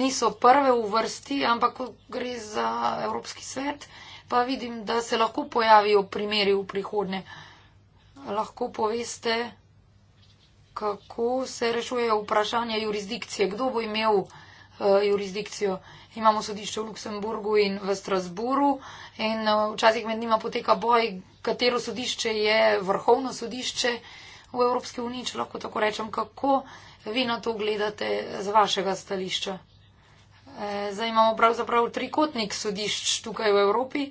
niso prve v vrsti, ampak gre za Evropski svet, pa vidim, da se lahko pojavijo primeri v prihodnje. Lahko poveste, kako se rešujejo vprašanja jurisdikcije, kdo bo imel. Eh, jurisdikcijo. Imamo sodišče v Luksemburgu in v Strasburu in eh, včasih med njima poteka boj, katero sodišče je vrhovno sodišče v Evropski uniji, če lahko tako rečem, kako vi na to gledate z vašega stališča. Eh, zdaj imamo pravzaprav trikotnik sodišč tukaj v Evropi,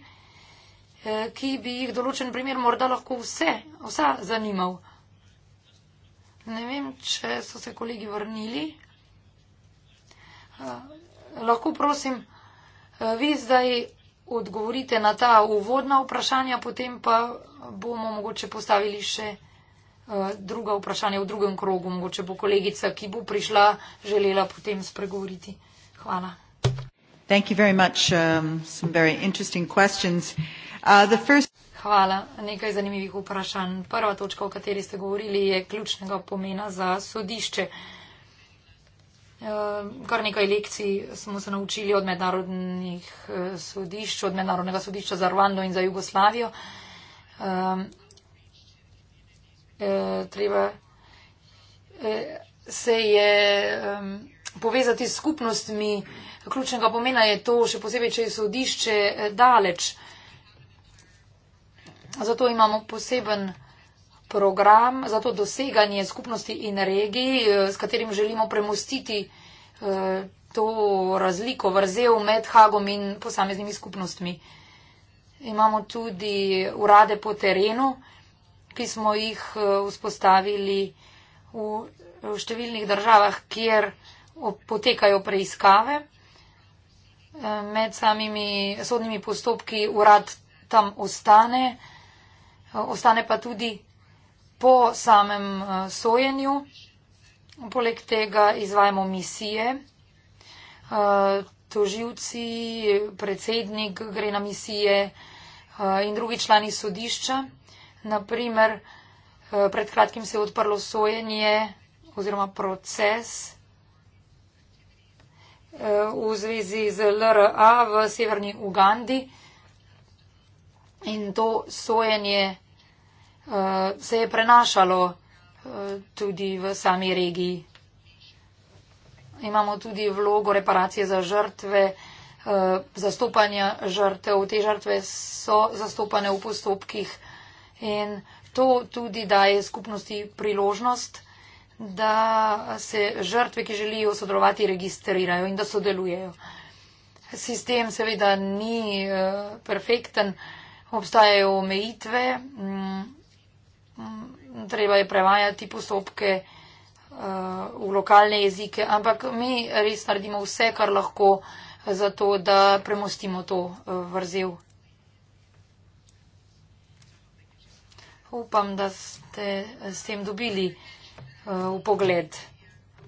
ki bi jih določen primer morda lahko vse, vsa zanimal. Ne vem, če so se kolegi vrnili lahko prosim, eh, vi zdaj odgovorite na ta uvodna vprašanja, potem pa bomo mogoče postavili še eh, druga vprašanja v drugem krogu, mogoče bo kolegica, ki bo prišla, želela potem spregovoriti. Hvala. Thank you very much. Um, some very interesting questions. Uh, the first. Hvala. Nekaj zanimivih vprašanj. Prva točka, o kateri ste govorili, je ključnega pomena za sodišče. Uh, Ehm, kar nekaj lekcij smo se naučili od mednarodnih eh, sodišč, od mednarodnega sodišča za Rwando in za Jugoslavijo. Ehm, eh, treba eh, se je ehm, povezati s skupnostmi. Ključnega pomena je to, še posebej, če je sodišče daleč. Zato imamo poseben program za to doseganje skupnosti in regij, eh, s katerim želimo premostiti eh, to razliko vrzel med Hagom in posameznimi skupnostmi. Imamo tudi urade po terenu, ki smo jih eh, vzpostavili v številnih državah, kjer potekajo preiskave. Med samimi sodnimi postopki urad tam ostane, ostane pa tudi po samem eh, sojenju. Poleg tega izvajamo misije. Eh, Toživci, predsednik gre na misije eh, in drugi člani sodišča. Naprimer, pred kratkim se je odprlo sojenje oziroma proces v zvezi z LRA v severni Ugandi. In to sojenje uh, se je prenašalo uh, tudi v sami regiji. Imamo tudi vlogo reparacije za žrtve, uh, zastopanja žrtev. Te žrtve so zastopane v postopkih in to tudi daje skupnosti priložnost, da se žrtve, ki želijo sodelovati, registrirajo in da sodelujejo. Sistem seveda ni uh, perfekten, obstajajo omejitve. Mm, treba je prevajati postopke eh, v lokalne jezike, ampak mi res naredimo vse, kar lahko, zato da premostimo to eh, vrzel. Upam, da ste eh, s tem dobili v pogled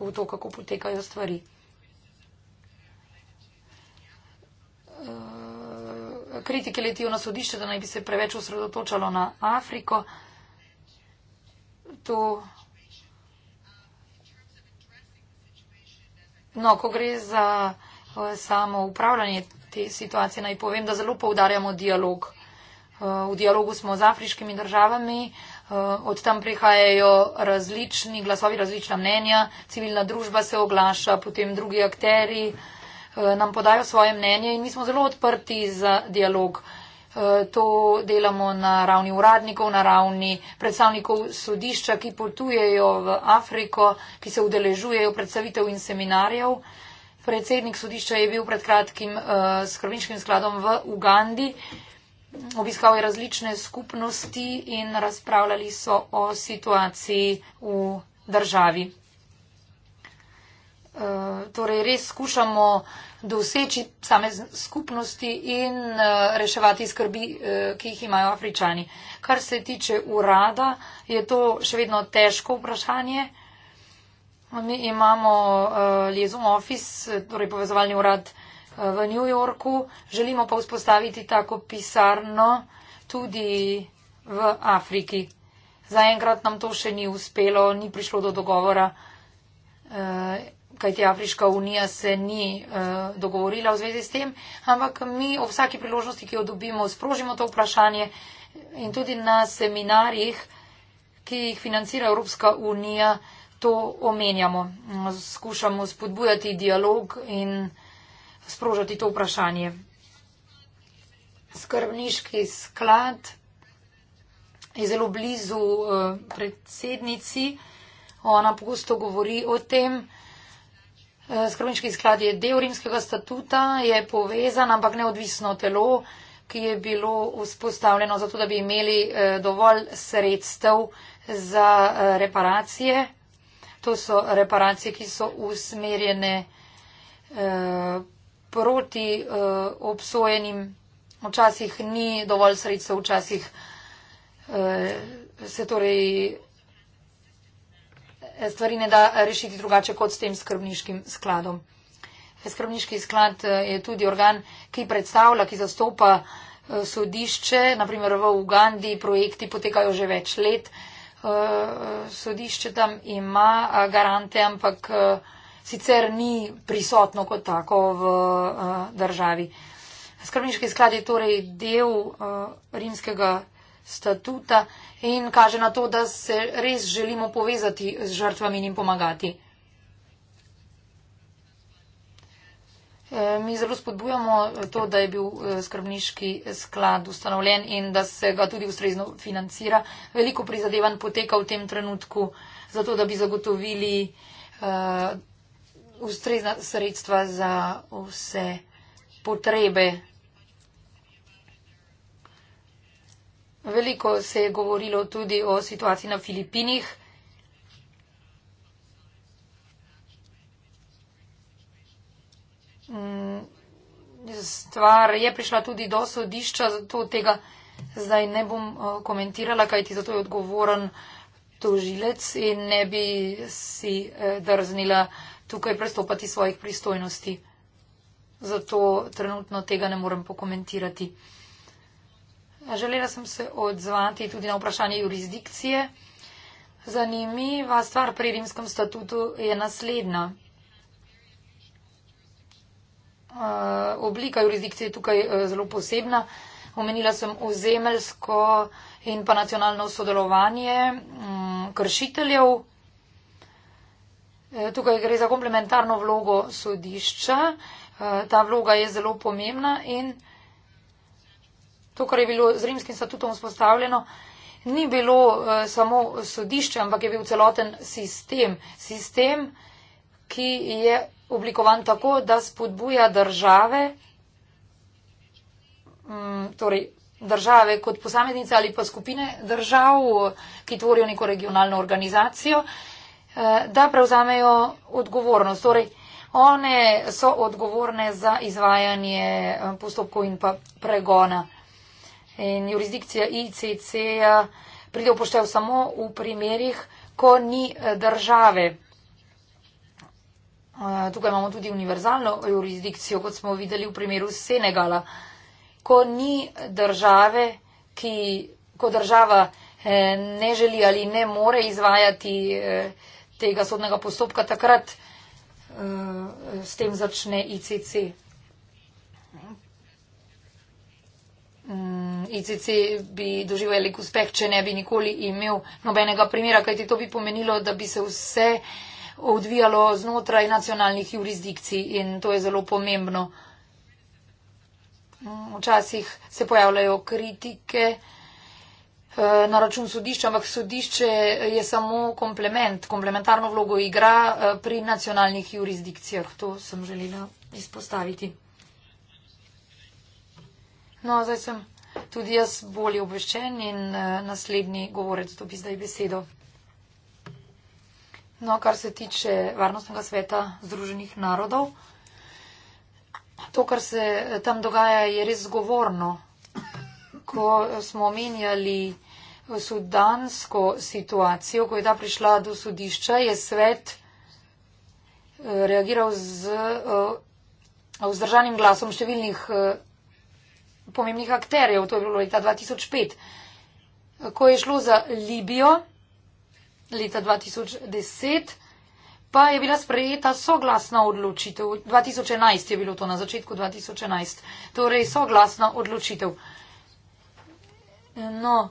v to, kako potekajo stvari. Kritike letijo na sodišče, da naj bi se preveč osredotočalo na Afriko to. No, ko gre za eh, samo upravljanje te situacije, naj povem, da zelo poudarjamo dialog. Eh, v dialogu smo z afriškimi državami, eh, od tam prihajajo različni glasovi, različna mnenja, civilna družba se oglaša, potem drugi akteri nam podajo svoje mnenje in mi smo zelo odprti za dialog. Eh, to delamo na ravni uradnikov, na ravni predstavnikov sodišča, ki potujejo v Afriko, ki se udeležujejo predstavitev in seminarjev. Predsednik sodišča je bil pred kratkim eh, s krvinskim skladom v Ugandi. Obiskal je različne skupnosti in razpravljali so o situaciji v državi. Eh, torej, res skušamo doseči same skupnosti in eh, reševati skrbi, eh, ki jih imajo afričani. Kar se tiče urada, je to še vedno težko vprašanje. Mi imamo eh, Liezum Office, torej povezovalni urad v New Yorku. Želimo pa vzpostaviti tako pisarno tudi v Afriki. Zaenkrat nam to še ni uspelo, ni prišlo do dogovora kajti Afriška unija se ni uh, dogovorila v zvezi s tem, ampak mi o vsaki priložnosti, ki jo dobimo, sprožimo to vprašanje in tudi na seminarjih, ki jih financira Evropska unija, to omenjamo. Skušamo spodbujati dialog in sprožati to vprašanje. Skrbniški sklad je zelo blizu uh, predsednici. Ona pogosto govori o tem, Eh, skrbniški sklad je del rimskega statuta, je povezan, ampak neodvisno telo, ki je bilo vzpostavljeno zato, da bi imeli eh, dovolj sredstev za eh, reparacije. To so reparacije, ki so usmerjene proti obsojenim. Včasih ni dovolj sredstev, včasih se torej stvari ne da rešiti drugače kot s tem skrbniškim skladom. Skrbniški sklad eh, je tudi organ, ki predstavlja, ki zastopa eh, sodišče, naprimer v Ugandi projekti potekajo že več let. Eh, sodišče tam ima garante, ampak sicer ni prisotno kot tako v državi. Skrbniški sklad je torej del rimskega statuta in kaže na to, da se res želimo povezati z žrtvami in jim pomagati. E, mi zelo spodbujamo to, da je bil e, skrbniški sklad ustanovljen in da se ga tudi ustrezno financira. Veliko prizadevanj poteka v tem trenutku za to, da bi zagotovili e, ustrezna sredstva za vse potrebe Veliko se je govorilo tudi o situaciji na Filipinih. Mm, stvar je prišla tudi do sodišča, zato tega zdaj ne bom eh, komentirala, kajti zato je odgovoren tožilec in ne bi si eh, drznila tukaj prestopati svojih pristojnosti. Zato trenutno tega ne morem pokomentirati. Želela sem se odzvati tudi na vprašanje jurisdikcije. Zanimiva stvar pri rimskem statutu je naslednja. Eh, oblika jurisdikcije je tukaj eh, zelo posebna. Omenila sem ozemelsko in pa nacionalno sodelovanje mm, kršiteljev. Eh, tukaj gre za komplementarno vlogo sodišča. Ta vloga je zelo pomembna in to, kar je bilo z rimskim statutom vzpostavljeno, ni bilo uh, samo sodišče, ampak je bil celoten sistem. Sistem, ki je oblikovan tako, da spodbuja države, um, torej države kot posameznice ali pa skupine držav, ki tvorijo neko regionalno organizacijo, uh, da prevzamejo odgovornost. Torej, One so odgovorne za izvajanje eh, postopkov in pa pregona. In jurisdikcija ICC pride v poštev samo v primerih, ko ni eh, države. Eh, tukaj imamo tudi univerzalno jurisdikcijo, kot smo videli v primeru Senegala. Ko ni države, ki, ko država eh, ne želi ali ne more izvajati tega sodnega postopka, takrat s tem začne ICC. Mm, ICC bi doživel velik uspeh, če ne bi nikoli imel nobenega primera, kajti to bi pomenilo, da bi se vse odvijalo znotraj nacionalnih jurisdikcij in to je zelo pomembno. Mm, včasih se pojavljajo kritike eh, na račun sodišča, ampak sodišče je samo komplement, komplementarno vlogo igra eh, pri nacionalnih jurisdikcijah. To sem želela izpostaviti. No, zdaj sem tudi jaz bolje obveščen in uh, naslednji govorec dobi zdaj besedo. No, kar se tiče Varnostnega sveta Združenih narodov, to, kar se eh, tam dogaja, je res zgovorno. Ko smo omenjali eh, sudansko situacijo, ko je ta prišla do sodišča, je svet reagiral z vzdržanim glasom številnih pomembnih akterjev, to je bilo leta 2005. Ko je šlo za Libijo leta 2010, pa je bila sprejeta soglasna odločitev. 2011 je bilo to na začetku 2011. Torej soglasna odločitev. No,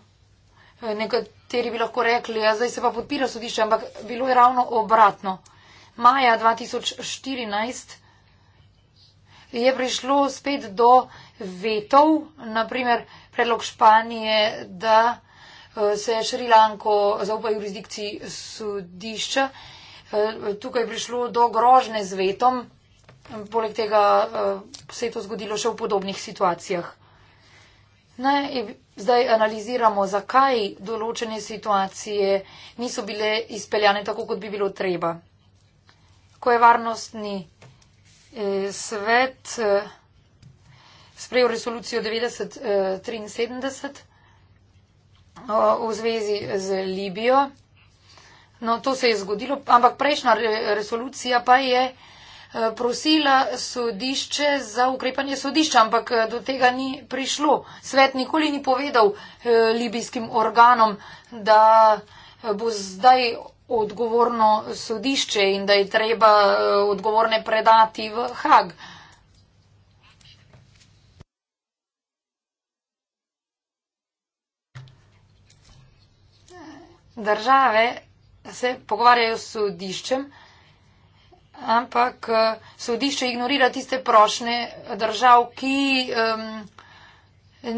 nekateri bi lahko rekli, a ja, zdaj se pa podpira sodišče, ampak bilo je ravno obratno. Maja 2014 je prišlo spet do vetov, naprimer predlog Španije, da eh, se Šrilanko zaupa jurisdikciji sodišča. Eh, tukaj je prišlo do grožne z vetom, poleg tega eh, se je to zgodilo še v podobnih situacijah. Ne, zdaj analiziramo, zakaj določene situacije niso bile izpeljane tako, kot bi bilo treba. Ko je varnostni eh, svet. Eh, sprejel resolucijo 9073 eh, v zvezi z Libijo. No, to se je zgodilo, ampak prejšnja resolucija pa je eh, prosila sodišče za ukrepanje sodišča, ampak eh, do tega ni prišlo. Svet nikoli ni povedal libijskim organom, da bo zdaj odgovorno sodišče in da je treba odgovorne predati v Hague. države se pogovarjajo s sodiščem, ampak eh, sodišče ignorira tiste prošne držav, ki um,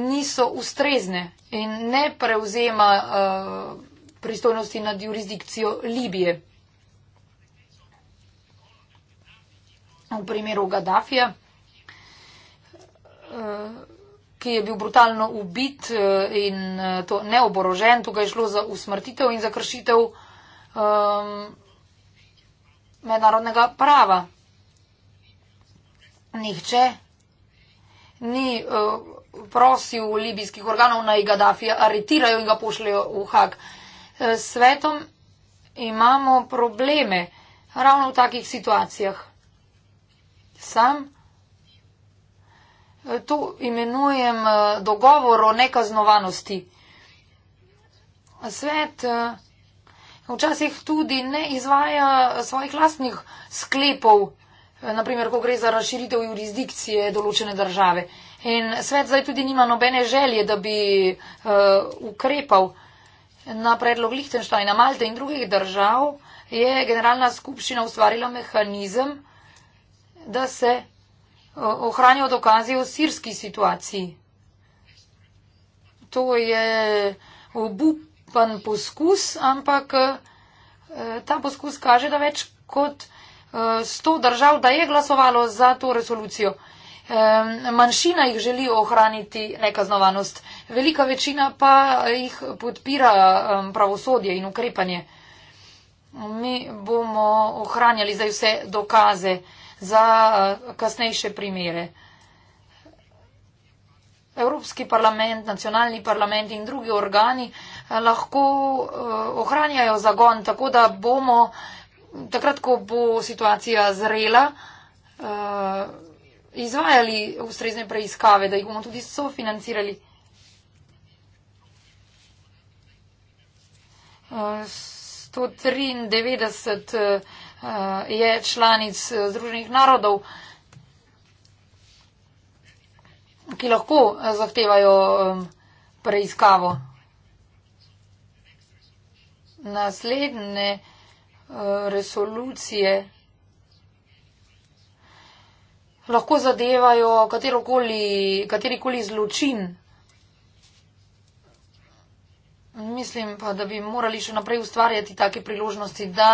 niso ustrezne in ne prevzema uh, pristojnosti nad jurisdikcijo Libije. V primeru Gaddafija. Uh, ki je bil brutalno ubit eh, in eh, to neoborožen, tukaj je šlo za usmrtitev in za kršitev um, mednarodnega prava. Nihče ni uh, prosil libijskih organov naj Gaddafija aretirajo in ga pošljajo v Hag. S svetom imamo probleme ravno v takih situacijah. Sam To imenujem eh, dogovor o nekaznovanosti. Svet eh, včasih tudi ne izvaja svojih lastnih sklepov, eh, naprimer, ko gre za razširitev jurisdikcije določene države. In svet zdaj tudi nima nobene želje, da bi ukrepal na predlog Lihtenštajna, Malte in drugih držav, je generalna skupščina ustvarila mehanizem, da se Eh, ohranijo dokazi o sirski situaciji. To je obupan poskus, ampak eh, ta poskus kaže, da več kot eh, sto držav, da je glasovalo za to resolucijo. Manjšina jih želi ohraniti nekaznovanost, velika večina pa jih podpira pravosodje in ukrepanje. Mi bomo ohranjali zdaj vse dokaze za eh, kasnejše primere. Evropski parlament, nacionalni parlament in drugi organi eh, lahko eh, ohranjajo zagon, tako da bomo takrat, ko bo situacija zrela, izvajali ustrezne preiskave, da jih bomo tudi sofinancirali. Uh, 193. Uh, Eh, je članic eh, Združenih narodov, ki lahko eh, zahtevajo preiskavo. Naslednje resolucije lahko zadevajo katerikoli zločin Mislim pa, da bi morali še naprej ustvarjati take priložnosti, da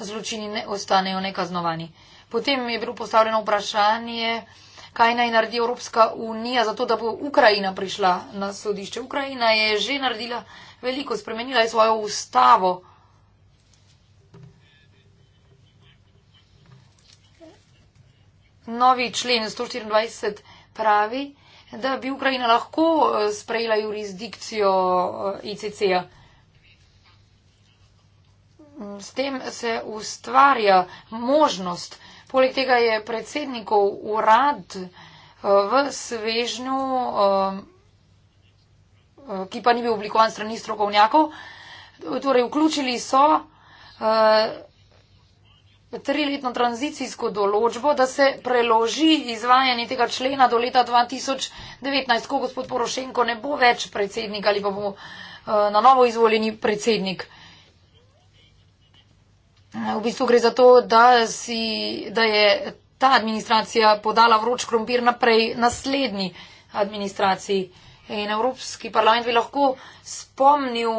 zločini ne ostanejo nekaznovani. Potem je bilo postavljeno vprašanje, kaj naj naredi Evropska unija za to, da bo Ukrajina prišla na sodišče. Ukrajina je že naredila veliko, spremenila je svojo ustavo. Novi člen 124 pravi, da bi Ukrajina lahko eh, sprejela jurisdikcijo eh, ICC-ja. Mm, s tem se ustvarja možnost. Poleg tega je predsednikov urad eh, v svežnju, ki pa ni bil oblikovan strani strokovnjakov, torej vključili so triletno tranzicijsko določbo, da se preloži izvajanje tega člena do leta 2019, ko gospod Porošenko ne bo več predsednik ali pa bo uh, na novo izvoljeni predsednik. V bistvu gre za to, da, si, da je ta administracija podala vroč krompir naprej naslednji administraciji. In Evropski parlament bi lahko spomnil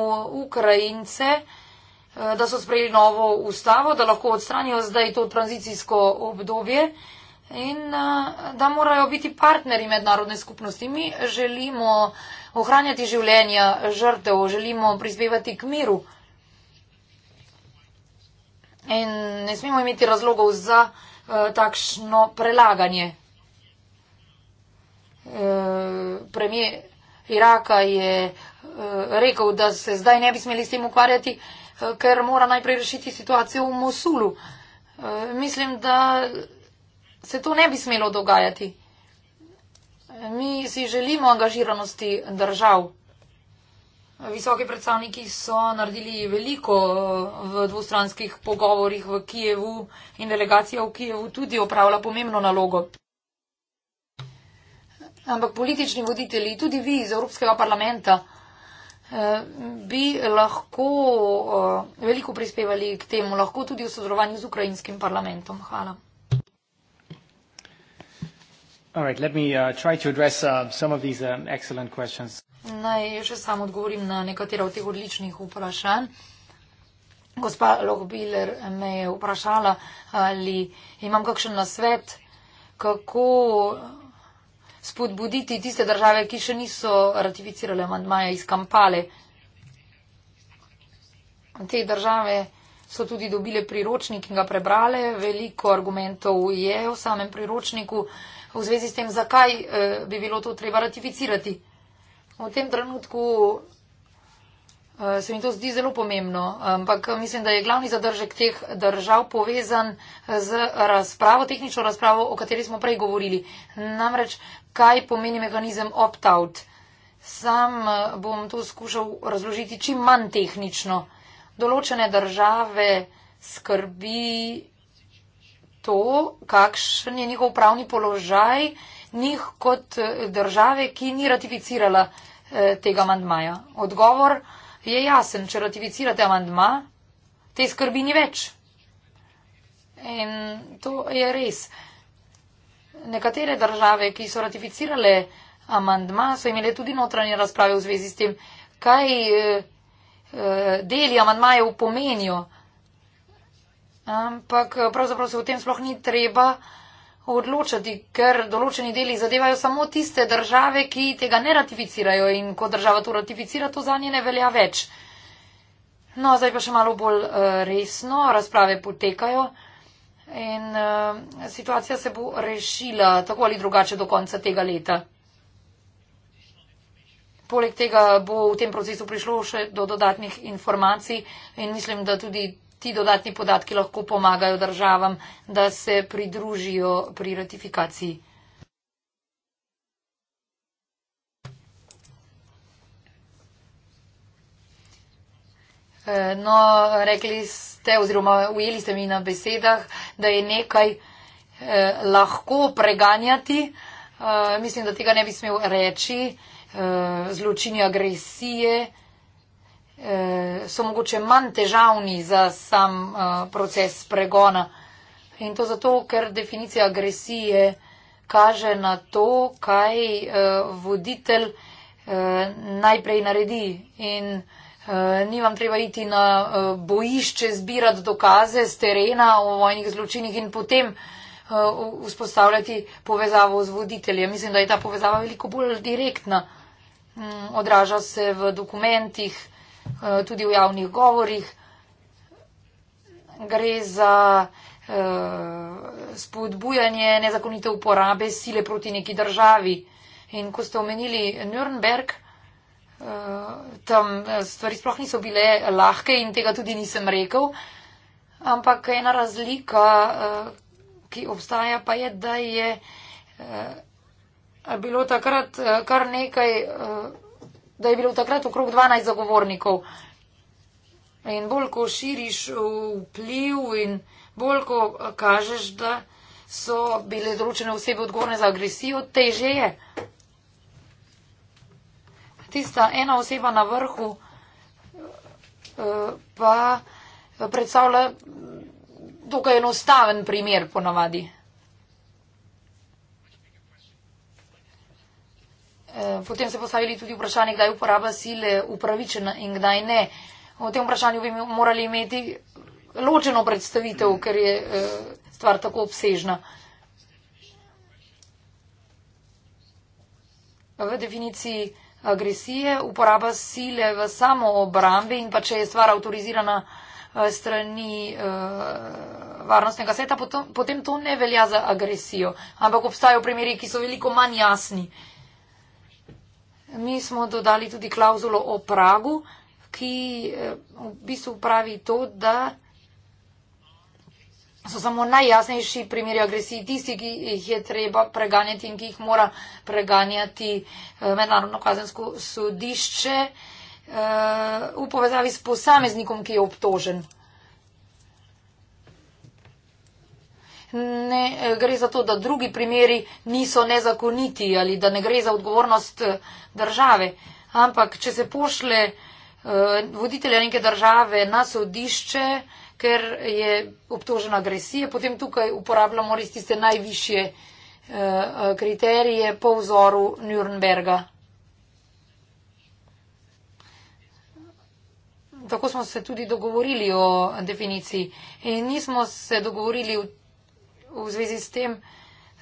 Ukrajince, uh, Eh, da so sprejeli novo ustavo, da lahko odstranijo zdaj to tranzicijsko obdobje in eh, da morajo biti partneri mednarodne skupnosti. Mi želimo ohranjati življenja žrtev, želimo prispevati k miru in ne smemo imeti razlogov za eh, takšno prelaganje. Premijer Iraka je rekel, da se zdaj ne bi smeli s tem ukvarjati. Eh, ker mora najprej rešiti situacijo v Mosulu. Eh, mislim, da se to ne bi smelo dogajati. Mi si želimo angažiranosti držav. Visoki predstavniki so naredili veliko eh, v dvostranskih pogovorjih v Kijevu in delegacija v Kijevu tudi opravlja pomembno nalogo. Ampak politični voditelji, tudi vi iz Evropskega parlamenta, bi lahko eh, veliko prispevali k temu, lahko tudi v sodelovanju z ukrajinskim parlamentom. Hvala. Uh, uh, uh, Naj še sam odgovorim na nekatera od teh odličnih vprašanj. Gospa Lohbiler me je vprašala, ali imam kakšen nasvet, kako spodbuditi tiste države, ki še niso ratificirale mandmaja iz Kampale. Te države so tudi dobile priročnik in ga prebrale. Veliko argumentov je v samem priročniku v zvezi s tem, zakaj eh, bi bilo to treba ratificirati. V tem trenutku Eh, se mi to zdi zelo pomembno, ampak mislim, da je glavni zadržek teh držav povezan z razpravo, tehnično razpravo, o kateri smo prej govorili. Namreč, kaj pomeni mehanizem opt-out? Sam eh, bom to skušal razložiti čim manj tehnično. Določene države skrbi to, kakšen je njihov pravni položaj, njih kot eh, države, ki ni ratificirala tega mandmaja. Odgovor je jasen, če ratificirate amandma, te skrbi ni več. In to je res. Nekatere države, ki so ratificirale amandma, so imele tudi notranje razprave v zvezi s tem, kaj eh, eh, deli amandmaje pomenijo. Ampak eh, pravzaprav se v tem sploh ni treba odločati, ker določeni deli zadevajo samo tiste države, ki tega ne ratificirajo in ko država to ratificira, to za nje ne velja več. No, zdaj pa še malo bolj uh, resno, razprave potekajo in uh, situacija se bo rešila tako ali drugače do konca tega leta. Poleg tega bo v tem procesu prišlo še do dodatnih informacij in mislim, da tudi ti dodatni podatki lahko pomagajo državam, da se pridružijo pri ratifikaciji. Eh, no, rekli ste oziroma ujeli ste mi na besedah, da je nekaj eh, lahko preganjati. Eh, mislim, da tega ne bi smel reči. Eh, zločini agresije eh, Eh, so mogoče manj težavni za sam eh, proces pregona. In to zato, ker definicija agresije kaže na to, kaj eh, voditelj najprej naredi. In ni vam treba iti na bojišče, zbirati dokaze z terena o vojnih zločinih in potem vzpostavljati povezavo z voditeljem. Mislim, da je ta povezava veliko bolj direktna. Mm, odraža se v dokumentih, Eh, tudi v javnih govorih. Gre za eh, spodbujanje nezakonite uporabe sile proti neki državi. In ko ste omenili Nürnberg, eh, tam stvari sploh niso bile lahke in tega tudi nisem rekel. Ampak ena razlika, ki obstaja, pa je, da je bilo takrat kar nekaj da je bilo takrat okrog 12 zagovornikov. In bolj ko širiš vpliv in bolj ko kažeš, da so bile določene osebe odgovorne za agresijo, teže je. Tista ena oseba na vrhu eh, pa predstavlja dokaj enostaven primer ponavadi. Eh, potem se postavili tudi vprašanje, kdaj je uporaba sile upravičena in kdaj ne. O tem vprašanju bi morali imeti ločeno predstavitev, ker je eh, stvar tako obsežna. V definiciji agresije uporaba sile v samo obrambi in pa če je stvar avtorizirana eh, strani varnostnega sveta, potem to ne velja za agresijo. Ampak obstajajo primeri, ki so veliko manj jasni. Mi smo dodali tudi klauzulo o pragu, ki eh, v bistvu pravi to, da so samo najjasnejši primeri agresiji tisti, ki jih je treba preganjati in ki jih mora preganjati eh, mednarodno kazensko sodišče eh, v povezavi s posameznikom, ki je obtožen. ne eh, gre za to, da drugi primeri niso nezakoniti ali da ne gre za odgovornost eh, države. Ampak, če se pošle eh, voditelja neke države na sodišče, ker je obtožena agresije, potem tukaj uporabljamo res tiste najvišje kriterije po vzoru Nürnberga. Tako smo se tudi dogovorili o definiciji. In nismo se dogovorili v v zvezi s tem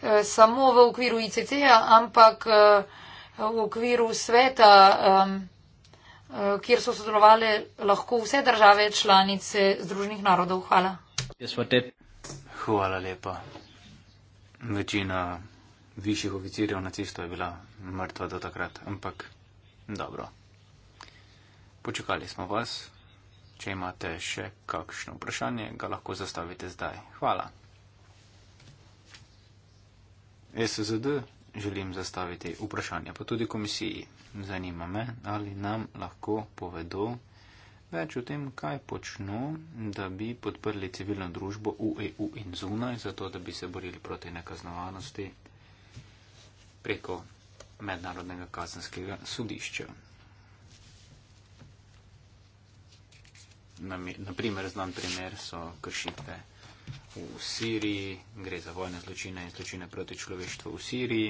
eh, samo v okviru ICC-ja, ampak eh, v okviru sveta, eh, kjer so sodelovali lahko vse države članice Združenih narodov. Hvala. Hvala lepa. Večina višjih oficirjev nacistov je bila mrtva do takrat, ampak dobro. Počakali smo vas. Če imate še kakšno vprašanje, ga lahko zastavite zdaj. Hvala. SZD želim zastaviti vprašanje, pa tudi komisiji. Zanima me, ali nam lahko povedo več o tem, kaj počno, da bi podprli civilno družbo v EU in zunaj, zato da bi se borili proti nekaznovanosti preko mednarodnega kazanskega sodišča. Naprimer, znan primer so kršitve v Siriji, gre za vojne zločine in zločine proti človeštvu v Siriji.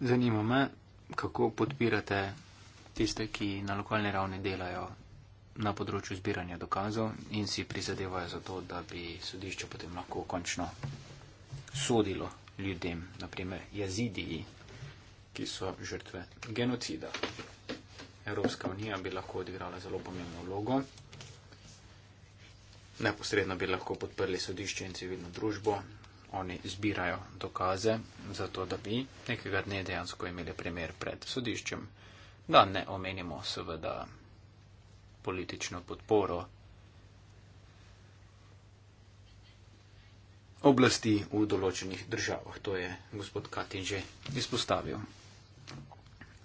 Zanima me, kako podpirate tiste, ki na lokalni ravni delajo na področju zbiranja dokazov in si prizadevajo za to, da bi sodišče potem lahko končno sodilo ljudem, naprimer jezidiji, ki so žrtve genocida. Evropska unija bi lahko odigrala zelo pomembno vlogo neposredno bi lahko podprli sodišče in civilno družbo. Oni zbirajo dokaze za to, da bi nekega dne dejansko imeli primer pred sodiščem. Da ne omenimo seveda politično podporo oblasti v določenih državah. To je gospod Katin že izpostavil.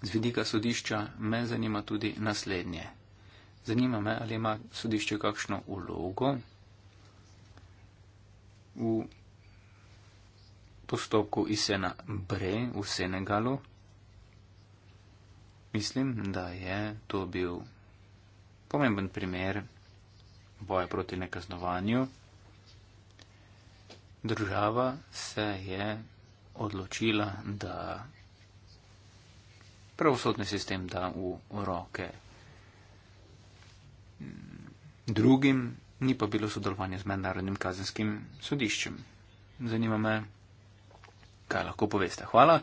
Z vidika sodišča me zanima tudi naslednje. Zanima me, ali ima sodišče kakšno ulogo v postopku Isena Bre v Senegalu. Mislim, da je to bil pomemben primer boja proti nekaznovanju. Država se je odločila, da pravosodni sistem da v roke drugim, ni pa bilo sodelovanje z mednarodnim kazenskim sodiščem. Zanima me, kaj lahko poveste. Hvala.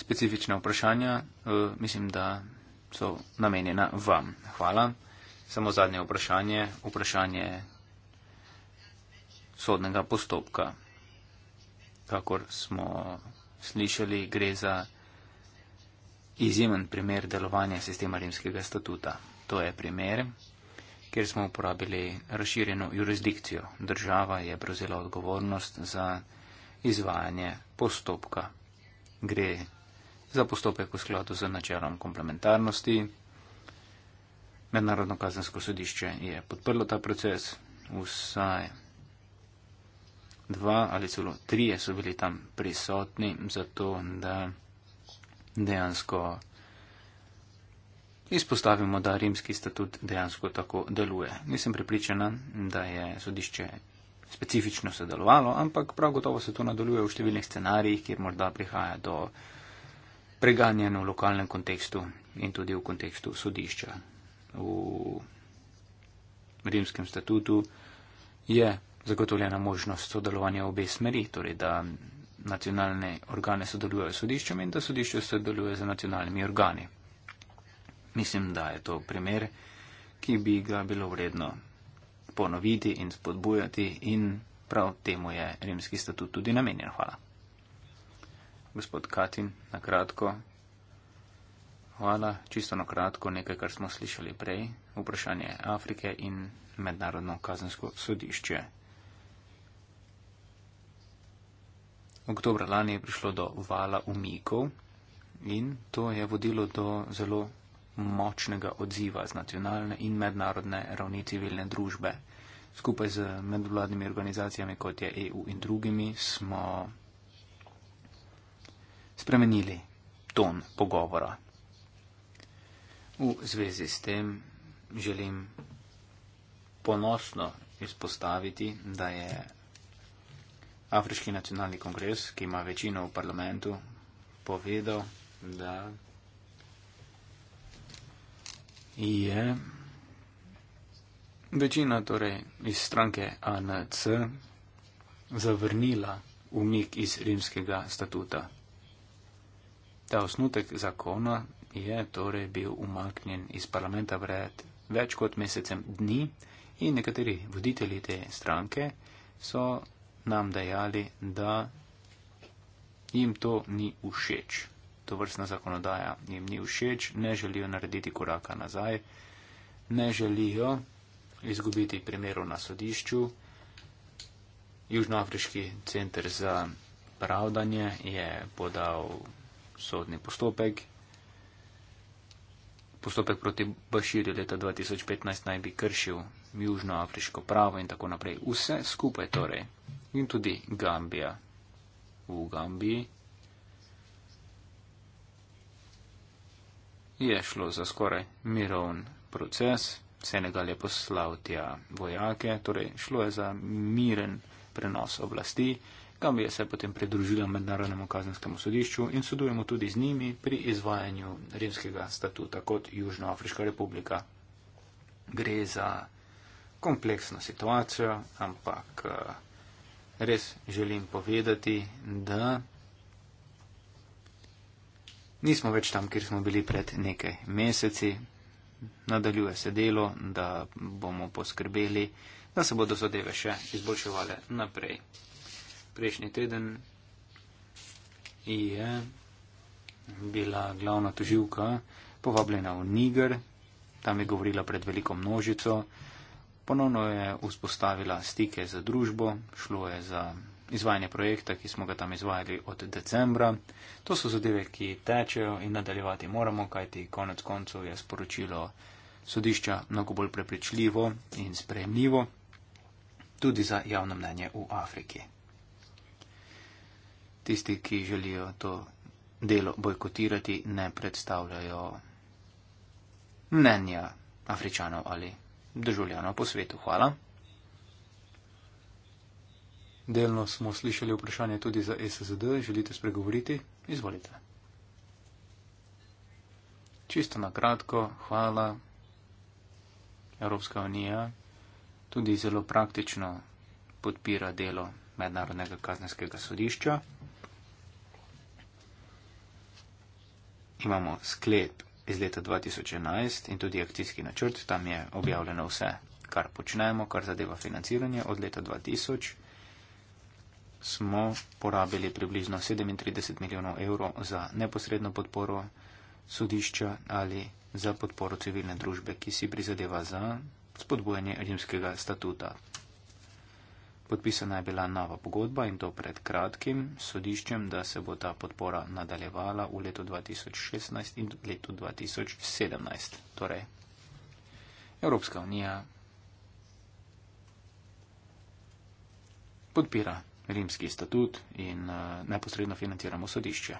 Specifična vprašanja e, mislim, da so namenjena vam. Hvala. Samo zadnje vprašanje, vprašanje sodnega postopka. Kakor smo slišali, gre za izjemen primer delovanja sistema rimskega statuta. To je primer, kjer smo uporabili razširjeno jurisdikcijo. Država je prevzela odgovornost za izvajanje postopka. Gre za postopek v skladu z načelom komplementarnosti. Mednarodno kazensko sodišče je podprlo ta proces, vsaj dva ali celo trije so bili tam prisotni, zato da dejansko Izpostavimo, da rimski statut dejansko tako deluje. Nisem pripričana, da je sodišče specifično sodelovalo, ampak prav gotovo se to nadaljuje v številnih scenarijih, kjer morda prihaja do preganjanja v lokalnem kontekstu in tudi v kontekstu sodišča. V rimskem statutu je zagotovljena možnost sodelovanja v obe smeri, torej da nacionalne organe sodelujejo s sodiščem in da sodišče sodeluje z nacionalnimi organi. Mislim, da je to primer, ki bi ga bilo vredno ponoviti in spodbujati in prav temu je rimski statut tudi namenjen. Hvala. Gospod Katin, na kratko. Hvala, čisto na kratko, nekaj, kar smo slišali prej. Vprašanje Afrike in mednarodno kazensko sodišče. Oktober lani je prišlo do vala umikov in to je vodilo do zelo močnega odziva z nacionalne in mednarodne ravni civilne družbe. Skupaj z medvladnimi organizacijami, kot je EU in drugimi, smo spremenili ton pogovora. V zvezi s tem želim ponosno izpostaviti, da je Afriški nacionalni kongres, ki ima večino v parlamentu, povedal, da je večina torej iz stranke ANC zavrnila umik iz rimskega statuta. Ta osnutek zakona je torej bil umaknjen iz parlamenta pred več kot mesecem dni in nekateri voditelji te stranke so nam dejali, da jim to ni všeč to vrstna zakonodaja jim ni všeč, ne želijo narediti koraka nazaj, ne želijo izgubiti primeru na sodišču. Južnoafriški centr za pravdanje je podal sodni postopek. Postopek proti Baširju leta 2015 naj bi kršil južnoafriško pravo in tako naprej. Vse skupaj torej. In tudi Gambija. V Gambiji je šlo za skoraj miroven proces. Senegal je poslal tja vojake, torej šlo je za miren prenos oblasti. Gambija se je potem pridružila mednarodnemu kazenskemu sodišču in sodelujemo tudi z njimi pri izvajanju rimskega statuta kot Južnoafriška republika. Gre za kompleksno situacijo, ampak eh, res želim povedati, da nismo več tam, kjer smo bili pred nekaj meseci. Nadaljuje se delo, da bomo poskrbeli, da se bodo zadeve še izboljševale naprej. Prejšnji teden je bila glavna tuživka povabljena v Niger, tam je govorila pred veliko množico, ponovno je vzpostavila stike za družbo, šlo je za izvajanje projekta, ki smo ga tam izvajali od decembra. To so zadeve, ki tečejo in nadaljevati moramo, kajti konec koncev je sporočilo sodišča mnogo bolj prepričljivo in sprejemljivo tudi za javno mnenje v Afriki. Tisti, ki želijo to delo bojkotirati, ne predstavljajo mnenja Afričanov ali državljanov po svetu. Hvala. Delno smo slišali vprašanje tudi za SSD. Želite spregovoriti? Izvolite. Čisto na kratko, hvala Evropska unija. Tudi zelo praktično podpira delo Mednarodnega kazenskega sodišča. Imamo sklep iz leta 2011 in tudi akcijski načrt. Tam je objavljeno vse, kar počnemo, kar zadeva financiranje od leta 2000 smo porabili približno 37 milijonov evrov za neposredno podporo sodišča ali za podporo civilne družbe, ki si prizadeva za spodbujanje rimskega statuta. Podpisana je bila nova pogodba in to pred kratkim sodiščem, da se bo ta podpora nadaljevala v letu 2016 in letu 2017. Torej, Evropska unija podpira rimski statut in eh, neposredno financiramo sodišče.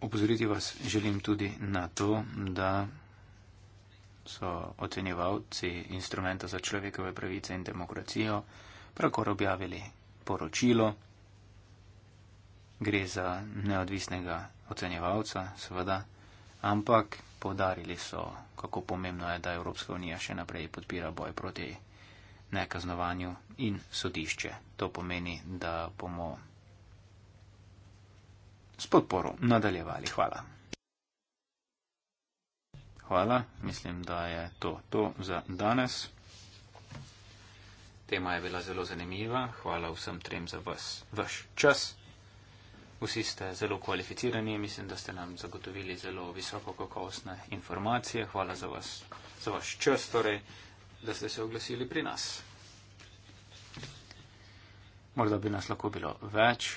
Opozoriti vas želim tudi na to, da so ocenjevalci instrumenta za človekove pravice in demokracijo pravkar objavili poročilo. Gre za neodvisnega ocenjevalca, seveda, ampak podarili so, kako pomembno je, da Evropska unija še naprej podpira boj proti nekaznovanju in sodišče. To pomeni, da bomo s podporo nadaljevali. Hvala. Hvala, mislim, da je to to za danes. Tema je bila zelo zanimiva. Hvala vsem trem za vas, vaš čas. Vsi ste zelo kvalificirani, mislim, da ste nam zagotovili zelo visoko kakovostne informacije. Hvala za, vas, za vaš čas. Torej da ste se oglasili pri nas. Morda bi nas lahko bilo več.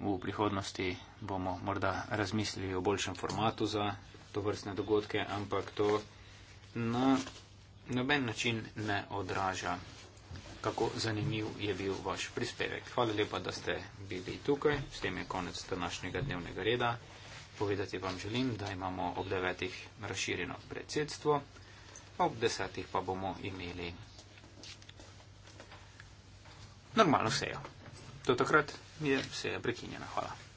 V prihodnosti bomo morda razmislili o boljšem formatu za to vrstne dogodke, ampak to na noben način ne odraža, kako zanimiv je bil vaš prispevek. Hvala lepa, da ste bili tukaj. S tem je konec današnjega dnevnega reda. Povedati vam želim, da imamo ob devetih razširjeno predsedstvo ob desetih pa bomo imeli normalno sejo. Do takrat je seja prekinjena. Hvala.